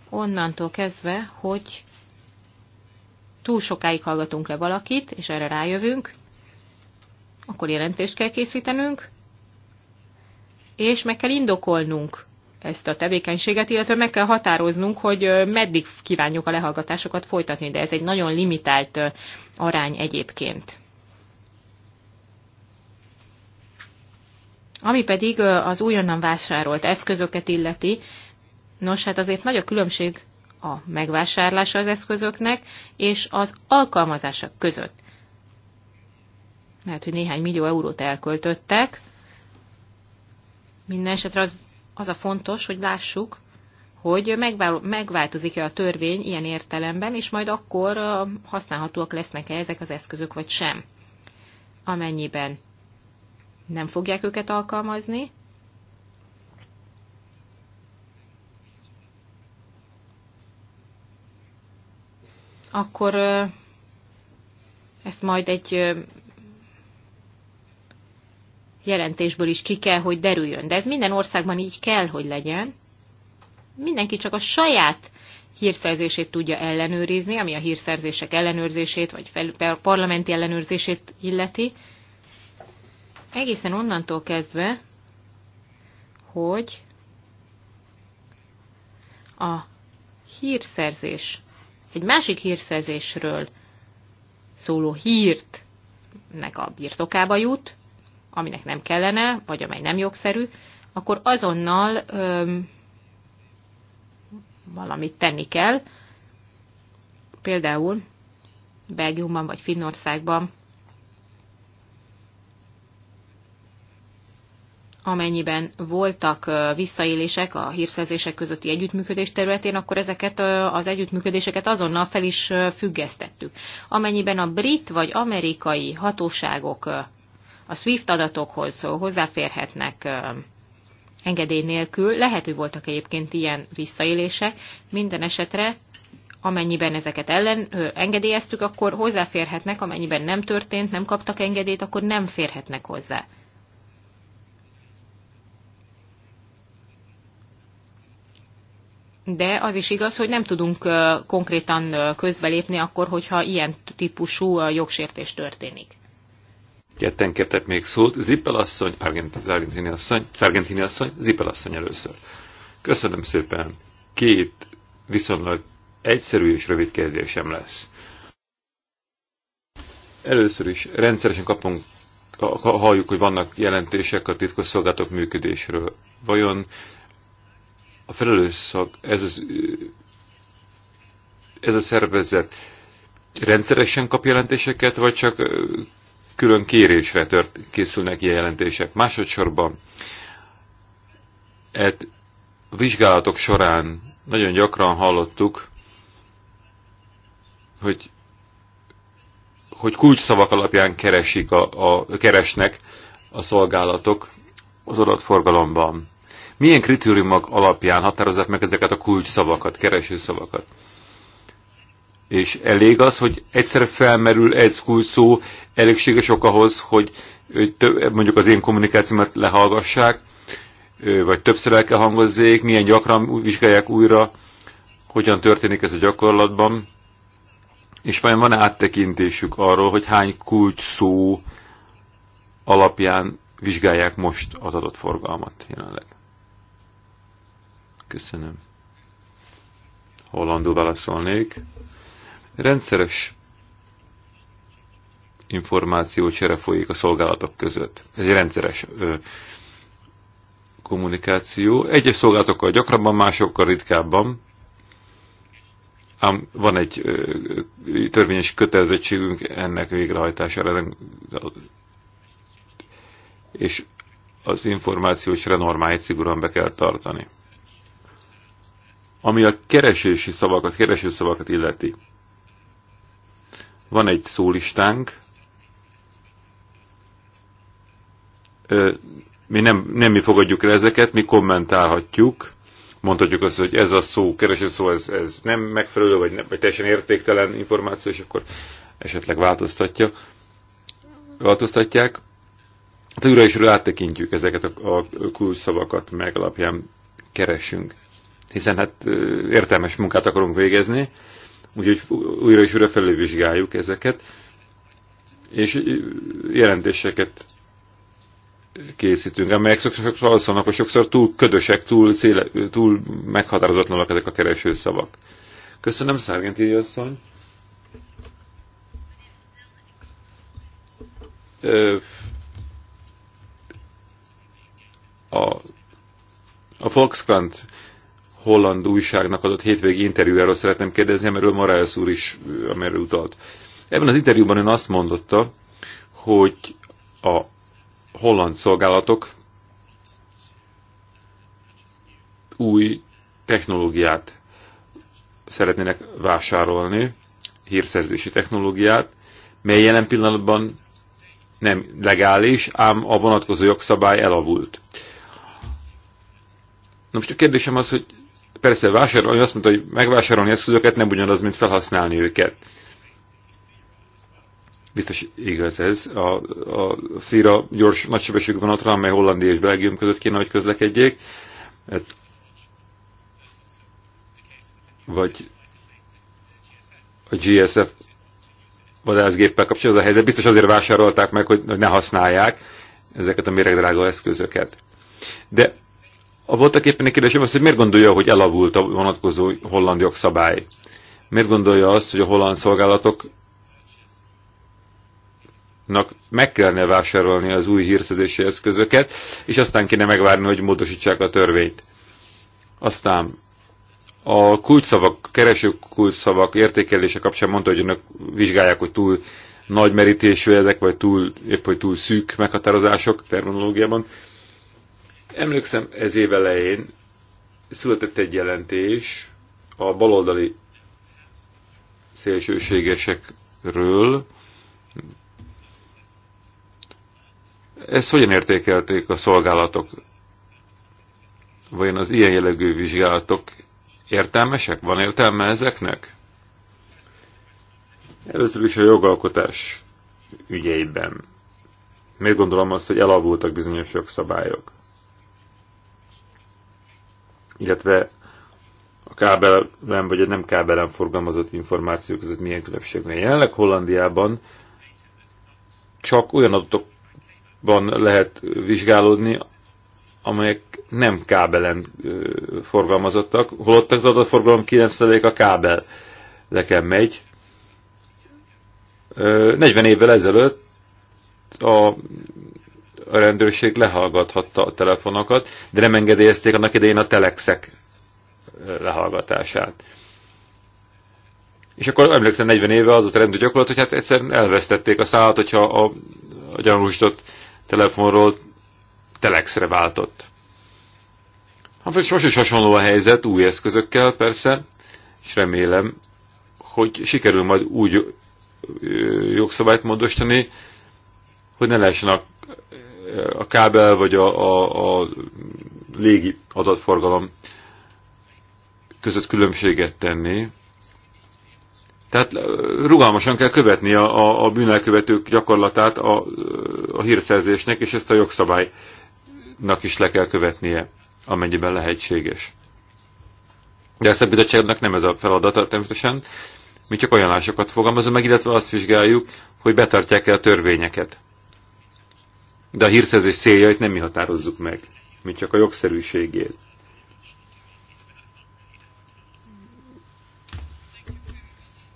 onnantól kezdve, hogy túl sokáig hallgatunk le valakit, és erre rájövünk, akkor jelentést kell készítenünk, és meg kell indokolnunk ezt a tevékenységet, illetve meg kell határoznunk, hogy meddig kívánjuk a lehallgatásokat folytatni, de ez egy nagyon limitált arány egyébként. Ami pedig az újonnan vásárolt eszközöket illeti, nos, hát azért nagy a különbség a megvásárlása az eszközöknek és az alkalmazása között. Lehet, hogy néhány millió eurót elköltöttek. Minden esetre az az a fontos, hogy lássuk, hogy megváltozik-e a törvény ilyen értelemben, és majd akkor használhatóak lesznek-e ezek az eszközök, vagy sem. Amennyiben nem fogják őket alkalmazni, akkor ezt majd egy jelentésből is ki kell, hogy derüljön. De ez minden országban így kell, hogy legyen. Mindenki csak a saját hírszerzését tudja ellenőrizni, ami a hírszerzések ellenőrzését, vagy fel, parlamenti ellenőrzését illeti. Egészen onnantól kezdve, hogy a hírszerzés, egy másik hírszerzésről szóló hírtnek a birtokába jut, aminek nem kellene, vagy amely nem jogszerű, akkor azonnal öm, valamit tenni kell. Például Belgiumban vagy Finnországban, amennyiben voltak visszaélések a hírszerzések közötti együttműködés területén, akkor ezeket az együttműködéseket azonnal fel is függesztettük. Amennyiben a brit vagy amerikai hatóságok a SWIFT adatokhoz hozzáférhetnek engedély nélkül. hogy voltak egyébként ilyen visszaélések. Minden esetre, amennyiben ezeket ellen ö, engedélyeztük, akkor hozzáférhetnek, amennyiben nem történt, nem kaptak engedélyt, akkor nem férhetnek hozzá. De az is igaz, hogy nem tudunk konkrétan közbelépni akkor, hogyha ilyen típusú jogsértés történik. Ketten kértek még szót. Zippel asszony, argentini asszony, argentini asszony, Zippel asszony először. Köszönöm szépen. Két viszonylag egyszerű és rövid kérdésem lesz. Először is rendszeresen kapunk, halljuk, hogy vannak jelentések a szolgálatok működésről. Vajon a felelős szak, ez, az, ez a szervezet rendszeresen kap jelentéseket, vagy csak külön kérésre tört, készülnek ilyen jelentések. Másodszorban et hát vizsgálatok során nagyon gyakran hallottuk, hogy, hogy kulcsszavak alapján keresik a, a, keresnek a szolgálatok az adatforgalomban. Milyen kritériumok alapján határozzák meg ezeket a kulcsszavakat, Kereső szavakat? És elég az, hogy egyszer felmerül egy szó, elégséges ok ahhoz, hogy mondjuk az én kommunikációmat lehallgassák, vagy többször el kell hangozzék, milyen gyakran vizsgálják újra, hogyan történik ez a gyakorlatban, és vajon van áttekintésük arról, hogy hány kulcs szó alapján vizsgálják most az adott forgalmat jelenleg. Köszönöm. Hollandul válaszolnék. Rendszeres információcsere folyik a szolgálatok között. Ez egy rendszeres ö, kommunikáció. Egyes szolgálatokkal gyakrabban, másokkal ritkábban, ám van egy ö, törvényes kötelezettségünk ennek végrehajtására, és az információcsere normáit szigorúan be kell tartani. Ami a keresési szavakat, kereső szavakat illeti, van egy szólistánk. Mi nem, nem mi fogadjuk el ezeket, mi kommentálhatjuk. Mondhatjuk azt, hogy ez a szó, kereső szó, ez, ez nem megfelelő, vagy, nem, vagy teljesen értéktelen információ, és akkor esetleg változtatja. Változtatják. Hát újra is áttekintjük ezeket a, a szavakat meg alapján keresünk. Hiszen hát értelmes munkát akarunk végezni úgyhogy újra és újra felülvizsgáljuk ezeket, és jelentéseket készítünk, amelyek sokszor alszanak, hogy sokszor túl ködösek, túl, széle, túl meghatározatlanak ezek a szavak. Köszönöm, Szárgenti asszony! a, a Volkskrant holland újságnak adott hétvégi interjújáról szeretném kérdezni, amiről Morales úr is amire utalt. Ebben az interjúban ön azt mondotta, hogy a holland szolgálatok új technológiát szeretnének vásárolni, hírszerzési technológiát, mely jelen pillanatban nem legális, ám a vonatkozó jogszabály elavult. Na most a kérdésem az, hogy persze vásárolni, azt mondta, hogy megvásárolni eszközöket nem ugyanaz, mint felhasználni őket. Biztos igaz ez. A, a szíra gyors nagysebességű vonatra, amely Hollandia és Belgium között kéne, hogy közlekedjék. Hát, vagy a GSF vadászgéppel kapcsolatban a helyzet. Biztos azért vásárolták meg, hogy ne használják ezeket a méregdrága eszközöket. De a voltak éppen egy kérdésem az, hogy miért gondolja, hogy elavult a vonatkozó holland jogszabály? Miért gondolja azt, hogy a holland szolgálatoknak meg kellene vásárolni az új hírszedési eszközöket, és aztán kéne megvárni, hogy módosítsák a törvényt? Aztán a kulcsszavak, kereső kulcsszavak értékelése kapcsán mondta, hogy önök vizsgálják, hogy túl nagy merítésű ezek, vagy túl, épp hogy túl szűk meghatározások terminológiában. Emlékszem, ez év elején született egy jelentés a baloldali szélsőségesekről. Ezt hogyan értékelték a szolgálatok? Vajon az ilyen jellegű vizsgálatok értelmesek? Van értelme ezeknek? Először is a jogalkotás ügyeiben. Miért gondolom azt, hogy elavultak bizonyos jogszabályok? illetve a kábelen vagy a nem kábelen forgalmazott információk között milyen különbség van. Jelenleg Hollandiában csak olyan adatokban lehet vizsgálódni, amelyek nem kábelen forgalmazottak, holott az adatforgalom 9%-a kábel leken megy. 40 évvel ezelőtt a a rendőrség lehallgathatta a telefonokat, de nem engedélyezték annak idején a telexek lehallgatását. És akkor emlékszem, 40 éve az a rendőr gyakorlat, hogy hát egyszerűen elvesztették a szállat, hogyha a, a gyanúsított telefonról telexre váltott. Hát sos is hasonló a helyzet, új eszközökkel persze, és remélem, hogy sikerül majd úgy jogszabályt módosítani, hogy ne lesznek a kábel vagy a, a, a légi adatforgalom között különbséget tenni. Tehát rugalmasan kell követni a, a, a bűnelkövetők gyakorlatát a, a hírszerzésnek, és ezt a jogszabálynak is le kell követnie, amennyiben lehetséges. De ezt a bizottságnak nem ez a feladata természetesen. Mi csak ajánlásokat fogalmazunk meg, illetve azt vizsgáljuk, hogy betartják-e a törvényeket de a hírszerzés céljait nem mi határozzuk meg, mint csak a jogszerűségét.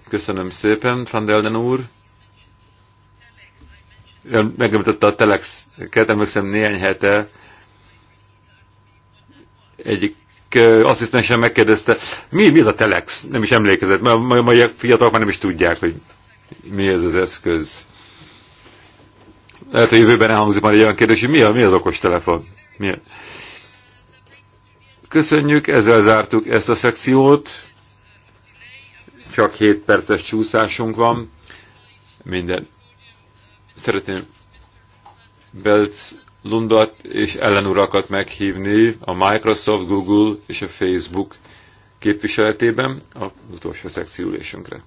Köszönöm szépen, Van Delden úr. Megemlítette a Telex-et, emlékszem néhány hete. Egyik asszisztensen megkérdezte, mi, mi az a Telex? Nem is emlékezett, mert a mai fiatalok már nem is tudják, hogy mi ez az eszköz lehet, hogy jövőben elhangzik már egy olyan kérdés, hogy mi, a, mi az okos telefon? Mi a... Köszönjük, ezzel zártuk ezt a szekciót. Csak 7 perces csúszásunk van. Minden. Szeretném Belc Lundat és ellenurakat meghívni a Microsoft, Google és a Facebook képviseletében a utolsó szekciülésünkre.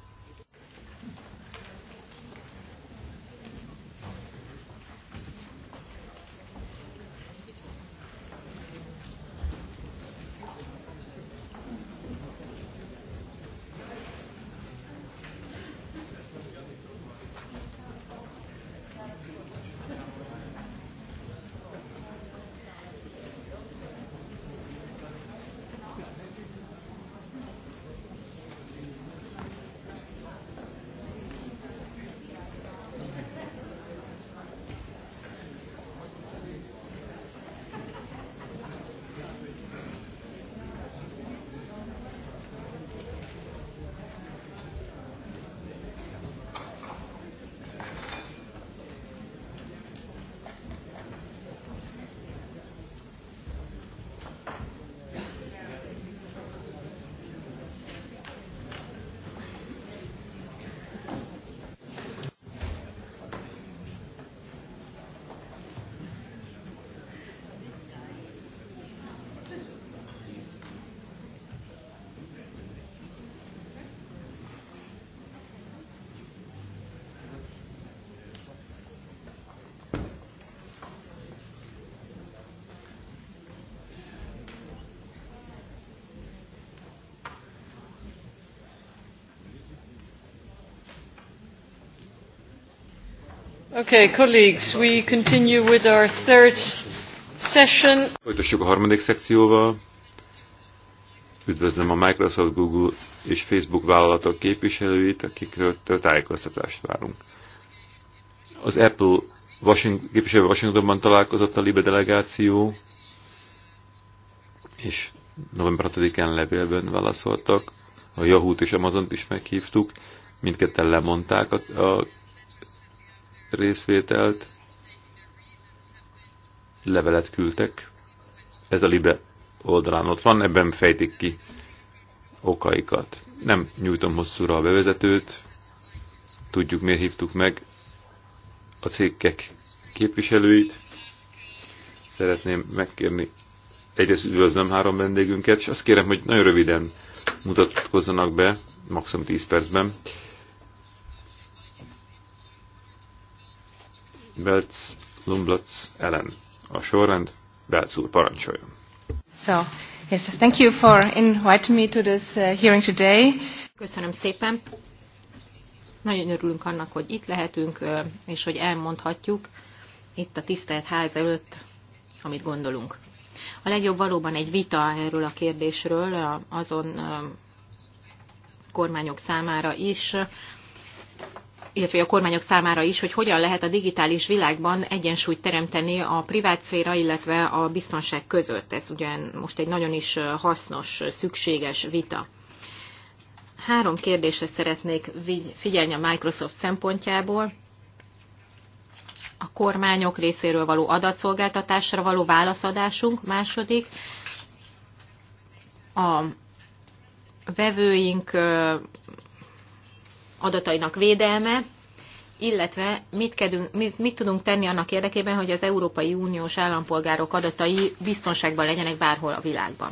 Okay, colleagues, we continue with our third session. Folytassuk a harmadik szekcióval. Üdvözlöm a Microsoft, Google és Facebook vállalatok képviselőit, akikről tájékoztatást várunk. Az Apple Washington, képviselő Washingtonban találkozott a Libe delegáció, és november 6-án levélben válaszoltak. A Yahoo-t és Amazon-t is meghívtuk, mindketten lemondták a, a részvételt, levelet küldtek. Ez a Libe oldalán ott van, ebben fejtik ki okaikat. Nem nyújtom hosszúra a bevezetőt, tudjuk miért hívtuk meg a cégek képviselőit. Szeretném megkérni, egyrészt üdvözlöm három vendégünket, és azt kérem, hogy nagyon röviden mutatkozzanak be, maximum 10 percben, Belc Lumblatz ellen. A sorrend Belc úr parancsoljon. So, yes, thank you for inviting me to this uh, hearing today. Köszönöm szépen. Nagyon örülünk annak, hogy itt lehetünk, és hogy elmondhatjuk itt a tisztelt ház előtt, amit gondolunk. A legjobb valóban egy vita erről a kérdésről azon kormányok számára is, illetve a kormányok számára is, hogy hogyan lehet a digitális világban egyensúlyt teremteni a privát szféra, illetve a biztonság között. Ez ugye most egy nagyon is hasznos, szükséges vita. Három kérdésre szeretnék figyelni a Microsoft szempontjából. A kormányok részéről való adatszolgáltatásra való válaszadásunk, második. A vevőink adatainak védelme, illetve mit, kedünk, mit, mit tudunk tenni annak érdekében, hogy az Európai Uniós állampolgárok adatai biztonságban legyenek bárhol a világban.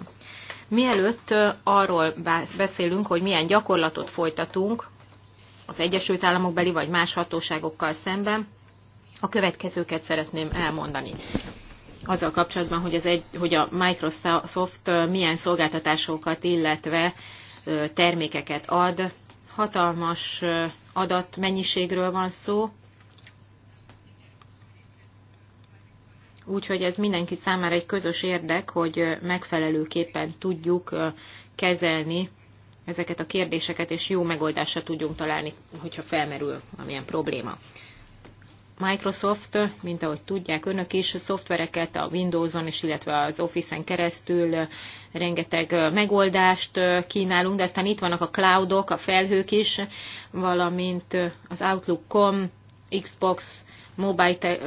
Mielőtt arról beszélünk, hogy milyen gyakorlatot folytatunk az Egyesült Államok beli vagy más hatóságokkal szemben, a következőket szeretném elmondani. Azzal kapcsolatban, hogy, az egy, hogy a Microsoft milyen szolgáltatásokat, illetve termékeket ad hatalmas adatmennyiségről van szó, úgyhogy ez mindenki számára egy közös érdek, hogy megfelelőképpen tudjuk kezelni ezeket a kérdéseket, és jó megoldásra tudjunk találni, hogyha felmerül valamilyen probléma. Microsoft, mint ahogy tudják önök is, a szoftvereket a Windows-on és illetve az Office-en keresztül rengeteg megoldást kínálunk, de aztán itt vannak a cloudok, a felhők is, valamint az Outlook.com, Xbox, mobile te-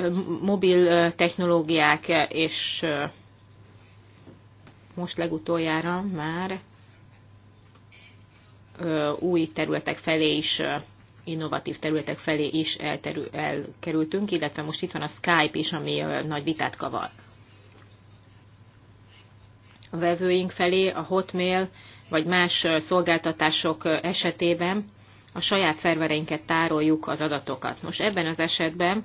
mobil technológiák, és most legutoljára már új területek felé is innovatív területek felé is elterül, elkerültünk, illetve most itt van a Skype is, ami nagy vitát kavar. A vevőink felé a Hotmail vagy más szolgáltatások esetében a saját szervereinket tároljuk az adatokat. Most ebben az esetben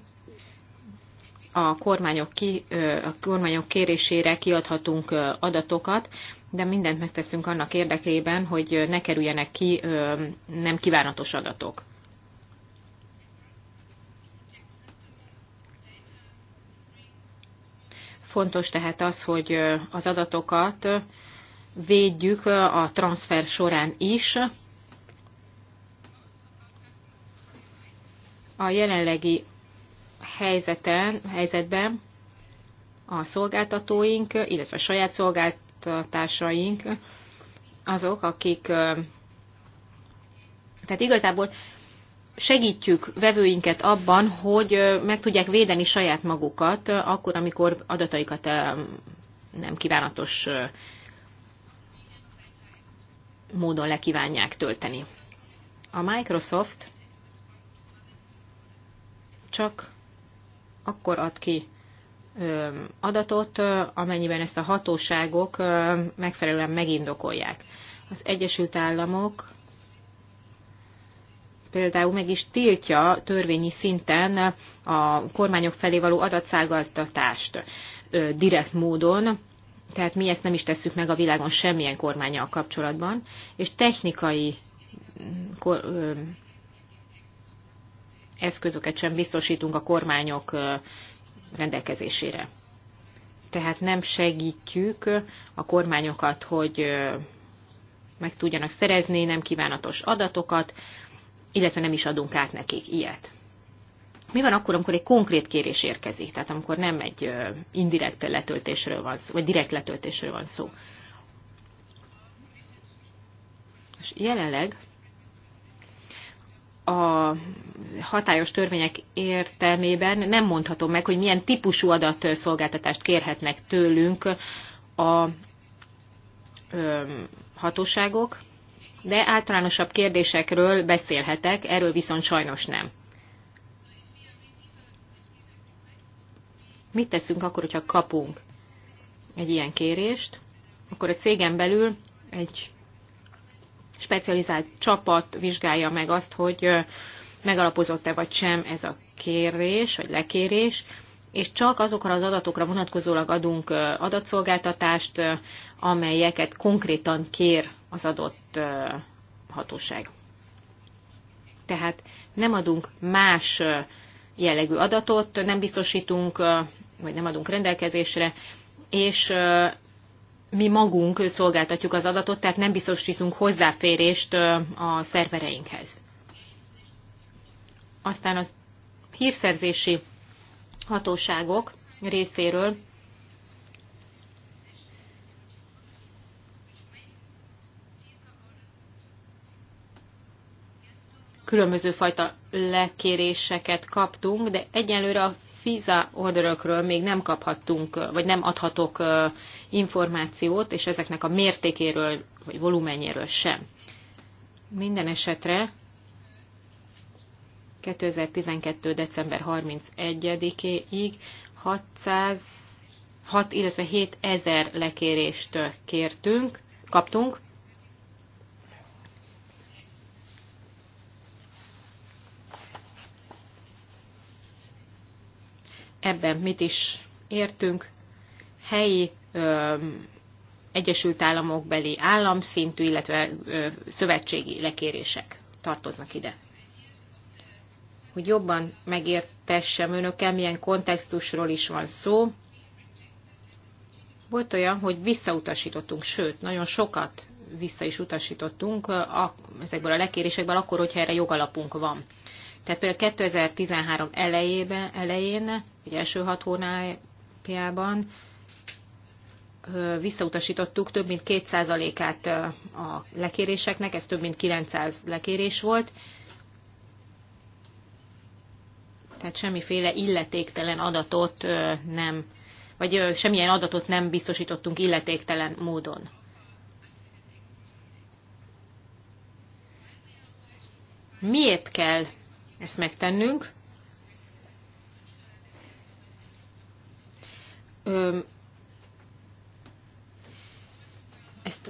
a kormányok, ki, a kormányok kérésére kiadhatunk adatokat, de mindent megteszünk annak érdekében, hogy ne kerüljenek ki nem kívánatos adatok. Fontos tehát az, hogy az adatokat védjük a transfer során is. A jelenlegi helyzeten, helyzetben a szolgáltatóink, illetve a saját szolgáltatásaink azok, akik tehát igazából segítjük vevőinket abban, hogy meg tudják védeni saját magukat, akkor, amikor adataikat nem kívánatos módon lekívánják tölteni. A Microsoft csak akkor ad ki adatot, amennyiben ezt a hatóságok megfelelően megindokolják. Az Egyesült Államok például meg is tiltja törvényi szinten a kormányok felé való adatszágaltatást direkt módon, tehát mi ezt nem is tesszük meg a világon semmilyen a kapcsolatban, és technikai mm, eszközöket sem biztosítunk a kormányok rendelkezésére. Tehát nem segítjük a kormányokat, hogy meg tudjanak szerezni nem kívánatos adatokat, illetve nem is adunk át nekik ilyet. Mi van akkor, amikor egy konkrét kérés érkezik, tehát amikor nem egy indirekt letöltésről van szó, vagy direkt letöltésről van szó? És jelenleg a hatályos törvények értelmében nem mondhatom meg, hogy milyen típusú adatszolgáltatást kérhetnek tőlünk a hatóságok, de általánosabb kérdésekről beszélhetek, erről viszont sajnos nem. Mit teszünk akkor, hogyha kapunk egy ilyen kérést? Akkor a cégen belül egy specializált csapat vizsgálja meg azt, hogy megalapozott-e vagy sem ez a kérés, vagy lekérés, és csak azokra az adatokra vonatkozólag adunk adatszolgáltatást, amelyeket konkrétan kér az adott hatóság. Tehát nem adunk más jellegű adatot, nem biztosítunk, vagy nem adunk rendelkezésre, és mi magunk szolgáltatjuk az adatot, tehát nem biztosítunk hozzáférést a szervereinkhez. Aztán az hírszerzési hatóságok részéről különböző fajta lekéréseket kaptunk, de egyelőre a FISA orderökről még nem kaphattunk, vagy nem adhatok információt, és ezeknek a mértékéről, vagy volumenjéről sem. Minden esetre 2012. december 31-ig 600 6, illetve 7 ezer lekérést kértünk, kaptunk. Ebben mit is értünk? Helyi ö, Egyesült Államok beli államszintű, illetve ö, szövetségi lekérések tartoznak ide hogy jobban megértessem önökkel, milyen kontextusról is van szó. Volt olyan, hogy visszautasítottunk, sőt, nagyon sokat vissza is utasítottunk a, ezekből a lekérésekből, akkor, hogyha erre jogalapunk van. Tehát például 2013 elejében, elején, vagy első hat hónapjában visszautasítottuk több mint 2%-át a lekéréseknek, ez több mint 900 lekérés volt, tehát semmiféle illetéktelen adatot nem, vagy semmilyen adatot nem biztosítottunk illetéktelen módon. Miért kell ezt megtennünk?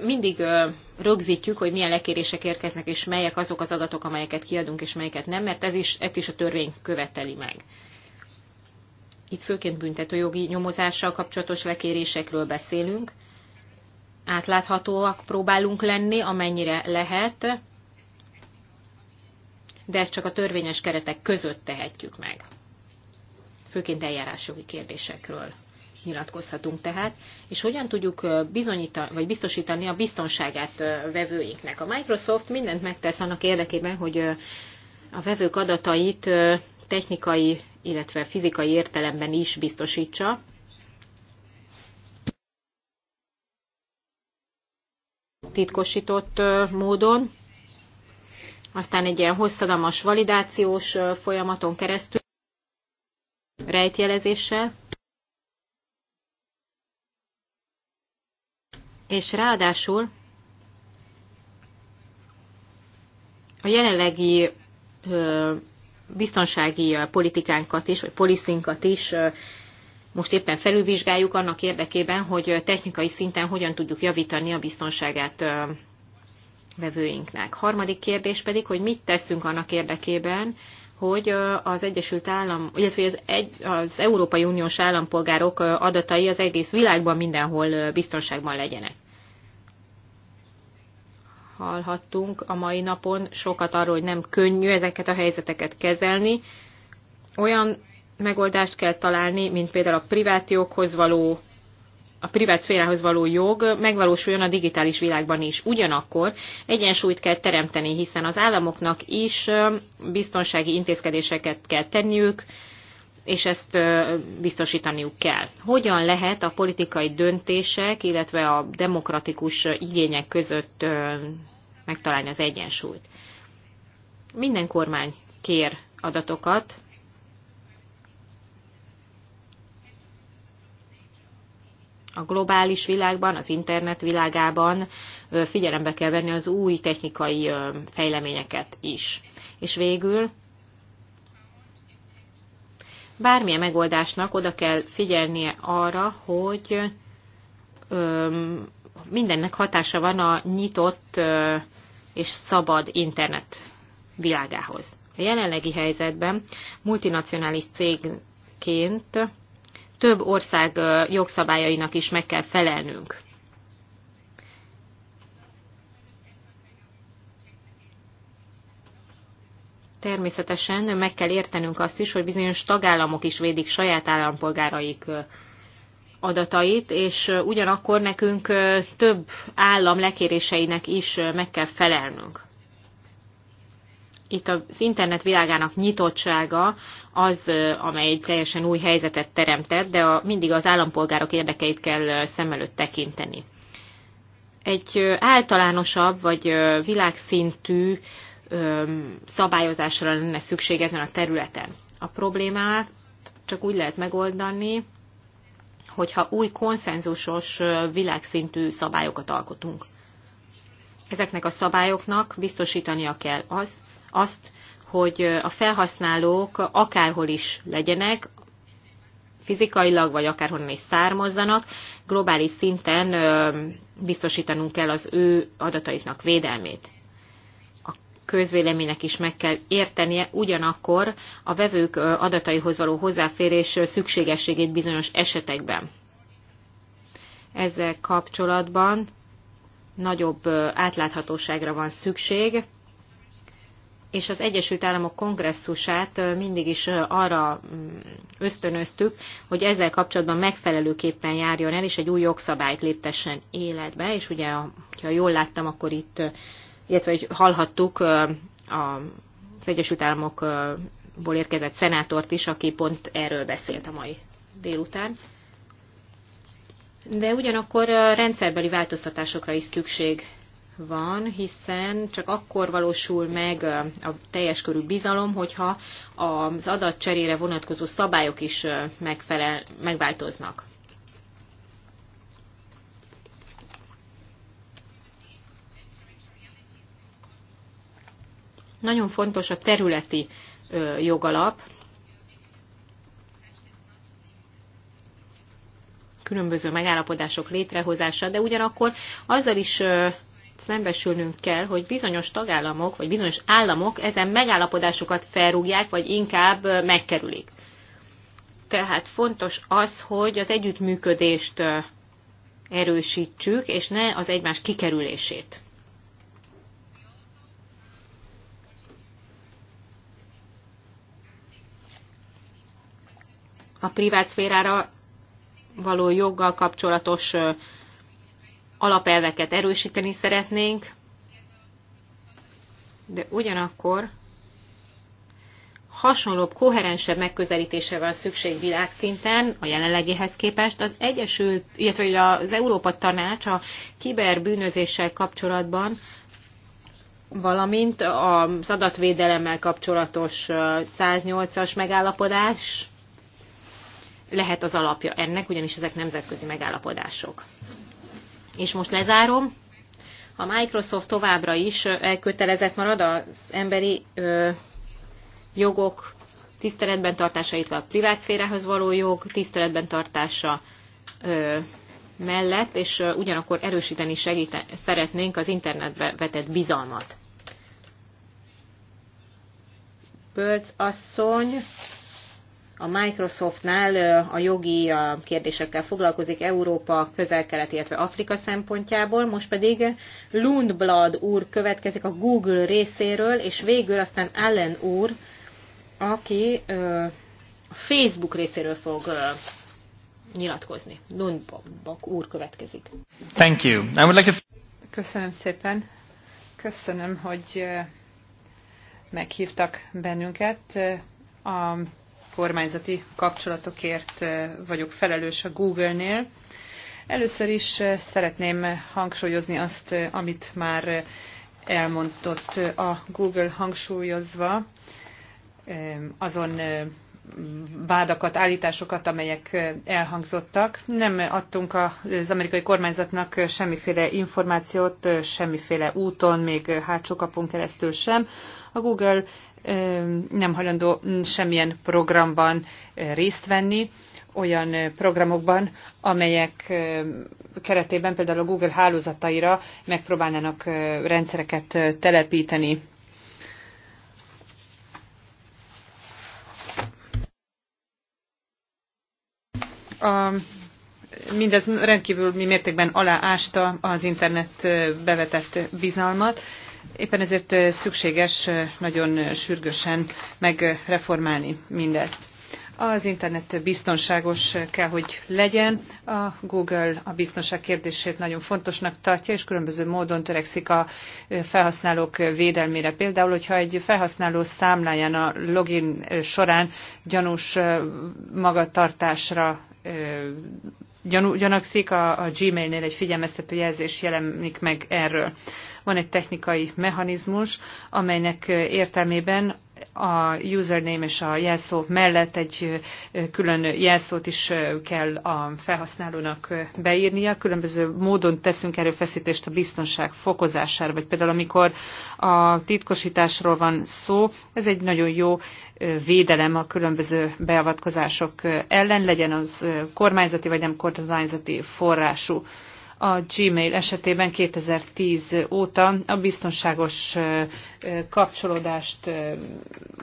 mindig rögzítjük, hogy milyen lekérések érkeznek, és melyek azok az adatok, amelyeket kiadunk, és melyeket nem, mert ez is, ezt is a törvény követeli meg. Itt főként büntetőjogi nyomozással kapcsolatos lekérésekről beszélünk. Átláthatóak próbálunk lenni, amennyire lehet, de ezt csak a törvényes keretek között tehetjük meg. Főként eljárásjogi kérdésekről nyilatkozhatunk tehát, és hogyan tudjuk bizonyítani, vagy biztosítani a biztonságát vevőinknek. A Microsoft mindent megtesz annak érdekében, hogy a vevők adatait technikai, illetve fizikai értelemben is biztosítsa. Titkosított módon, aztán egy ilyen hosszadalmas validációs folyamaton keresztül rejtjelezéssel. és ráadásul a jelenlegi biztonsági politikánkat is, vagy poliszinkat is most éppen felülvizsgáljuk annak érdekében, hogy technikai szinten hogyan tudjuk javítani a biztonságát vevőinknek. Harmadik kérdés pedig, hogy mit teszünk annak érdekében, hogy az Egyesült Állam, illetve az, egy, az Európai Uniós állampolgárok adatai az egész világban mindenhol biztonságban legyenek. Hallhattunk a mai napon sokat arról, hogy nem könnyű ezeket a helyzeteket kezelni. Olyan megoldást kell találni, mint például a privát joghoz való a privát szférához való jog megvalósuljon a digitális világban is. Ugyanakkor egyensúlyt kell teremteni, hiszen az államoknak is biztonsági intézkedéseket kell tenniük, és ezt biztosítaniuk kell. Hogyan lehet a politikai döntések, illetve a demokratikus igények között megtalálni az egyensúlyt? Minden kormány kér adatokat a globális világban, az internet világában figyelembe kell venni az új technikai fejleményeket is. És végül bármilyen megoldásnak oda kell figyelnie arra, hogy mindennek hatása van a nyitott és szabad internet világához. A jelenlegi helyzetben multinacionális cégként több ország jogszabályainak is meg kell felelnünk. Természetesen meg kell értenünk azt is, hogy bizonyos tagállamok is védik saját állampolgáraik adatait, és ugyanakkor nekünk több állam lekéréseinek is meg kell felelnünk itt az internet világának nyitottsága az, amely egy teljesen új helyzetet teremtett, de a, mindig az állampolgárok érdekeit kell szem előtt tekinteni. Egy általánosabb vagy világszintű szabályozásra lenne szükség ezen a területen. A problémát csak úgy lehet megoldani, hogyha új konszenzusos világszintű szabályokat alkotunk. Ezeknek a szabályoknak biztosítania kell az, azt, hogy a felhasználók akárhol is legyenek, fizikailag, vagy akárhonnan is származzanak, globális szinten biztosítanunk kell az ő adataiknak védelmét. A közvéleménynek is meg kell értenie, ugyanakkor a vevők adataihoz való hozzáférés szükségességét bizonyos esetekben. Ezzel kapcsolatban nagyobb átláthatóságra van szükség, és az Egyesült Államok kongresszusát mindig is arra mm, ösztönöztük, hogy ezzel kapcsolatban megfelelőképpen járjon el, és egy új jogszabályt léptessen életbe, és ugye, ha jól láttam, akkor itt, illetve hogy hallhattuk az Egyesült Államokból érkezett szenátort is, aki pont erről beszélt a mai délután. De ugyanakkor rendszerbeli változtatásokra is szükség van, hiszen csak akkor valósul meg a teljes körű bizalom, hogyha az adatcserére vonatkozó szabályok is megfelel, megváltoznak. Nagyon fontos a területi jogalap, különböző megállapodások létrehozása, de ugyanakkor azzal is szembesülnünk kell, hogy bizonyos tagállamok, vagy bizonyos államok ezen megállapodásokat felrúgják, vagy inkább megkerülik. Tehát fontos az, hogy az együttműködést erősítsük, és ne az egymás kikerülését. A privát szférára való joggal kapcsolatos alapelveket erősíteni szeretnénk, de ugyanakkor hasonlóbb, koherensebb megközelítése van szükség világszinten a jelenlegihez képest. Az Egyesült, illetve az Európa Tanács a kiberbűnözéssel kapcsolatban valamint az adatvédelemmel kapcsolatos 108-as megállapodás lehet az alapja ennek, ugyanis ezek nemzetközi megállapodások és most lezárom, a Microsoft továbbra is elkötelezett marad az emberi ö, jogok tiszteletben tartása, itt a privátszférához való jog tiszteletben tartása ö, mellett, és ö, ugyanakkor erősíteni segíten, szeretnénk az internetbe vetett bizalmat. Bölc asszony a Microsoftnál a jogi kérdésekkel foglalkozik Európa, közel-kelet, illetve Afrika szempontjából, most pedig Lundblad úr következik a Google részéről, és végül aztán Allen úr, aki a Facebook részéről fog nyilatkozni. Lundblad úr következik. Thank you. I would like to... Köszönöm szépen. Köszönöm, hogy meghívtak bennünket. A kormányzati kapcsolatokért vagyok felelős a Google-nél. Először is szeretném hangsúlyozni azt, amit már elmondott a Google hangsúlyozva, azon vádakat, állításokat, amelyek elhangzottak. Nem adtunk az amerikai kormányzatnak semmiféle információt, semmiféle úton, még hátsó kapunk keresztül sem. A Google nem hajlandó semmilyen programban részt venni, olyan programokban, amelyek keretében például a Google hálózataira megpróbálnának rendszereket telepíteni. A mindez rendkívül mi mértékben aláásta az internet bevetett bizalmat, Éppen ezért szükséges nagyon sürgősen megreformálni mindezt. Az internet biztonságos kell, hogy legyen. A Google a biztonság kérdését nagyon fontosnak tartja, és különböző módon törekszik a felhasználók védelmére. Például, hogyha egy felhasználó számláján a login során gyanús magatartásra gyanakszik, a, a Gmailnél egy figyelmeztető jelzés jelenik meg erről. Van egy technikai mechanizmus, amelynek értelmében a username és a jelszó mellett egy külön jelszót is kell a felhasználónak beírnia. Különböző módon teszünk erőfeszítést a biztonság fokozására, vagy például amikor a titkosításról van szó, ez egy nagyon jó védelem a különböző beavatkozások ellen, legyen az kormányzati vagy nem kormányzati forrású a Gmail esetében 2010 óta a biztonságos kapcsolódást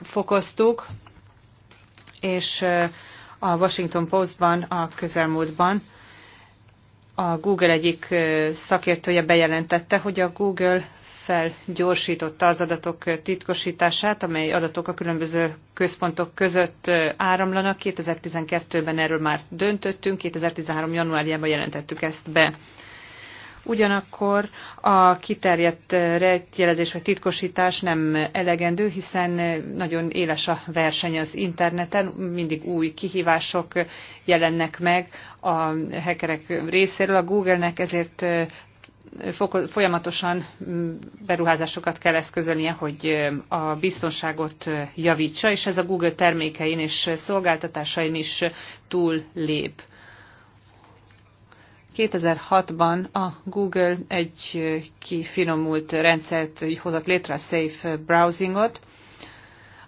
fokoztuk, és a Washington Postban a közelmúltban a Google egyik szakértője bejelentette, hogy a Google felgyorsította az adatok titkosítását, amely adatok a különböző központok között áramlanak. 2012-ben erről már döntöttünk, 2013. januárjában jelentettük ezt be. Ugyanakkor a kiterjedt rejtjelezés vagy titkosítás nem elegendő, hiszen nagyon éles a verseny az interneten, mindig új kihívások jelennek meg a hackerek részéről. A Googlenek ezért folyamatosan beruházásokat kell eszközölnie, hogy a biztonságot javítsa, és ez a Google termékein és szolgáltatásain is túl lép. 2006-ban a Google egy kifinomult rendszert hozott létre, a Safe Browsingot.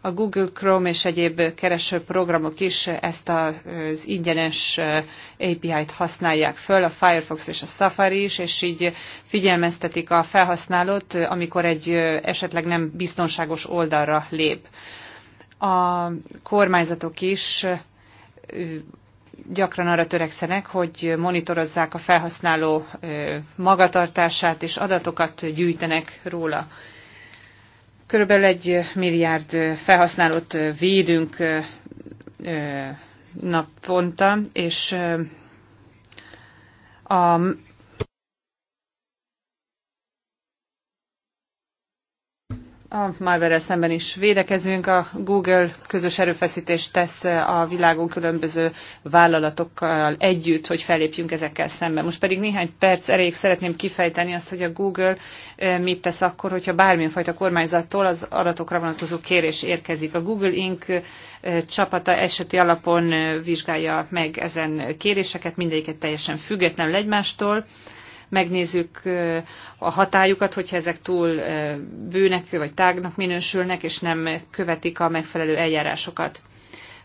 A Google Chrome és egyéb kereső programok is ezt az ingyenes API-t használják föl, a Firefox és a Safari is, és így figyelmeztetik a felhasználót, amikor egy esetleg nem biztonságos oldalra lép. A kormányzatok is gyakran arra törekszenek, hogy monitorozzák a felhasználó magatartását, és adatokat gyűjtenek róla. Körülbelül egy milliárd felhasználót védünk naponta, és a a malware szemben is védekezünk. A Google közös erőfeszítést tesz a világon különböző vállalatokkal együtt, hogy felépjünk ezekkel szemben. Most pedig néhány perc erejéig szeretném kifejteni azt, hogy a Google mit tesz akkor, hogyha bármilyen fajta kormányzattól az adatokra vonatkozó kérés érkezik. A Google Inc. csapata eseti alapon vizsgálja meg ezen kéréseket, mindegyiket teljesen függetlenül egymástól megnézzük a hatájukat, hogyha ezek túl bőnek vagy tágnak minősülnek, és nem követik a megfelelő eljárásokat.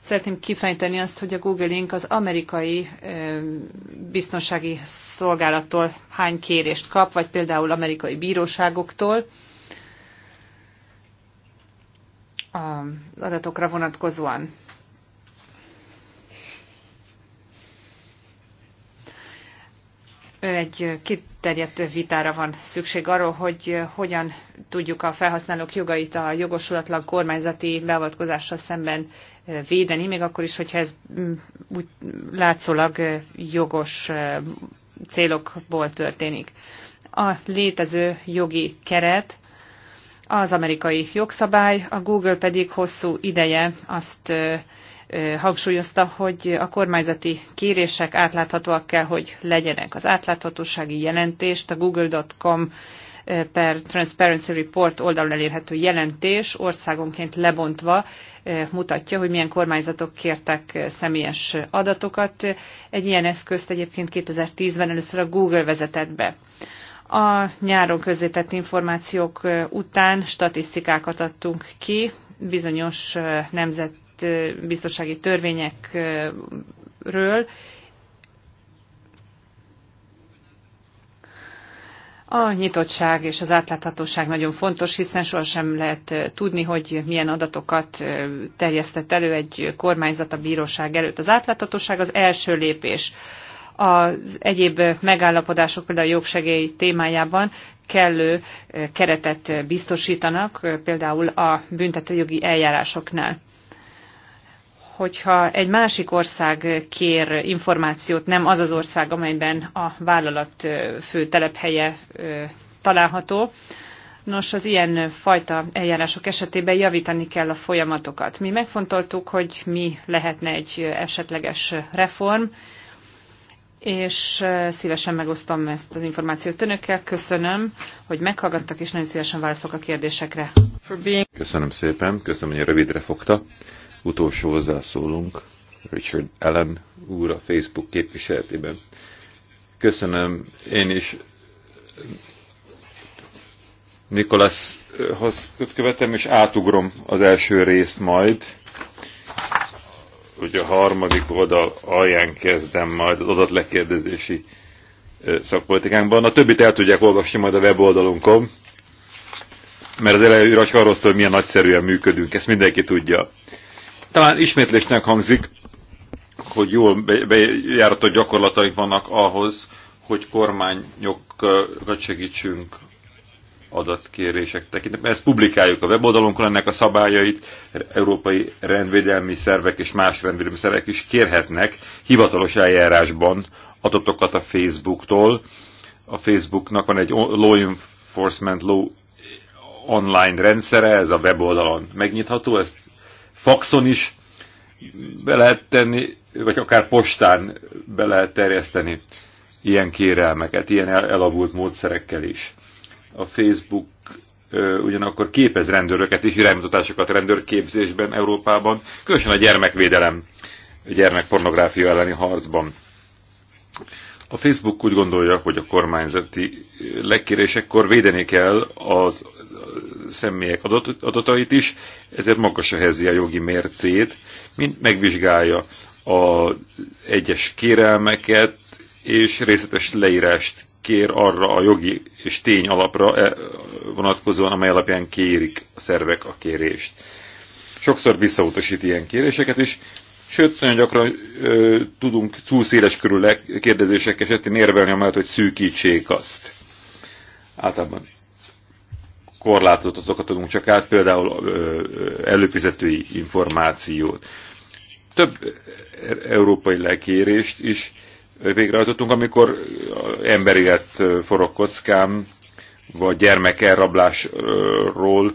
Szeretném kifejteni azt, hogy a Google Inc. az amerikai biztonsági szolgálattól hány kérést kap, vagy például amerikai bíróságoktól az adatokra vonatkozóan. egy kiterjedt vitára van szükség arról, hogy hogyan tudjuk a felhasználók jogait a jogosulatlan kormányzati beavatkozással szemben eh, védeni, még akkor is, hogyha ez mm, úgy látszólag eh, jogos eh, célokból történik. A létező jogi keret az amerikai jogszabály, a Google pedig hosszú ideje azt hangsúlyozta, hogy a kormányzati kérések átláthatóak kell, hogy legyenek. Az átláthatósági jelentést a google.com eh, per Transparency Report oldalon elérhető jelentés országonként lebontva eh, mutatja, hogy milyen kormányzatok kértek eh, személyes adatokat. Egy ilyen eszközt egyébként 2010-ben először a Google vezetett be. A nyáron közzétett információk után statisztikákat adtunk ki bizonyos nemzet biztonsági törvényekről. A nyitottság és az átláthatóság nagyon fontos, hiszen sohasem lehet tudni, hogy milyen adatokat terjesztett elő egy kormányzat a bíróság előtt. Az átláthatóság az első lépés az egyéb megállapodások, például a jogsegély témájában kellő keretet biztosítanak, például a büntetőjogi eljárásoknál hogyha egy másik ország kér információt, nem az az ország, amelyben a vállalat fő telephelye található. Nos, az ilyen fajta eljárások esetében javítani kell a folyamatokat. Mi megfontoltuk, hogy mi lehetne egy esetleges reform, és szívesen megosztom ezt az információt önökkel. Köszönöm, hogy meghallgattak, és nagyon szívesen válaszolok a kérdésekre. Köszönöm szépen, köszönöm, hogy rövidre fogta utolsó hozzászólunk, Richard Allen úr a Facebook képviseletében. Köszönöm, én is Nikolászhoz követem, és átugrom az első részt majd. Ugye a harmadik oldal alján kezdem majd az adatlekérdezési szakpolitikánkban. A többit el tudják olvasni majd a weboldalunkon, mert az elejére arról szól, hogy milyen nagyszerűen működünk, ezt mindenki tudja. Talán ismétlésnek hangzik, hogy jól bejáratott gyakorlataik vannak ahhoz, hogy kormányokat segítsünk adatkérések tekintetében. Ezt publikáljuk a weboldalunkon, ennek a szabályait európai rendvédelmi szervek és más rendvédelmi szervek is kérhetnek hivatalos eljárásban adatokat a Facebooktól. A Facebooknak van egy Law Enforcement Law online rendszere, ez a weboldalon megnyitható, ezt faxon is be lehet tenni, vagy akár postán be lehet terjeszteni ilyen kérelmeket, ilyen elavult módszerekkel is. A Facebook ugyanakkor képez rendőröket és iránymutatásokat rendőrképzésben Európában, különösen a gyermekvédelem, a gyermekpornográfia elleni harcban. A Facebook úgy gondolja, hogy a kormányzati legkérésekkor védeni kell az személyek adat, adatait is, ezért magasra helyzi a jogi mércét, mint megvizsgálja az egyes kérelmeket, és részletes leírást kér arra a jogi és tény alapra e, vonatkozóan, amely alapján kérik a szervek a kérést. Sokszor visszautasít ilyen kéréseket is, sőt, nagyon gyakran ö, tudunk túl széles körül kérdezések esetén érvelni amellett, hogy szűkítsék azt. Általában korlátozott adunk csak át, például előfizetői információt. Több európai lekérést is végrehajtottunk, amikor emberélet forog kockán, vagy gyermek elrablásról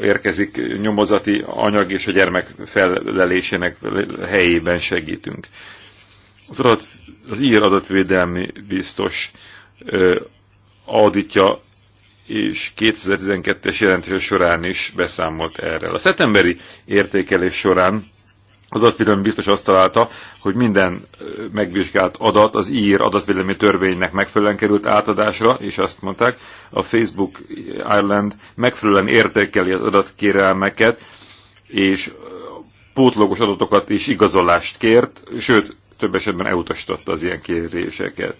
érkezik nyomozati anyag, és a gyermek felelésének helyében segítünk. Az, adat, az ír adatvédelmi biztos auditja és 2012-es jelentése során is beszámolt erről. A szeptemberi értékelés során az adatvédelmi biztos azt találta, hogy minden megvizsgált adat az ír adatvédelmi törvénynek megfelelően került átadásra, és azt mondták, a Facebook Ireland megfelelően értékeli az adatkérelmeket, és pótlogos adatokat és igazolást kért, sőt, több esetben elutasította az ilyen kéréseket.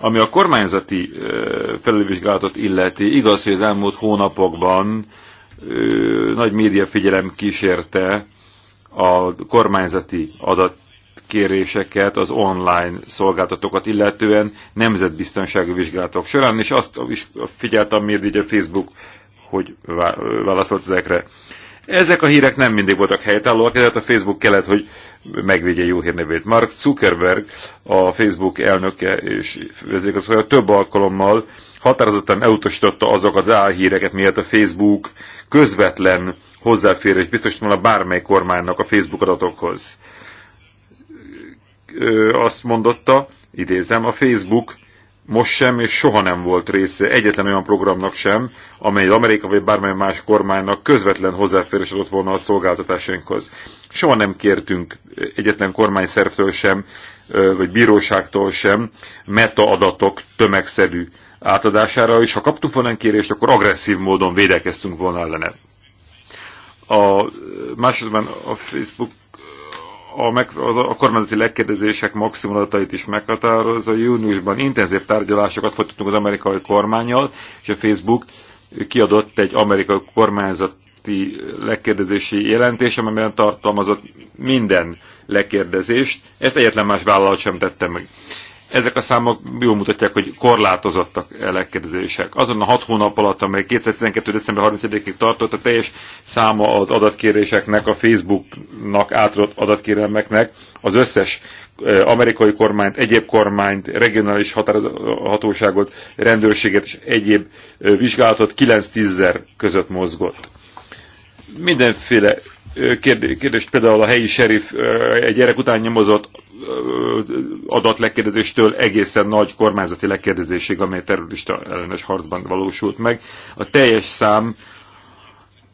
Ami a kormányzati felülvizsgálatot illeti, igaz, hogy az elmúlt hónapokban nagy médiafigyelem kísérte a kormányzati adatkéréseket, az online szolgáltatókat illetően nemzetbiztonsági vizsgálatok során, és azt is figyeltem miért így a Facebook, hogy válaszolt ezekre. Ezek a hírek nem mindig voltak helytállóak, ezért a Facebook kellett, hogy megvédje jó hírnevét. Mark Zuckerberg, a Facebook elnöke és az a több alkalommal határozottan elutasította azokat az álhíreket, miért a Facebook közvetlen hozzáférés biztos volna bármely kormánynak a Facebook adatokhoz. Ö, azt mondotta, idézem, a Facebook most sem, és soha nem volt része egyetlen olyan programnak sem, amely az Amerika vagy bármely más kormánynak közvetlen hozzáférés adott volna a szolgáltatásainkhoz. Soha nem kértünk egyetlen kormányszervtől sem, vagy bíróságtól sem metaadatok tömegszerű átadására, és ha kaptuk volna kérést, akkor agresszív módon védekeztünk volna ellene. A másodban a Facebook a, meg, a kormányzati legkérdezések maximulatait is meghatározza. Júniusban intenzív tárgyalásokat folytattunk az amerikai kormányjal, és a Facebook kiadott egy amerikai kormányzati legkérdezési jelentés, amelyben tartalmazott minden lekérdezést. Ezt egyetlen más vállalat sem tette meg. Ezek a számok jól mutatják, hogy korlátozottak e ellenkérdezések. Azon a hat hónap alatt, amely 2012. december 31-ig tartott, a teljes száma az adatkéréseknek, a Facebooknak átadott adatkérelmeknek az összes e, amerikai kormányt, egyéb kormányt, regionális hatóságot, rendőrséget és egyéb e, vizsgálatot 9-10 között mozgott. Mindenféle kérdést például a helyi serif egy gyerek után nyomozott lekérdezéstől egészen nagy kormányzati lekérdezésig, amely terrorista ellenes harcban valósult meg. A teljes szám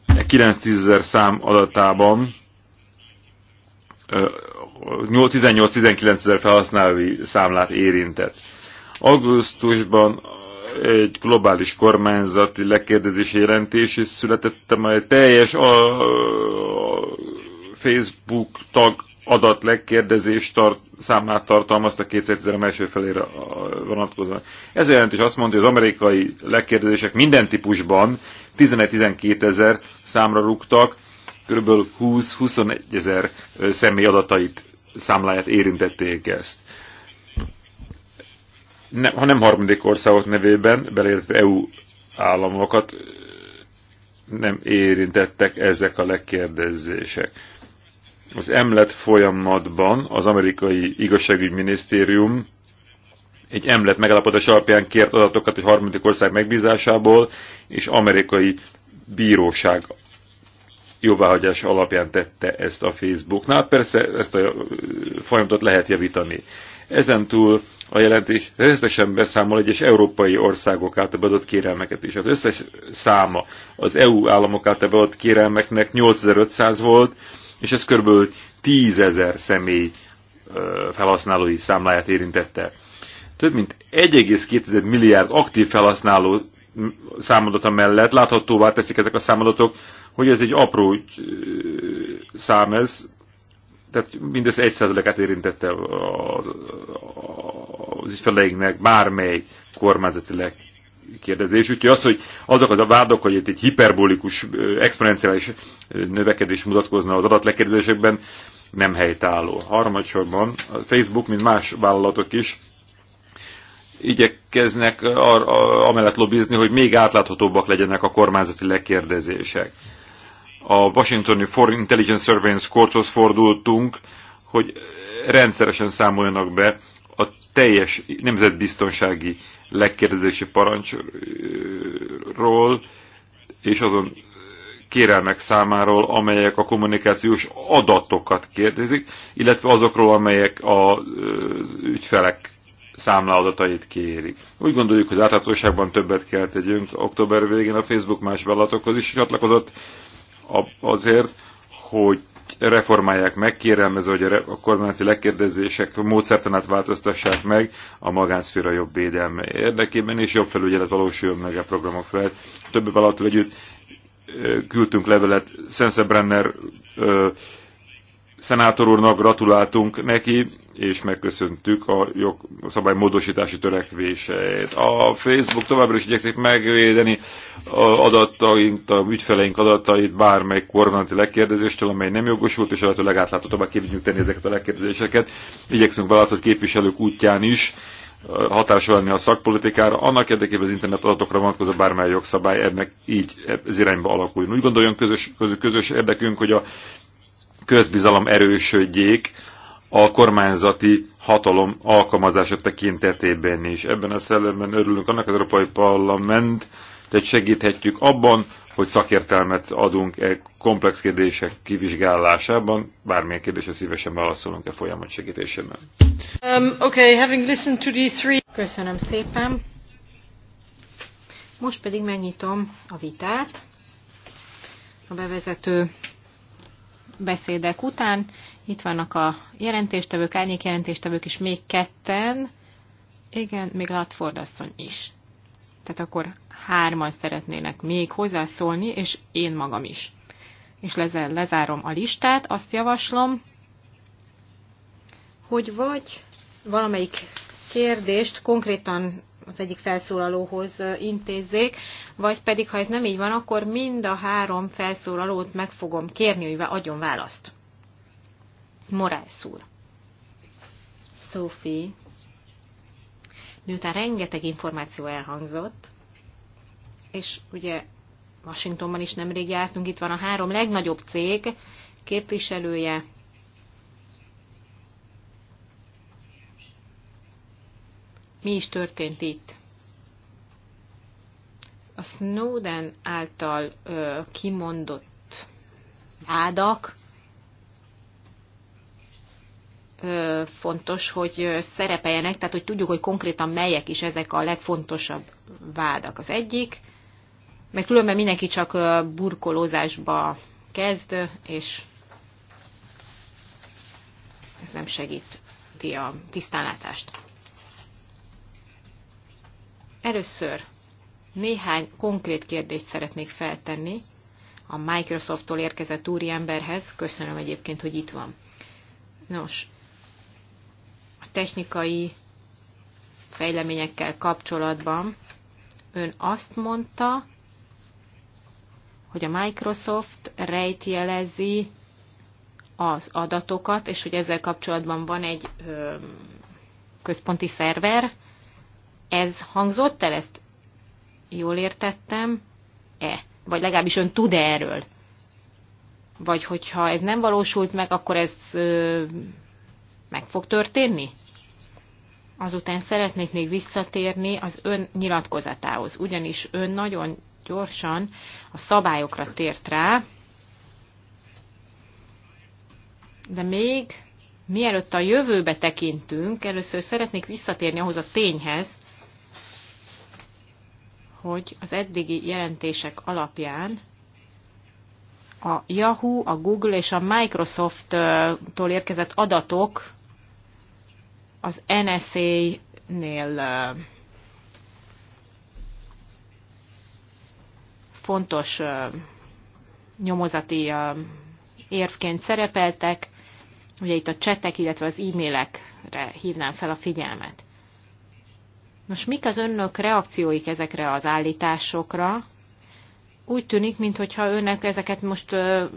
9-10 e szám adatában 18-19 ezer felhasználói számlát érintett. Augusztusban egy globális kormányzati lekérdezési jelentés is született, amely teljes a, a Facebook tag adat lekérdezés tart, számát tartalmazta 2001 első felére vonatkozóan. Ez a jelentés azt mondja, hogy az amerikai lekérdezések minden típusban 11-12 ezer számra rúgtak, kb. 20-21 ezer személy adatait, számláját érintették ezt ne, ha nem harmadik országok nevében, beleértve EU államokat, nem érintettek ezek a legkérdezések. Az emlet folyamatban az amerikai igazságügyminisztérium egy emlet megállapodás alapján kért adatokat egy harmadik ország megbízásából, és amerikai bíróság jóváhagyás alapján tette ezt a Facebooknál. Persze ezt a folyamatot lehet javítani. Ezen túl a jelentés részesen beszámol egyes európai országok által beadott kérelmeket is. Az összes száma az EU államok által beadott kérelmeknek 8500 volt, és ez kb. ezer személy felhasználói számláját érintette. Több mint 1,2 milliárd aktív felhasználó számadata mellett láthatóvá teszik ezek a számadatok, hogy ez egy apró szám ez, tehát mindez egy százalékát érintette az, az ügyfeleinknek bármely kormányzatileg kérdezés. Úgyhogy az, hogy azok az a vádok, hogy itt egy hiperbolikus, exponenciális növekedés mutatkozna az adatlekérdezésekben, nem helytálló. Harmadsorban a Facebook, mint más vállalatok is, igyekeznek amellett lobbizni, hogy még átláthatóbbak legyenek a kormányzati lekérdezések a Washingtoni Foreign Intelligence Surveillance Courthoz fordultunk, hogy rendszeresen számoljanak be a teljes nemzetbiztonsági legkérdezési parancsról és azon kérelmek számáról, amelyek a kommunikációs adatokat kérdezik, illetve azokról, amelyek a ügyfelek számlaadatait kérik. Úgy gondoljuk, hogy átláthatóságban többet kell tegyünk. Október végén a Facebook más vállalatokhoz is csatlakozott, azért, hogy reformálják meg, kérelmező, hogy a kormányzati lekérdezések módszertanát változtassák meg a magánszféra jobb védelme érdekében, és jobb felügyelet valósuljon meg a programok felett. Többi vállalattal együtt küldtünk levelet Sensebrenner ö, szenátor úrnak, gratuláltunk neki, és megköszöntük a jogszabálymódosítási törekvéseit. A Facebook továbbra is igyekszik megvédeni adatait, a ügyfeleink adatait bármely kormányzati lekérdezéstől, amely nem jogosult, és a lehető legátláthatóbbá kívánjuk tenni ezeket a lekérdezéseket. Igyekszünk választott képviselők útján is hatással lenni a szakpolitikára, annak érdekében az internet adatokra vonatkozó bármely jogszabály ennek így az irányba alakuljon. Úgy gondoljon közös, közös, közös érdekünk, hogy a közbizalom erősödjék, a kormányzati hatalom alkalmazása tekintetében is. Ebben a szellemben örülünk annak az Európai Parlament, tehát segíthetjük abban, hogy szakértelmet adunk e komplex kérdések kivizsgálásában, bármilyen kérdésre szívesen válaszolunk e folyamat segítésében. Um, okay, having listened to these three... Köszönöm szépen. Most pedig megnyitom a vitát a bevezető beszédek után. Itt vannak a jelentéstevők, árnyék jelentéstevők is még ketten. Igen, még Latford asszony is. Tehát akkor hárman szeretnének még hozzászólni, és én magam is. És lezárom a listát, azt javaslom, hogy vagy valamelyik kérdést konkrétan az egyik felszólalóhoz intézzék, vagy pedig, ha ez nem így van, akkor mind a három felszólalót meg fogom kérni, hogy adjon választ. Morales úr. Sophie, miután rengeteg információ elhangzott, és ugye Washingtonban is nemrég jártunk, itt van a három legnagyobb cég képviselője, mi is történt itt. A Snowden által ö, kimondott vádak fontos, hogy szerepeljenek, tehát hogy tudjuk, hogy konkrétan melyek is ezek a legfontosabb vádak. Az egyik, mert különben mindenki csak burkolózásba kezd, és ez nem segíti a tisztánlátást. Először néhány konkrét kérdést szeretnék feltenni a Microsofttól érkezett úriemberhez. Köszönöm egyébként, hogy itt van. Nos, technikai fejleményekkel kapcsolatban. Ön azt mondta, hogy a Microsoft rejtjelezi az adatokat, és hogy ezzel kapcsolatban van egy ö, központi szerver. Ez hangzott el, ezt jól értettem-e? Vagy legalábbis ön tud -e erről? Vagy hogyha ez nem valósult meg, akkor ez ö, meg fog történni? Azután szeretnék még visszatérni az ön nyilatkozatához, ugyanis ön nagyon gyorsan a szabályokra tért rá, de még mielőtt a jövőbe tekintünk, először szeretnék visszatérni ahhoz a tényhez, hogy az eddigi jelentések alapján a Yahoo, a Google és a Microsoft-tól érkezett adatok az NSA-nél fontos nyomozati érvként szerepeltek. Ugye itt a csetek, illetve az e-mailekre hívnám fel a figyelmet. Most mik az önök reakcióik ezekre az állításokra? Úgy tűnik, mintha önnek ezeket most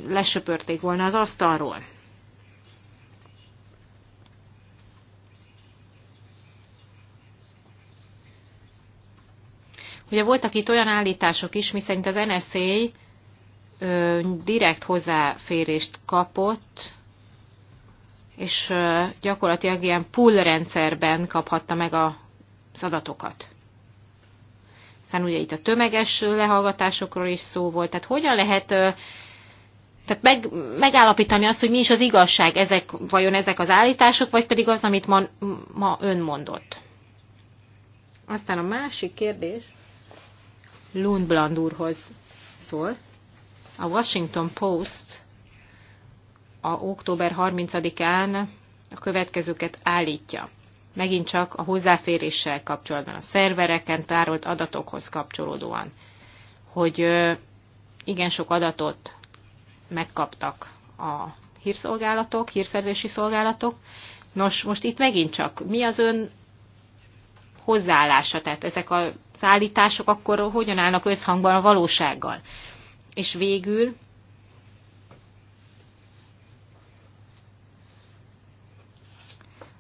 lesöpörték volna az asztalról. Ugye voltak itt olyan állítások is, miszerint az NSA ö, direkt hozzáférést kapott, és ö, gyakorlatilag ilyen pull rendszerben kaphatta meg a, az adatokat. Szóval ugye itt a tömeges lehallgatásokról is szó volt, tehát hogyan lehet ö, tehát meg, megállapítani azt, hogy mi is az igazság, ezek, vajon ezek az állítások, vagy pedig az, amit ma, ma ön mondott. Aztán a másik kérdés. Lundbland úrhoz szól. A Washington Post a október 30-án a következőket állítja. Megint csak a hozzáféréssel kapcsolatban, a szervereken tárolt adatokhoz kapcsolódóan, hogy igen sok adatot megkaptak a hírszolgálatok, hírszerzési szolgálatok. Nos, most itt megint csak mi az ön hozzáállása, tehát ezek a állítások akkor hogyan állnak összhangban a valósággal. És végül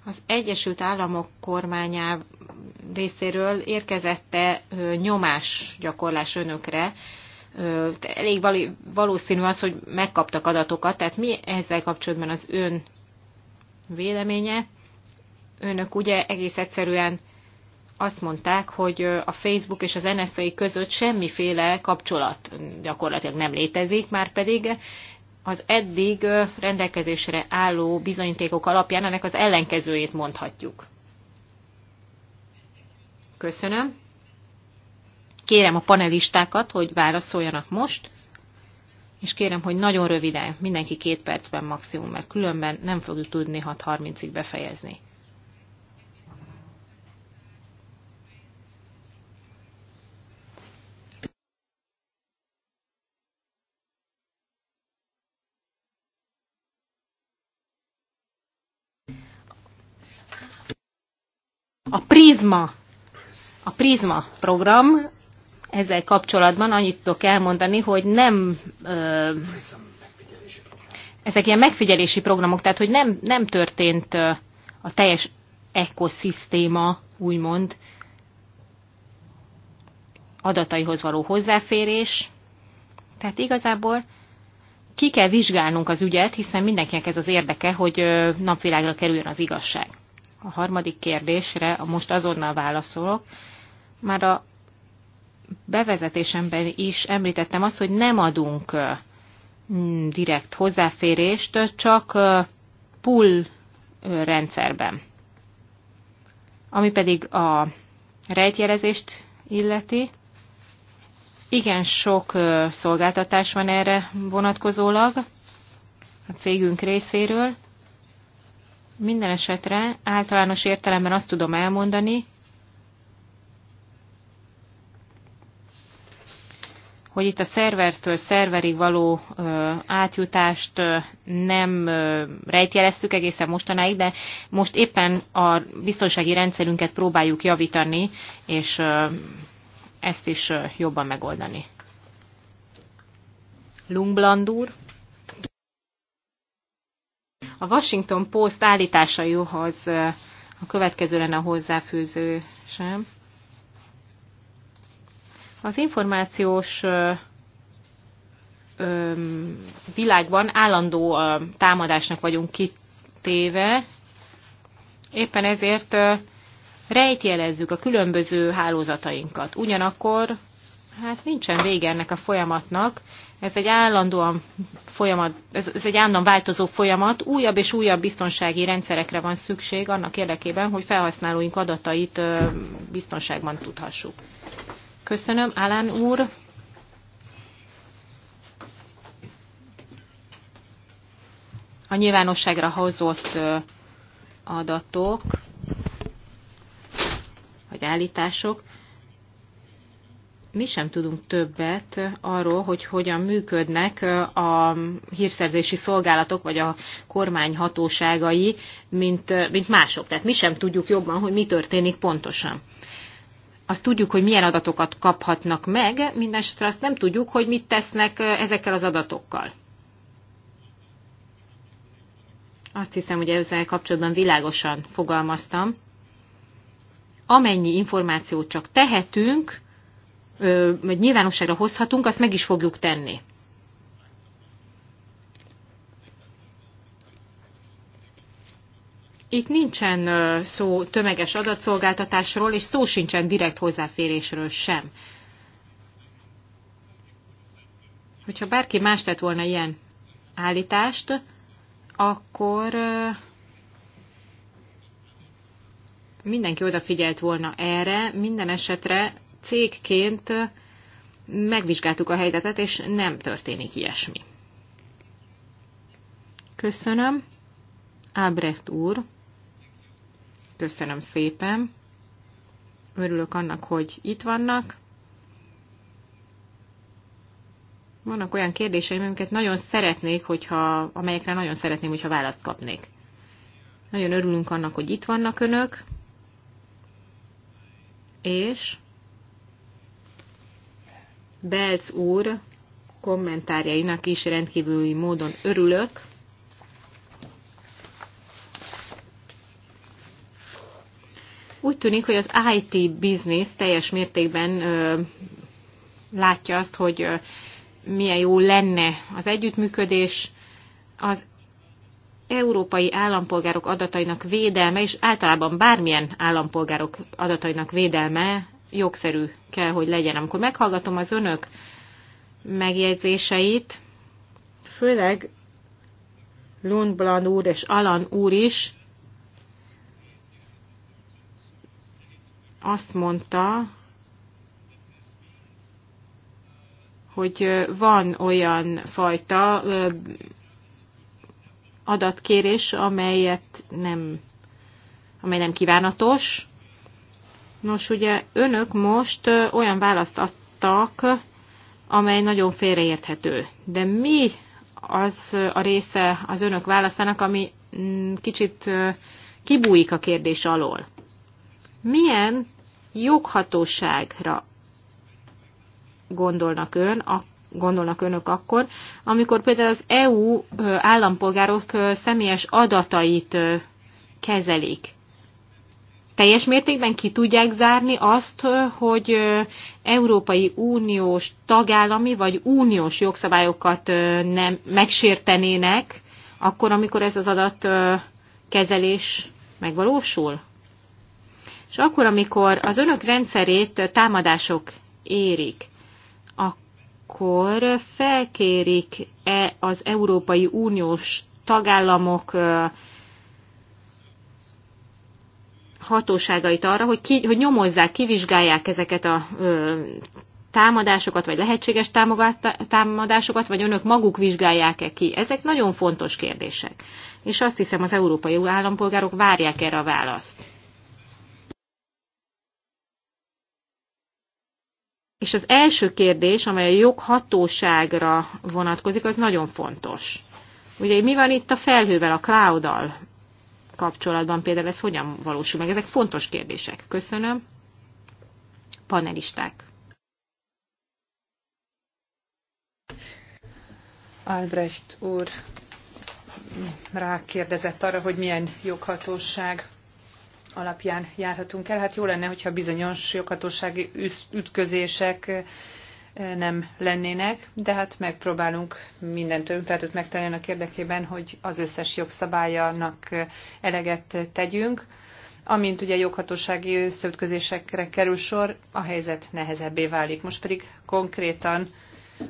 az Egyesült Államok kormányá részéről érkezette nyomás gyakorlás önökre. Elég valószínű az, hogy megkaptak adatokat, tehát mi ezzel kapcsolatban az ön véleménye? Önök ugye egész egyszerűen azt mondták, hogy a Facebook és az NSA között semmiféle kapcsolat gyakorlatilag nem létezik, már pedig az eddig rendelkezésre álló bizonyítékok alapján ennek az ellenkezőjét mondhatjuk. Köszönöm. Kérem a panelistákat, hogy válaszoljanak most, és kérem, hogy nagyon röviden, mindenki két percben maximum, mert különben nem fogjuk tudni 6.30-ig befejezni. A Prisma, a Prisma program ezzel kapcsolatban annyit tudok elmondani, hogy nem ö, ezek ilyen megfigyelési programok, tehát hogy nem, nem történt a teljes ekoszisztéma, úgymond, adataihoz való hozzáférés. Tehát igazából ki kell vizsgálnunk az ügyet, hiszen mindenkinek ez az érdeke, hogy napvilágra kerüljön az igazság a harmadik kérdésre most azonnal válaszolok. Már a bevezetésemben is említettem azt, hogy nem adunk mm, direkt hozzáférést, csak pull rendszerben. Ami pedig a rejtjelezést illeti, igen sok szolgáltatás van erre vonatkozólag a cégünk részéről, minden esetre általános értelemben azt tudom elmondani, hogy itt a szervertől szerverig való ö, átjutást ö, nem ö, rejtjeleztük egészen mostanáig, de most éppen a biztonsági rendszerünket próbáljuk javítani, és ö, ezt is ö, jobban megoldani. Lungbland úr. A Washington Post állításaihoz a következő lenne a hozzáfűző sem. Az információs világban állandó támadásnak vagyunk kitéve, éppen ezért rejtjelezzük a különböző hálózatainkat. Ugyanakkor Hát nincsen vége ennek a folyamatnak. Ez egy állandóan folyamat, ez, ez egy állandóan változó folyamat. Újabb és újabb biztonsági rendszerekre van szükség annak érdekében, hogy felhasználóink adatait biztonságban tudhassuk. Köszönöm, Alán úr. A nyilvánosságra hozott adatok, vagy állítások mi sem tudunk többet arról, hogy hogyan működnek a hírszerzési szolgálatok, vagy a kormány hatóságai, mint, mint mások. Tehát mi sem tudjuk jobban, hogy mi történik pontosan. Azt tudjuk, hogy milyen adatokat kaphatnak meg, mindenesetre azt nem tudjuk, hogy mit tesznek ezekkel az adatokkal. Azt hiszem, hogy ezzel kapcsolatban világosan fogalmaztam. Amennyi információt csak tehetünk, vagy nyilvánosságra hozhatunk, azt meg is fogjuk tenni. Itt nincsen szó tömeges adatszolgáltatásról, és szó sincsen direkt hozzáférésről sem. Hogyha bárki más tett volna ilyen állítást, akkor mindenki odafigyelt volna erre, minden esetre cégként megvizsgáltuk a helyzetet, és nem történik ilyesmi. Köszönöm. Ábrecht úr, köszönöm szépen. Örülök annak, hogy itt vannak. Vannak olyan kérdéseim, amiket nagyon szeretnék, hogyha, amelyekre nagyon szeretném, hogyha választ kapnék. Nagyon örülünk annak, hogy itt vannak önök, és Belc úr kommentárjainak is rendkívüli módon örülök. Úgy tűnik, hogy az IT biznisz teljes mértékben ö, látja azt, hogy ö, milyen jó lenne az együttműködés, az európai állampolgárok adatainak védelme, és általában bármilyen állampolgárok adatainak védelme jogszerű kell, hogy legyen. Amikor meghallgatom az önök megjegyzéseit, főleg Lundblad úr és Alan úr is azt mondta, hogy van olyan fajta adatkérés, amelyet nem, amely nem kívánatos, Nos, ugye önök most olyan választ adtak, amely nagyon félreérthető. De mi az a része az önök válaszának, ami mm, kicsit kibújik a kérdés alól? Milyen joghatóságra gondolnak ön, a, gondolnak önök akkor, amikor például az EU állampolgárok személyes adatait kezelik teljes mértékben ki tudják zárni azt, hogy Európai Uniós tagállami vagy uniós jogszabályokat nem megsértenének, akkor, amikor ez az adatkezelés megvalósul? És akkor, amikor az önök rendszerét támadások érik, akkor felkérik-e az Európai Uniós tagállamok hatóságait arra, hogy, ki, hogy nyomozzák, kivizsgálják ezeket a ö, támadásokat, vagy lehetséges támadásokat, vagy önök maguk vizsgálják-e ki? Ezek nagyon fontos kérdések. És azt hiszem, az európai állampolgárok várják erre a választ. És az első kérdés, amely a joghatóságra vonatkozik, az nagyon fontos. Ugye mi van itt a felhővel, a cloud-dal? kapcsolatban például ez hogyan valósul meg? Ezek fontos kérdések. Köszönöm. Panelisták. Albrecht úr rákérdezett arra, hogy milyen joghatóság alapján járhatunk el. Hát jó lenne, hogyha bizonyos joghatósági ütközések nem lennének, de hát megpróbálunk mindent önfeltőt megtenni annak érdekében, hogy az összes jogszabályának eleget tegyünk. Amint ugye joghatósági összeütközésekre kerül sor, a helyzet nehezebbé válik. Most pedig konkrétan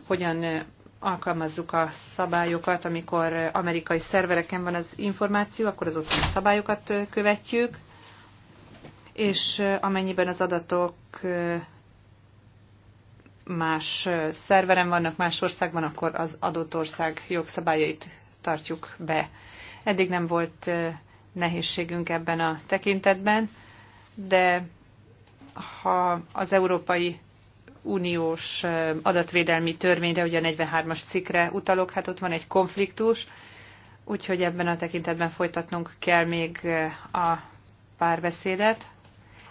hogyan alkalmazzuk a szabályokat, amikor amerikai szervereken van az információ, akkor az ottani szabályokat követjük, és amennyiben az adatok más szerveren vannak más országban, akkor az adott ország jogszabályait tartjuk be. Eddig nem volt nehézségünk ebben a tekintetben, de ha az Európai Uniós adatvédelmi törvényre, ugye a 43-as cikkre utalok, hát ott van egy konfliktus, úgyhogy ebben a tekintetben folytatnunk kell még a párbeszédet.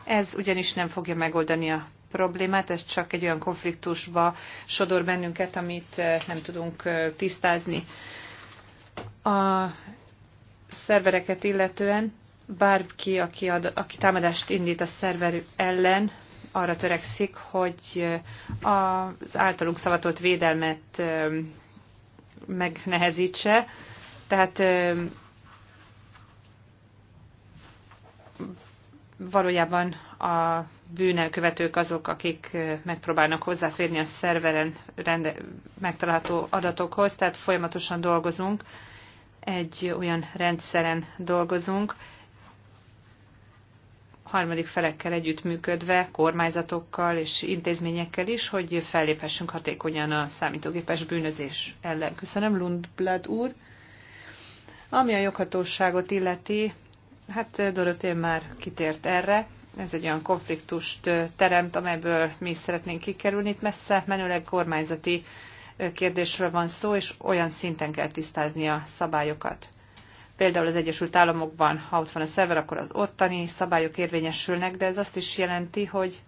Ez ugyanis nem fogja megoldani a problémát, ez csak egy olyan konfliktusba sodor bennünket, amit eh, nem tudunk eh, tisztázni. A szervereket illetően bárki, aki, ad, aki támadást indít a szerver ellen, arra törekszik, hogy eh, az általunk szavatolt védelmet megnehezítse, tehát valójában a bűnelkövetők azok, akik megpróbálnak hozzáférni a szerveren rende, megtalálható adatokhoz, tehát folyamatosan dolgozunk, egy olyan rendszeren dolgozunk, harmadik felekkel együttműködve, kormányzatokkal és intézményekkel is, hogy felléphessünk hatékonyan a számítógépes bűnözés ellen. Köszönöm, Lundblad úr! Ami a joghatóságot illeti, Hát eh, Doroté már kitért erre. Ez egy olyan konfliktust eh, teremt, amelyből mi szeretnénk kikerülni. Itt messze menőleg kormányzati eh, kérdésről van szó, és olyan szinten kell tisztázni a szabályokat. Például az Egyesült Államokban, ha ott van a szerver, akkor az ottani szabályok érvényesülnek, de ez azt is jelenti, hogy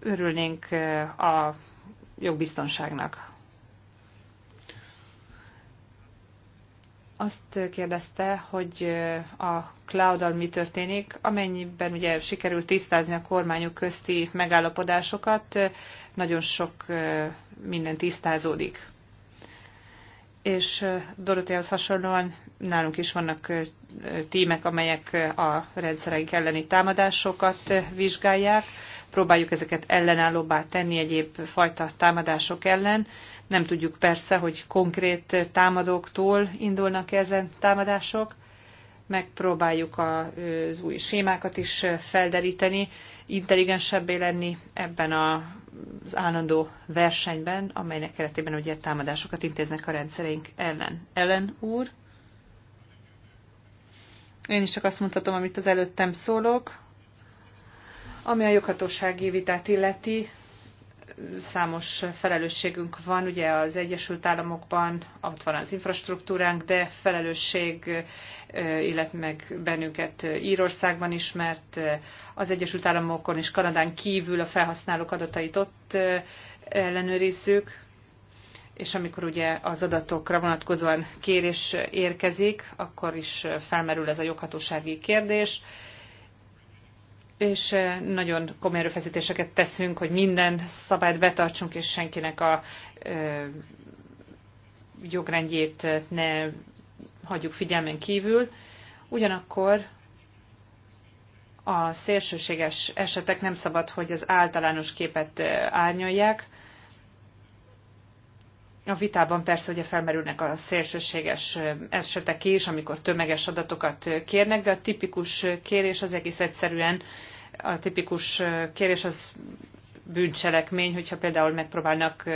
örülnénk a jogbiztonságnak. azt kérdezte, hogy a cloud mi történik, amennyiben ugye sikerül tisztázni a kormányok közti megállapodásokat, nagyon sok minden tisztázódik. És Dorotéhoz hasonlóan nálunk is vannak tímek, amelyek a rendszereink elleni támadásokat vizsgálják, próbáljuk ezeket ellenállóbbá tenni egyéb fajta támadások ellen, nem tudjuk persze, hogy konkrét támadóktól indulnak -e ezen támadások. Megpróbáljuk az új sémákat is felderíteni, intelligensebbé lenni ebben az állandó versenyben, amelynek keretében ugye támadásokat intéznek a rendszereink ellen. Ellen úr? Én is csak azt mondhatom, amit az előttem szólok. Ami a joghatósági vitát illeti, számos felelősségünk van, ugye az Egyesült Államokban ott van az infrastruktúránk, de felelősség illetve meg bennünket Írországban is, mert az Egyesült Államokon és Kanadán kívül a felhasználók adatait ott ellenőrizzük, és amikor ugye az adatokra vonatkozóan kérés érkezik, akkor is felmerül ez a joghatósági kérdés, és eh, nagyon komoly erőfeszítéseket teszünk, hogy minden szabályt betartsunk, és senkinek a eh, jogrendjét eh, ne hagyjuk figyelmen kívül. Ugyanakkor a szélsőséges esetek nem szabad, hogy az általános képet árnyolják, a vitában persze ugye felmerülnek a szélsőséges esetek is, amikor tömeges adatokat kérnek, de a tipikus kérés az egész egyszerűen, a tipikus kérés az bűncselekmény, hogyha például megpróbálnak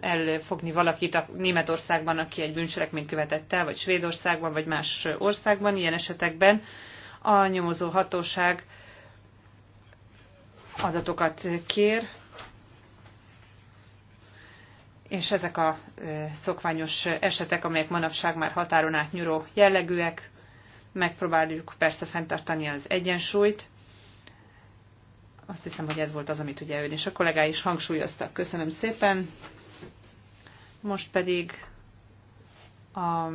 elfogni valakit a Németországban, aki egy bűncselekményt követett el, vagy Svédországban, vagy más országban, ilyen esetekben a nyomozó hatóság adatokat kér, és ezek a szokványos esetek, amelyek manapság már határon átnyúló jellegűek, megpróbáljuk persze fenntartani az egyensúlyt. Azt hiszem, hogy ez volt az, amit ugye ön és a kollégái is hangsúlyoztak. Köszönöm szépen. Most pedig a,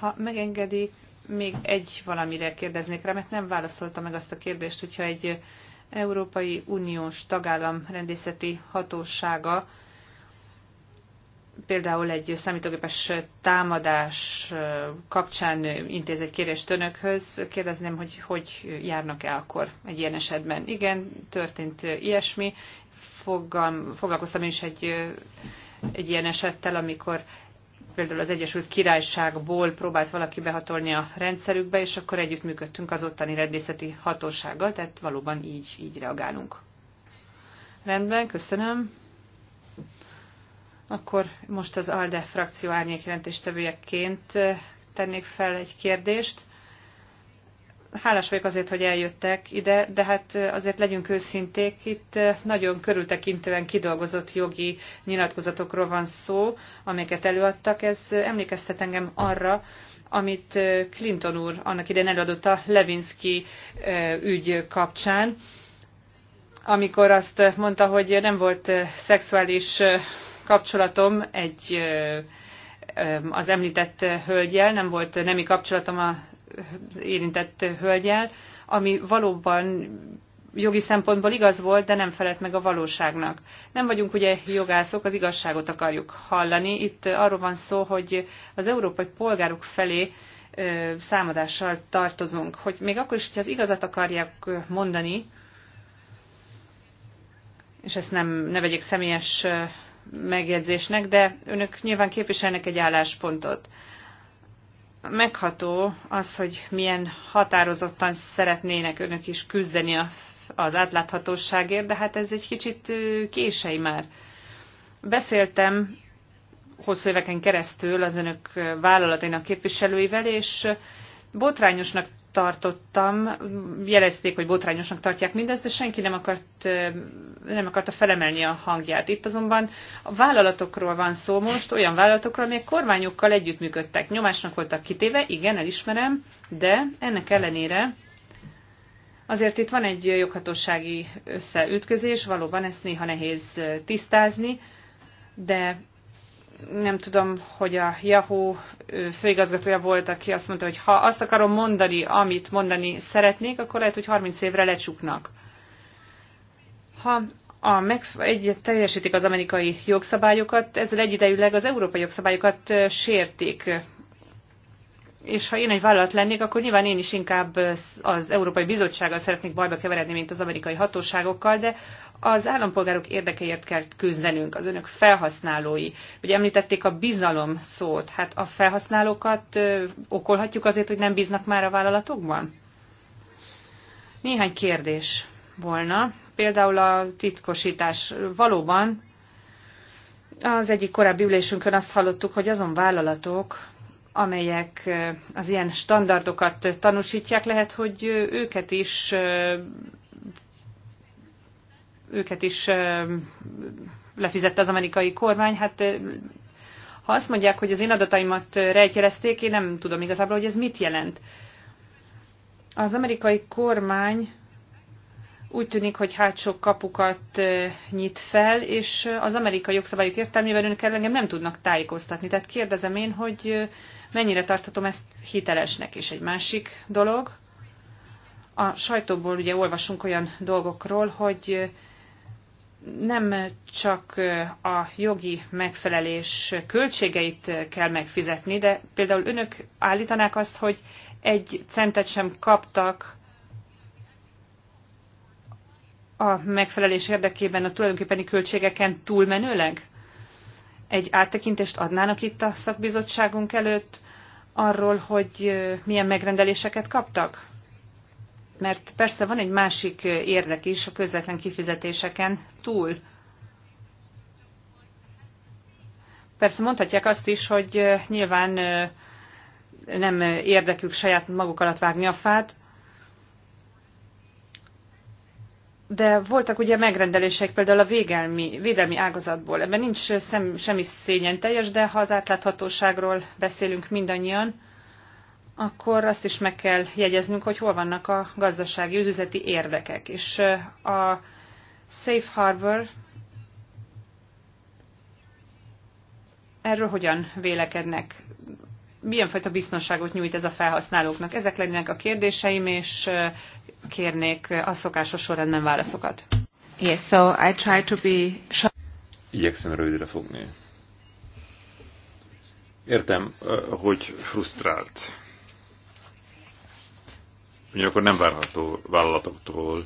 ha megengedik, még egy valamire kérdeznék rá, mert nem válaszolta meg azt a kérdést, hogyha egy Európai Uniós tagállam rendészeti hatósága például egy számítógépes támadás kapcsán intéz egy kérést önökhöz, kérdezném, hogy hogy járnak el akkor egy ilyen esetben. Igen, történt ilyesmi. Fogam, foglalkoztam is egy, egy ilyen esettel, amikor például az Egyesült Királyságból próbált valaki behatolni a rendszerükbe, és akkor együttműködtünk az ottani rendészeti hatósággal, tehát valóban így, így reagálunk. Rendben, köszönöm. Akkor most az ALDE frakció jelentéstevőjeként eh, tennék fel egy kérdést hálás vagyok azért, hogy eljöttek ide, de hát azért legyünk őszinték, itt nagyon körültekintően kidolgozott jogi nyilatkozatokról van szó, amiket előadtak. Ez emlékeztet engem arra, amit Clinton úr annak idején előadott a Levinsky ügy kapcsán, amikor azt mondta, hogy nem volt szexuális kapcsolatom egy az említett hölgyel, nem volt nemi kapcsolatom a érintett hölgyel, ami valóban jogi szempontból igaz volt, de nem felelt meg a valóságnak. Nem vagyunk ugye jogászok, az igazságot akarjuk hallani. Itt arról van szó, hogy az európai polgárok felé számadással tartozunk, hogy még akkor is, hogyha az igazat akarják mondani, és ezt nem ne vegyék személyes megjegyzésnek, de önök nyilván képviselnek egy álláspontot megható az, hogy milyen határozottan szeretnének önök is küzdeni az átláthatóságért, de hát ez egy kicsit kései már. Beszéltem hosszú éveken keresztül az önök vállalatainak képviselőivel, és botrányosnak tartottam. Jelezték, hogy botrányosnak tartják mindezt, de senki nem, akart, nem akarta felemelni a hangját. Itt azonban a vállalatokról van szó most, olyan vállalatokról, amelyek kormányokkal együttműködtek. Nyomásnak voltak kitéve, igen, elismerem, de ennek ellenére azért itt van egy joghatósági összeütközés, valóban ezt néha nehéz tisztázni, de nem tudom, hogy a Yahoo főigazgatója volt, aki azt mondta, hogy ha azt akarom mondani, amit mondani szeretnék, akkor lehet, hogy 30 évre lecsuknak. Ha a meg, egy, teljesítik az amerikai jogszabályokat, ezzel egyidejűleg az európai jogszabályokat sértik és ha én egy vállalat lennék, akkor nyilván én is inkább az Európai Bizottsággal szeretnék bajba keveredni, mint az amerikai hatóságokkal, de az állampolgárok érdekeért kell küzdenünk, az önök felhasználói. Ugye említették a bizalom szót, hát a felhasználókat okolhatjuk azért, hogy nem bíznak már a vállalatokban? Néhány kérdés volna. Például a titkosítás. Valóban az egyik korábbi ülésünkön azt hallottuk, hogy azon vállalatok, amelyek az ilyen standardokat tanúsítják, lehet, hogy őket is őket is lefizette az amerikai kormány. Hát ha azt mondják, hogy az én adataimat rejtjelezték, én nem tudom igazából, hogy ez mit jelent. Az amerikai kormány úgy tűnik, hogy hátsó kapukat nyit fel, és az amerikai jogszabályok értelmében önök erről engem nem tudnak tájékoztatni. Tehát kérdezem én, hogy mennyire tartatom ezt hitelesnek. És egy másik dolog, a sajtóból ugye olvasunk olyan dolgokról, hogy nem csak a jogi megfelelés költségeit kell megfizetni, de például önök állítanák azt, hogy egy centet sem kaptak a megfelelés érdekében a tulajdonképpeni költségeken túlmenőleg? Egy áttekintést adnának itt a szakbizottságunk előtt arról, hogy milyen megrendeléseket kaptak? Mert persze van egy másik érdek is a közvetlen kifizetéseken túl. Persze mondhatják azt is, hogy nyilván nem érdekük saját maguk alatt vágni a fát, de voltak ugye megrendelések például a végelmi, védelmi ágazatból. Ebben nincs szem, semmi szényen teljes, de ha az átláthatóságról beszélünk mindannyian, akkor azt is meg kell jegyeznünk, hogy hol vannak a gazdasági, üzleti érdekek. És a Safe Harbor erről hogyan vélekednek? milyen fajta biztonságot nyújt ez a felhasználóknak? Ezek lennének a kérdéseim, és kérnék a szokásos sorrendben válaszokat. Yes, so I try to be short. Igyekszem rövidre fogni. Értem, hogy frusztrált. Ugyanakkor nem várható vállalatoktól,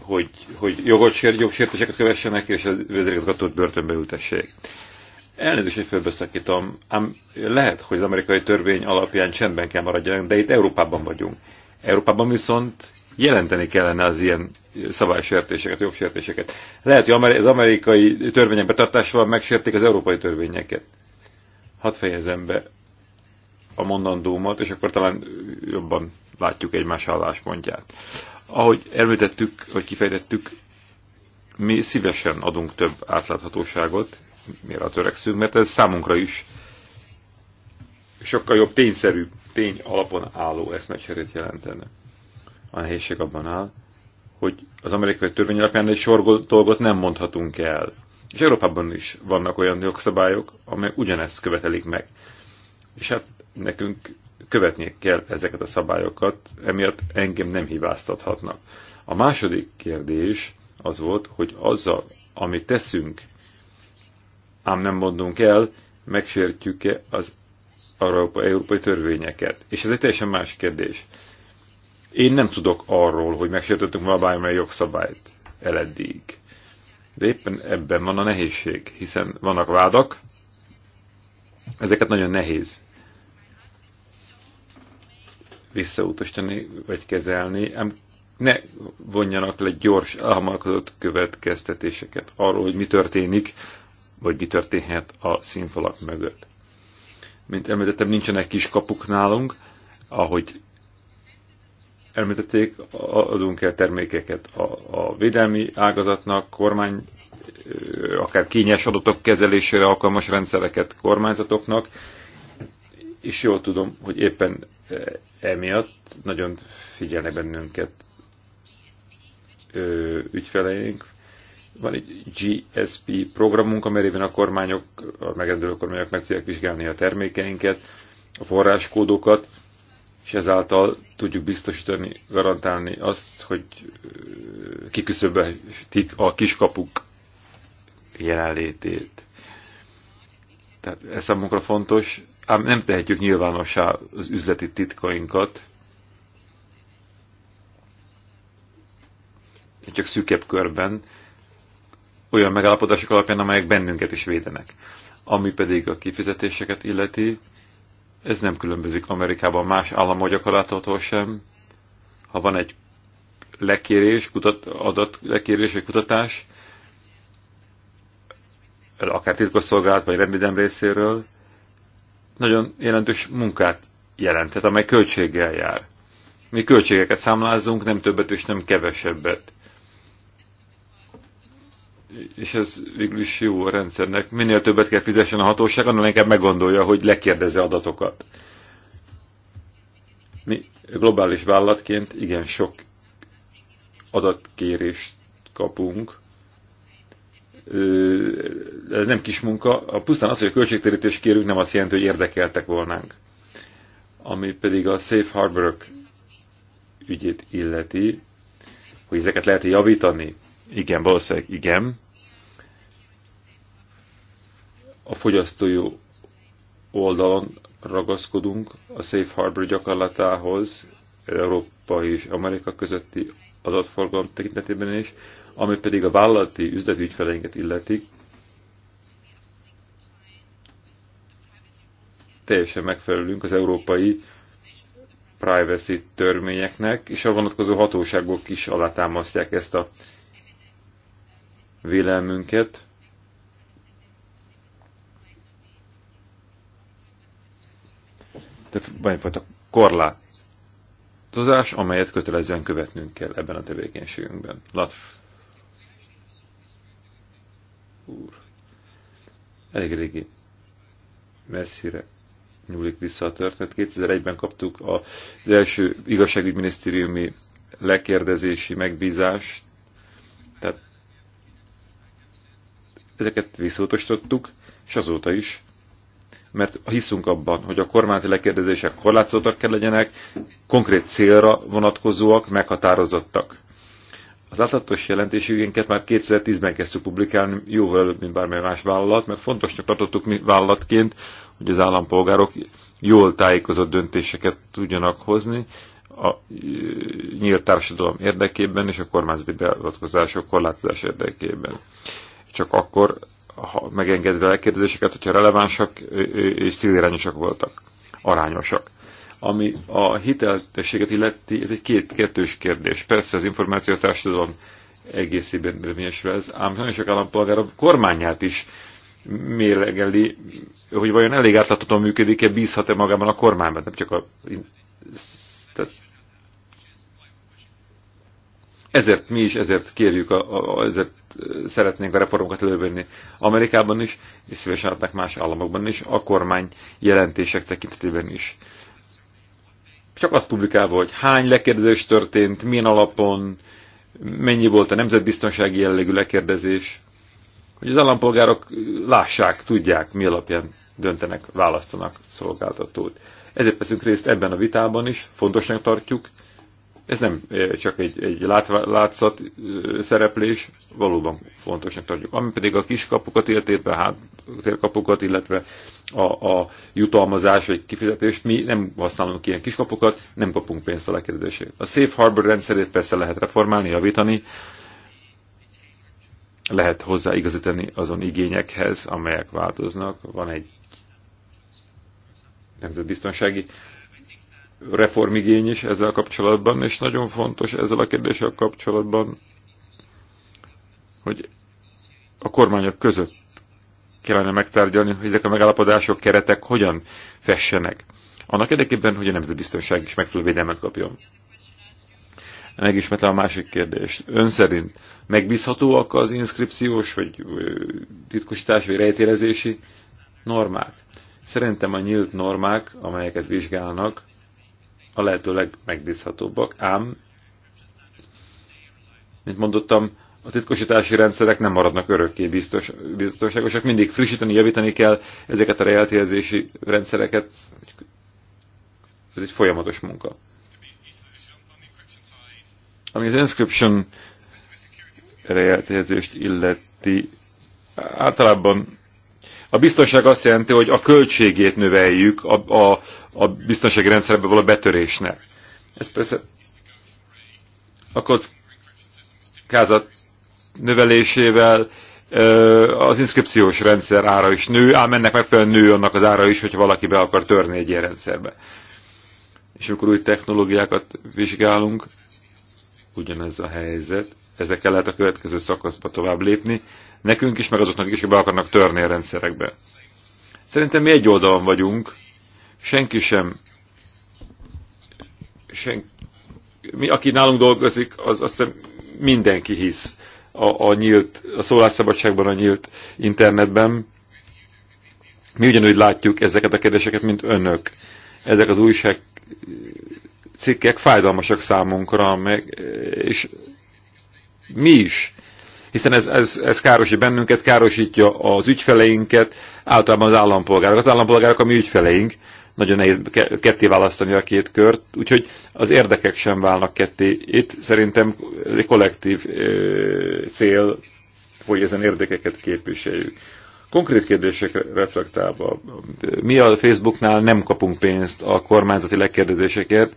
hogy, hogy jogot, jogsértéseket kövessenek, és a vezérigazgatót börtönbe ültessék. Elnézést, hogy fölbeszakítom, ám lehet, hogy az amerikai törvény alapján csendben kell maradjanak, de itt Európában vagyunk. Európában viszont jelenteni kellene az ilyen szabálysértéseket, jogsértéseket. Lehet, hogy az amerikai törvények betartásával megsértik az európai törvényeket. Hadd fejezem be a mondandómat, és akkor talán jobban látjuk egymás álláspontját. Ahogy említettük, vagy kifejtettük, mi szívesen adunk több átláthatóságot, a törekszünk, mert ez számunkra is sokkal jobb tényszerű, tény alapon álló eszmecserét jelentene. A nehézség abban áll, hogy az amerikai törvény alapján egy sor dolgot nem mondhatunk el. És Európában is vannak olyan jogszabályok, amely ugyanezt követelik meg. És hát nekünk követnie kell ezeket a szabályokat, emiatt engem nem hibáztathatnak. A második kérdés az volt, hogy azzal, amit teszünk, ám nem mondunk el, megsértjük-e az Európa, európai törvényeket. És ez egy teljesen más kérdés. Én nem tudok arról, hogy megsértettünk volna bármely jogszabályt eleddig. De éppen ebben van a nehézség, hiszen vannak vádak, ezeket nagyon nehéz visszautasítani vagy kezelni, ám ne vonjanak le gyors, elhamarkodott következtetéseket arról, hogy mi történik vagy mi történhet a színfalak mögött. Mint említettem, nincsenek kis kapuk nálunk, ahogy említették, adunk el termékeket a, a védelmi ágazatnak, kormány, akár kényes adatok kezelésére alkalmas rendszereket kormányzatoknak, és jól tudom, hogy éppen emiatt nagyon figyelnek bennünket ügyfeleink, van egy GSP programunk, amelyben a kormányok, a megrendelő kormányok meg tudják vizsgálni a termékeinket, a forráskódokat, és ezáltal tudjuk biztosítani, garantálni azt, hogy kiküszöböltik a kiskapuk jelenlétét. Tehát ez számunkra fontos, ám nem tehetjük nyilvánossá az üzleti titkainkat, csak szűkebb körben, olyan megállapodások alapján, amelyek bennünket is védenek. Ami pedig a kifizetéseket illeti, ez nem különbözik Amerikában más államok sem. Ha van egy lekérés, kutat, adat lekérés, egy kutatás, akár titkosszolgált vagy rendvédelm részéről, nagyon jelentős munkát jelentett, amely költséggel jár. Mi költségeket számlázunk, nem többet és nem kevesebbet és ez végül is jó a rendszernek. Minél többet kell fizessen a hatóság, annál inkább meggondolja, hogy lekérdezze adatokat. Mi globális vállalatként igen sok adatkérést kapunk. Ez nem kis munka. A pusztán az, hogy a költségtérítést kérünk, nem azt jelenti, hogy érdekeltek volnánk. Ami pedig a Safe harbor ügyét illeti, hogy ezeket lehet javítani. Igen, valószínűleg igen a fogyasztói oldalon ragaszkodunk a Safe Harbor gyakorlatához, Európa és Amerika közötti adatforgalom tekintetében is, ami pedig a vállalati üzleti ügyfeleinket illeti, teljesen megfelelünk az európai privacy törvényeknek, és a vonatkozó hatóságok is alátámasztják ezt a vélelmünket. Tehát van egyfajta korlátozás, amelyet kötelezően követnünk kell ebben a tevékenységünkben. Latv úr. Elég régi messzire nyúlik vissza a történet. 2001-ben kaptuk az első igazságügyminisztériumi lekérdezési megbízást, tehát ezeket visszautasítottuk, és azóta is mert hiszünk abban, hogy a kormányzati lekérdezések korlátozottak kell legyenek, konkrét célra vonatkozóak, meghatározottak. Az átlatos jelentésügyénket már 2010-ben kezdtük publikálni, jóval előbb, mint bármely más vállalat, mert fontosnak tartottuk mi vállalatként, hogy az állampolgárok jól tájékozott döntéseket tudjanak hozni a nyílt társadalom érdekében és a kormányzati beavatkozások korlátozás érdekében. Csak akkor ha megengedve a legkérdezéseket, hogyha relevánsak és szilirányosak voltak, arányosak. Ami a hiteltességet illeti, ez egy két, kettős kérdés. Persze az információs társadalom egészében érvényesül ez, ám nagyon sok állampolgár a kormányát is mérlegeli, hogy vajon elég átláthatóan működik-e, bízhat-e magában a kormányban, nem csak a tehát ezért mi is ezért kérjük, a, a, ezért szeretnénk a reformokat elővenni Amerikában is, és szívesen adnak más államokban is, a kormány jelentések tekintetében is. Csak azt publikálva, hogy hány lekérdezés történt, milyen alapon, mennyi volt a nemzetbiztonsági jellegű lekérdezés, hogy az állampolgárok lássák, tudják, mi alapján döntenek, választanak szolgáltatót. Ezért veszünk részt ebben a vitában is, fontosnak tartjuk, ez nem eh, csak egy, egy látva, látszat eh, szereplés, valóban fontosnak tartjuk. Ami pedig a kiskapukat, illetve a hát, térkapukat, illetve a, a jutalmazás vagy kifizetést, mi nem használunk ilyen kiskapukat, nem kapunk pénzt a lekezdését. A Safe Harbor rendszerét persze lehet reformálni, javítani, lehet hozzá igazítani azon igényekhez, amelyek változnak. Van egy nemzetbiztonsági biztonsági reformigény is ezzel kapcsolatban, és nagyon fontos ezzel a kérdéssel kapcsolatban, hogy a kormányok között kellene megtárgyalni, hogy ezek a megállapodások, keretek hogyan fessenek. Annak érdekében, hogy a nemzetbiztonság is megfelelő védelmet kapjon. Megismertem a másik kérdést. Ön szerint megbízhatóak az inszkripciós, vagy titkosítás, vagy rejtélezési normák? Szerintem a nyílt normák, amelyeket vizsgálnak, a lehető legmegbízhatóbbak, ám, mint mondottam, a titkosítási rendszerek nem maradnak örökké biztos, biztonságosak, mindig frissíteni, javítani kell ezeket a rejeltérzési rendszereket. Ez egy folyamatos munka. Ami az inscription rejeltérzést illeti, általában a biztonság azt jelenti, hogy a költségét növeljük a, a, a biztonsági rendszerbe való betörésnek. Ez persze a kockázat növelésével az inszkripciós rendszer ára is nő, ám ennek megfelelően nő annak az ára is, hogyha valaki be akar törni egy ilyen rendszerbe. És amikor új technológiákat vizsgálunk, ugyanez a helyzet, ezekkel lehet a következő szakaszba tovább lépni, nekünk is, meg azoknak is, hogy be akarnak törni a rendszerekbe. Szerintem mi egy oldalon vagyunk, senki sem, sen, mi, aki nálunk dolgozik, az azt hiszem mindenki hisz a, a nyílt, a szólásszabadságban, a nyílt internetben. Mi ugyanúgy látjuk ezeket a kérdéseket, mint önök. Ezek az újság cikkek fájdalmasak számunkra, meg, és mi is hiszen ez, ez, ez károsít bennünket, károsítja az ügyfeleinket, általában az állampolgárok. Az állampolgárok a mi ügyfeleink, nagyon nehéz ketté választani a két kört, úgyhogy az érdekek sem válnak ketté. Itt szerintem egy kollektív cél, hogy ezen érdekeket képviseljük. Konkrét kérdésekre reflektálva, mi a Facebooknál nem kapunk pénzt a kormányzati lekérdezésekért,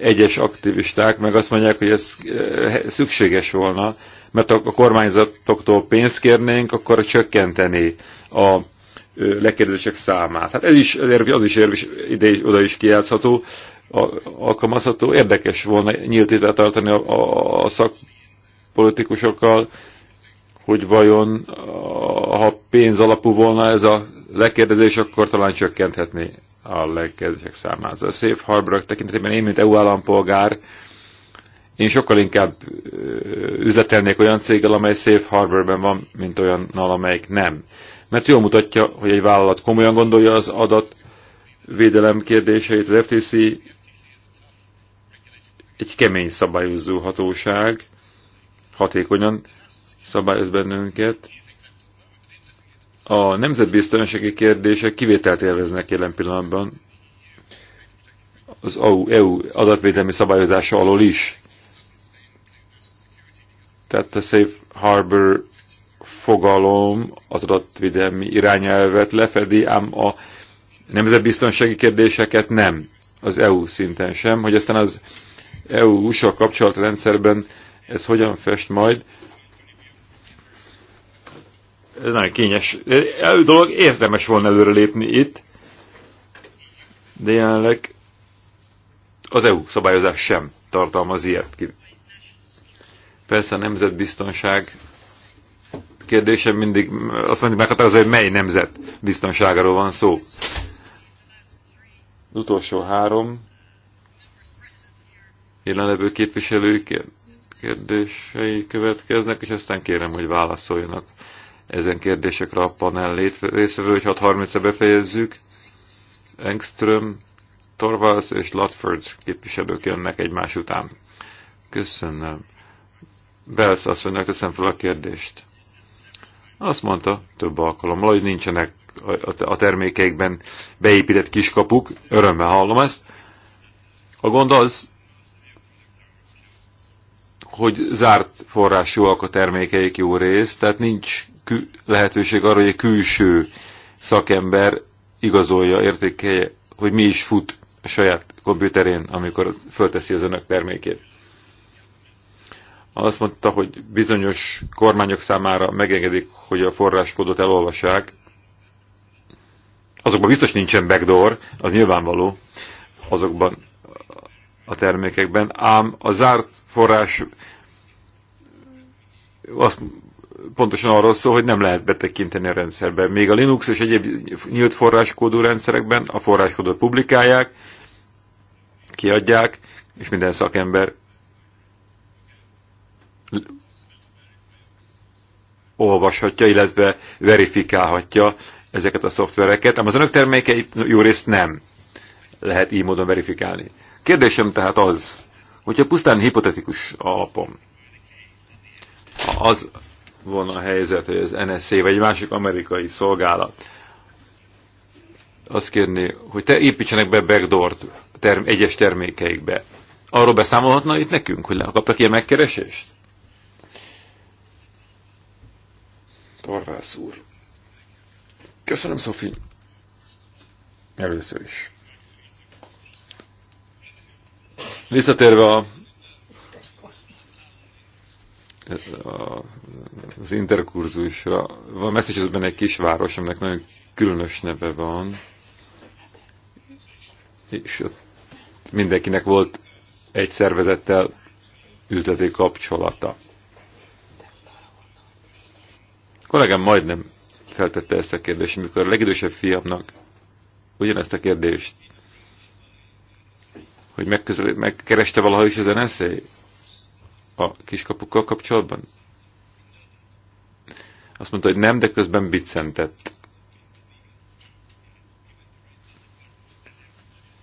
egyes aktivisták meg azt mondják, hogy ez eh, szükséges volna, mert a kormányzatoktól pénzt kérnénk, akkor csökkenteni a lekérdezések számát. Hát ez is, az is, érvis, ide is oda is kijátszható, alkalmazható. Érdekes volna nyílt vitát tartani a, a, a szakpolitikusokkal, hogy vajon ha pénz alapú volna ez a lekérdezés akkor talán csökkenthetné a lekérdezések számát. A Safe Harbor tekintetében én, mint EU állampolgár, én sokkal inkább üzletelnék olyan céggel, amely Safe Harborben van, mint olyannal, amelyik nem. Mert jól mutatja, hogy egy vállalat komolyan gondolja az adat védelem kérdéseit. Az FTC egy kemény szabályozó hatóság, hatékonyan szabályoz bennünket, a nemzetbiztonsági kérdések kivételt élveznek jelen pillanatban az EU e adatvédelmi szabályozása alól is. Tehát a Safe Harbor fogalom az adatvédelmi irányelvet lefedi, ám a nemzetbiztonsági kérdéseket nem, az EU szinten sem, hogy aztán az EU-USA kapcsolatrendszerben ez hogyan fest majd, nagyon kényes elő dolog, érdemes volna előrelépni itt, de jelenleg az EU szabályozás sem tartalmaz ilyet. Persze a nemzetbiztonság kérdése mindig, azt mindig meghatározza, hogy mely nemzet biztonságáról van szó. Az utolsó három jelenlevő képviselők kérdései következnek, és aztán kérem, hogy válaszoljanak ezen kérdésekre a panel részvevő, hogy 6.30-ra befejezzük. Engström, Torvalds és Latford képviselők jönnek egymás után. Köszönöm. Belsz asszonynak teszem fel a kérdést. Azt mondta több alkalommal, hogy nincsenek a termékeikben beépített kiskapuk. Örömmel hallom ezt. A gond az, hogy zárt forrásúak a termékeik jó rész, tehát nincs lehetőség arra, hogy egy külső szakember igazolja, értékelje, hogy mi is fut a saját komputerén, amikor fölteszi az önök termékét. Azt mondta, hogy bizonyos kormányok számára megengedik, hogy a forráskódot elolvassák. Azokban biztos nincsen backdoor, az nyilvánvaló azokban a termékekben, ám a zárt forrás azt pontosan arról szól, hogy nem lehet betekinteni a rendszerbe. Még a Linux és egyéb nyílt forráskódú rendszerekben a forráskódot publikálják, kiadják, és minden szakember olvashatja, illetve verifikálhatja ezeket a szoftvereket, ám az önök termékeit jó részt nem lehet így módon verifikálni. Kérdésem tehát az, hogyha pusztán hipotetikus alapon az volna a helyzet, hogy az NSZ vagy egy másik amerikai szolgálat azt kérni, hogy te építsenek be backdoort term egyes termékeikbe. Arról beszámolhatna itt nekünk, hogy kaptak ilyen megkeresést? Torvász úr. Köszönöm, Szofi. Először is. Visszatérve a ez a, az interkurzusra. Van Massachusettsben egy város, aminek nagyon különös neve van, és ott mindenkinek volt egy szervezettel üzleti kapcsolata. A kollégám majdnem feltette ezt a kérdést, mikor a legidősebb fiamnak ugyanezt a kérdést, hogy megkereste valaha is ezen eszély, a kiskapukkal kapcsolatban? Azt mondta, hogy nem, de közben biccentett.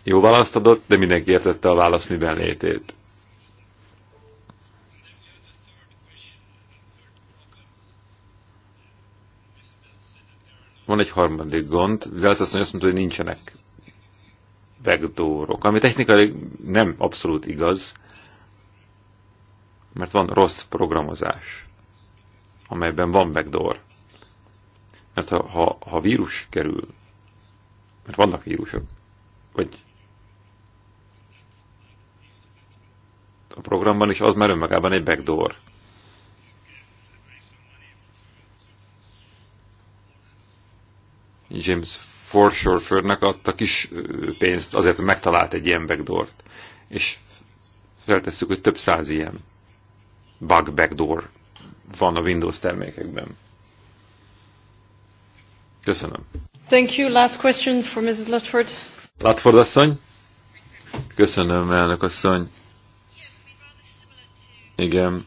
Jó választ adott, de mindenki értette a válasz miben létét. Van egy harmadik gond, de azt mondja, hogy nincsenek backdoorok, ami technikailag nem abszolút igaz, mert van rossz programozás, amelyben van backdoor. Mert ha, ha, ha vírus kerül, mert vannak vírusok, vagy a programban is az már önmagában egy backdoor. James Forshorfordnak adta kis pénzt azért, hogy megtalált egy ilyen backdoort. És feltesszük, hogy több száz ilyen bug backdoor van a Windows termékekben. Köszönöm. Thank you. Last question for Mrs. Lutford. Lutford asszony? Köszönöm, elnök asszony. Igen.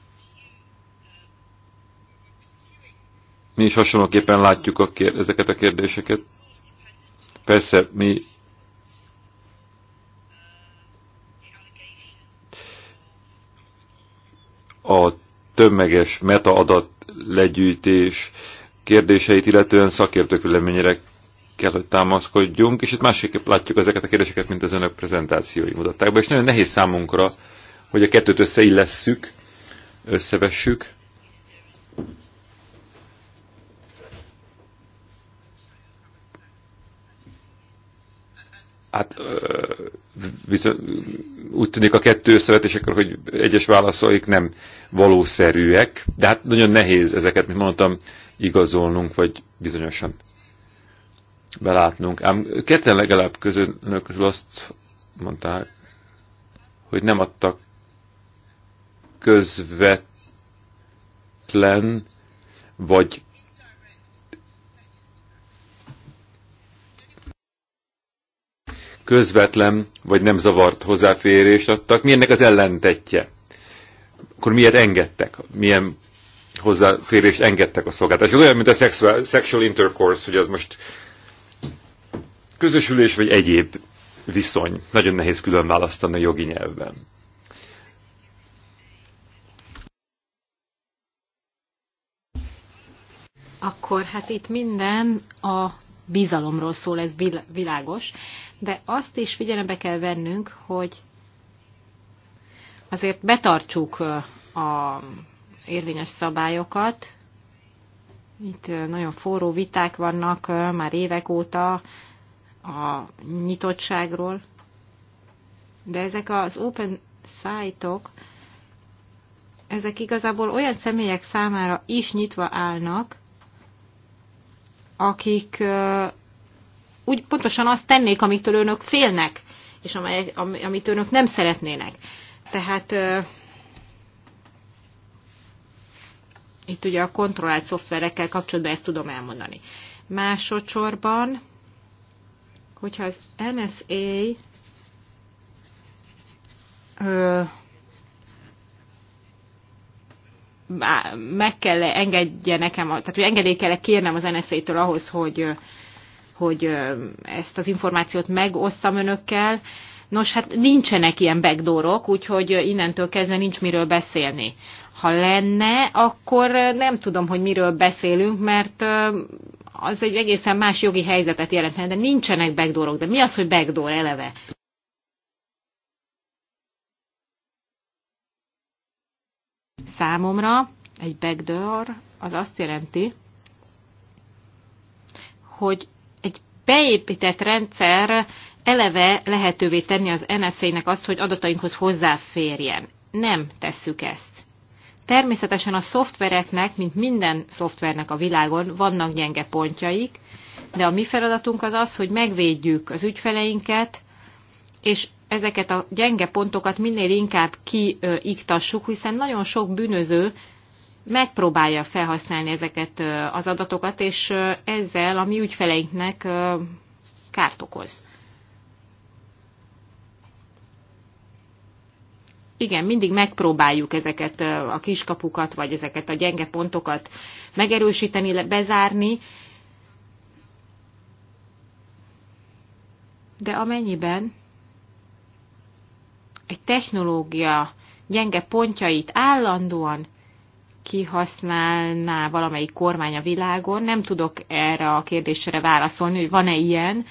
Mi is hasonlóképpen látjuk a kér ezeket a kérdéseket. Persze, mi tömeges metaadat legyűjtés kérdéseit, illetően szakértők véleményére kell, hogy támaszkodjunk, és itt másképp látjuk ezeket a kérdéseket, mint az önök prezentációi mutatták be, és nagyon nehéz számunkra, hogy a kettőt összeillesszük, összevessük. Hát viszont úgy tűnik a kettő összevetésekor, hogy egyes válaszaik nem valószerűek, de hát nagyon nehéz ezeket, mint mondtam, igazolnunk, vagy bizonyosan belátnunk. Ám ketten legalább közönök közül azt mondták, hogy nem adtak közvetlen vagy közvetlen vagy nem zavart hozzáférést adtak, ennek az ellentetje? Akkor miért engedtek? Milyen hozzáférést engedtek a szolgáltatás? Ez olyan, mint a sexual, sexual intercourse, hogy az most közösülés vagy egyéb viszony. Nagyon nehéz külön választani a jogi nyelvben. Akkor hát itt minden a bizalomról szól, ez világos, de azt is figyelembe kell vennünk, hogy azért betartsuk a érvényes szabályokat. Itt nagyon forró viták vannak már évek óta a nyitottságról, de ezek az open site -ok, ezek igazából olyan személyek számára is nyitva állnak, akik úgy pontosan azt tennék, amitől önök félnek, és amely, am, amit önök nem szeretnének. Tehát uh, itt ugye a kontrollált szoftverekkel kapcsolatban ezt tudom elmondani. Másodszorban, hogyha az NSA uh, meg kell -e engedje nekem, tehát hogy engedély kell -e kérnem az NSZ-től ahhoz, hogy, hogy ezt az információt megosszam önökkel. Nos, hát nincsenek ilyen backdoorok, úgyhogy innentől kezdve nincs miről beszélni. Ha lenne, akkor nem tudom, hogy miről beszélünk, mert az egy egészen más jogi helyzetet jelentene, de nincsenek backdoorok. De mi az, hogy backdoor eleve? Számomra egy backdoor az azt jelenti, hogy egy beépített rendszer eleve lehetővé tenni az NSZ-nek azt, hogy adatainkhoz hozzáférjen. Nem tesszük ezt. Természetesen a szoftvereknek, mint minden szoftvernek a világon vannak gyenge pontjaik, de a mi feladatunk az az, hogy megvédjük az ügyfeleinket, és ezeket a gyenge pontokat minél inkább kiiktassuk, hiszen nagyon sok bűnöző megpróbálja felhasználni ezeket az adatokat, és ezzel a mi ügyfeleinknek kárt okoz. igen, mindig megpróbáljuk ezeket a kiskapukat, vagy ezeket a gyenge pontokat megerősíteni, bezárni, de amennyiben egy technológia gyenge pontjait állandóan kihasználná valamelyik kormány a világon. Nem tudok erre a kérdésre válaszolni, hogy van-e ilyen.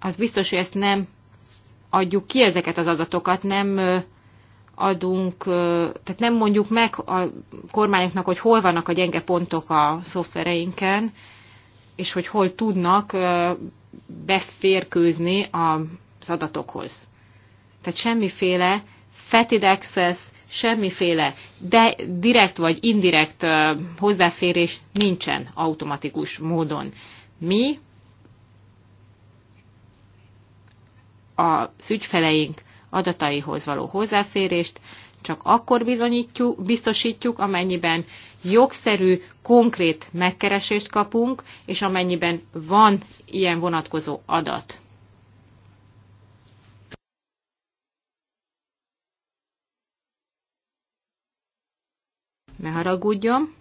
Az biztos, hogy ezt nem adjuk ki ezeket az adatokat, nem adunk, tehát nem mondjuk meg a kormányoknak, hogy hol vannak a gyenge pontok a szoftvereinken, és hogy hol tudnak beférkőzni a az adatokhoz. Tehát semmiféle fetid access, semmiféle de direkt vagy indirekt hozzáférés nincsen automatikus módon. Mi a ügyfeleink adataihoz való hozzáférést csak akkor bizonyítjuk, biztosítjuk, amennyiben jogszerű, konkrét megkeresést kapunk, és amennyiben van ilyen vonatkozó adat. ne haragudjon.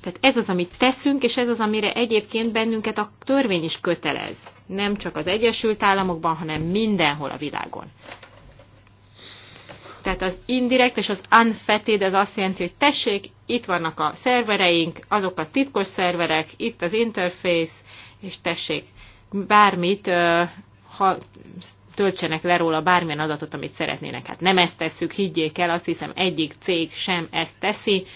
Tehát ez az, amit teszünk, és ez az, amire egyébként bennünket a törvény is kötelez. Nem csak az Egyesült Államokban, hanem mindenhol a világon. Tehát az indirekt és az unfetid az azt jelenti, hogy tessék, itt vannak a szervereink, azok a titkos szerverek, itt az interface, és tessék, bármit ha töltsenek le róla bármilyen adatot, amit szeretnének. Hát nem ezt tesszük, higgyék el, azt hiszem egyik cég sem ezt teszi,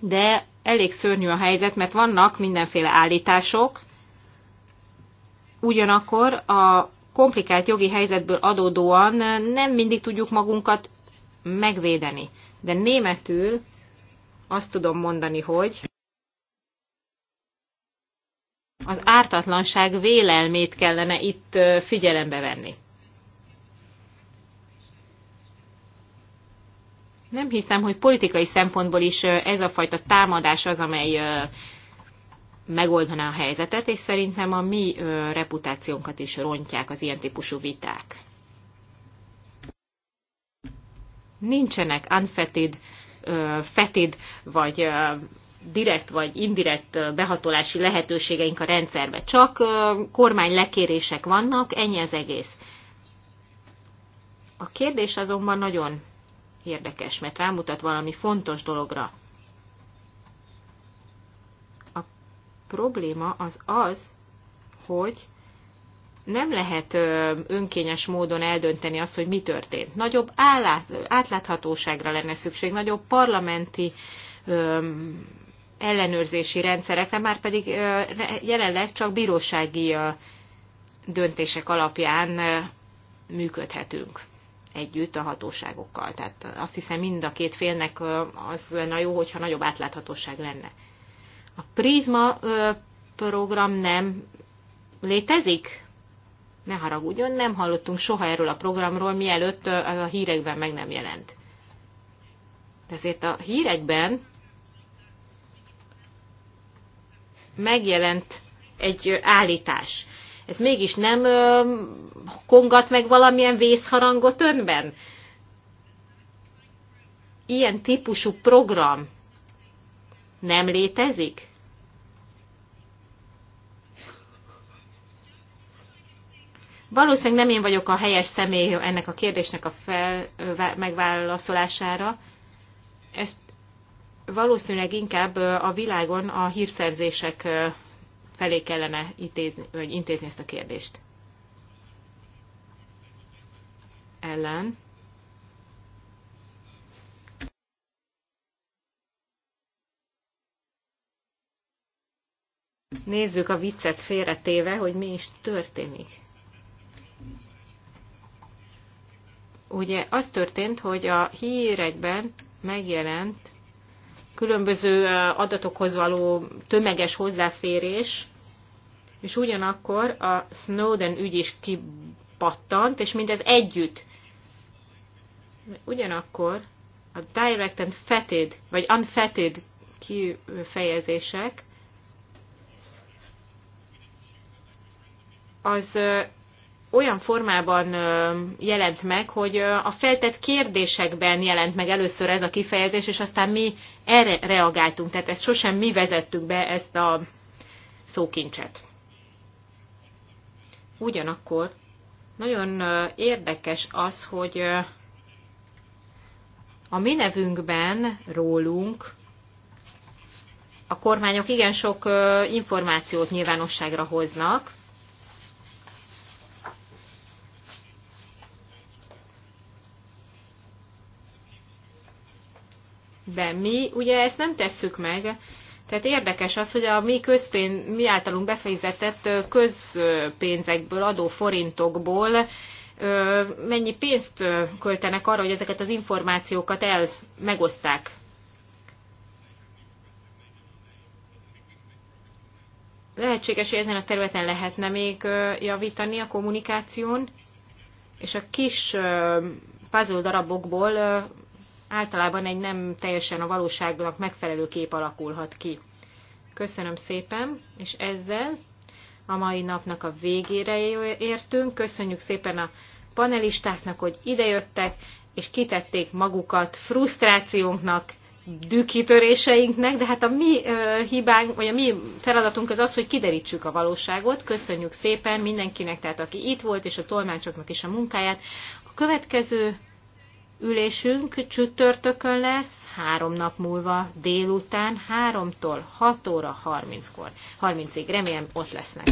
de elég szörnyű a helyzet, mert vannak mindenféle állítások, ugyanakkor a komplikált jogi helyzetből adódóan nem mindig tudjuk magunkat megvédeni. De németül azt tudom mondani, hogy az ártatlanság vélelmét kellene itt figyelembe venni. Nem hiszem, hogy politikai szempontból is ez a fajta támadás az, amely megoldaná a helyzetet, és szerintem a mi reputációnkat is rontják az ilyen típusú viták. Nincsenek unfetid, fetid vagy direkt vagy indirekt behatolási lehetőségeink a rendszerbe. Csak kormány lekérések vannak, ennyi az egész. A kérdés azonban nagyon érdekes, mert rámutat valami fontos dologra. A probléma az az, hogy nem lehet önkényes módon eldönteni azt, hogy mi történt. Nagyobb átláthatóságra lenne szükség, nagyobb parlamenti öm, ellenőrzési rendszerekre, már pedig jelenleg csak bírósági döntések alapján működhetünk együtt a hatóságokkal. Tehát azt hiszem mind a két félnek az lenne jó, hogyha nagyobb átláthatóság lenne. A Prisma program nem létezik? Ne haragudjon, nem hallottunk soha erről a programról, mielőtt a hírekben meg nem jelent. De azért a hírekben megjelent egy állítás. Ez mégis nem ö, kongat meg valamilyen vészharangot önben? Ilyen típusú program nem létezik? Valószínűleg nem én vagyok a helyes személy ennek a kérdésnek a fel, megválaszolására. Ezt valószínűleg inkább a világon a hírszerzések felé kellene intézni, vagy intézni ezt a kérdést. Ellen. Nézzük a viccet félretéve, hogy mi is történik. Ugye az történt, hogy a hírekben megjelent különböző adatokhoz való tömeges hozzáférés, és ugyanakkor a Snowden ügy is kipattant, és mindez együtt. Ugyanakkor a direct and fetid, vagy unfetid kifejezések az olyan formában jelent meg, hogy a feltett kérdésekben jelent meg először ez a kifejezés, és aztán mi erre reagáltunk. Tehát ezt sosem mi vezettük be ezt a szókincset. Ugyanakkor nagyon érdekes az, hogy a mi nevünkben rólunk a kormányok igen sok információt nyilvánosságra hoznak, De mi ugye ezt nem tesszük meg. Tehát érdekes az, hogy a mi közpén, mi általunk befejezett közpénzekből, forintokból, mennyi pénzt költenek arra, hogy ezeket az információkat el megoszták lehetséges, hogy ezen a területen lehetne még javítani a kommunikáción, és a kis puzzle darabokból általában egy nem teljesen a valóságnak megfelelő kép alakulhat ki. Köszönöm szépen, és ezzel a mai napnak a végére értünk. Köszönjük szépen a panelistáknak, hogy idejöttek, és kitették magukat frusztrációnknak, dükkitöréseinknek, de hát a mi hibánk, vagy a mi feladatunk az az, hogy kiderítsük a valóságot. Köszönjük szépen mindenkinek, tehát aki itt volt, és a tolmácsoknak is a munkáját. A következő ülésünk csütörtökön lesz, három nap múlva délután, 3-tól 6 óra 30-kor. 30-ig remélem ott lesznek.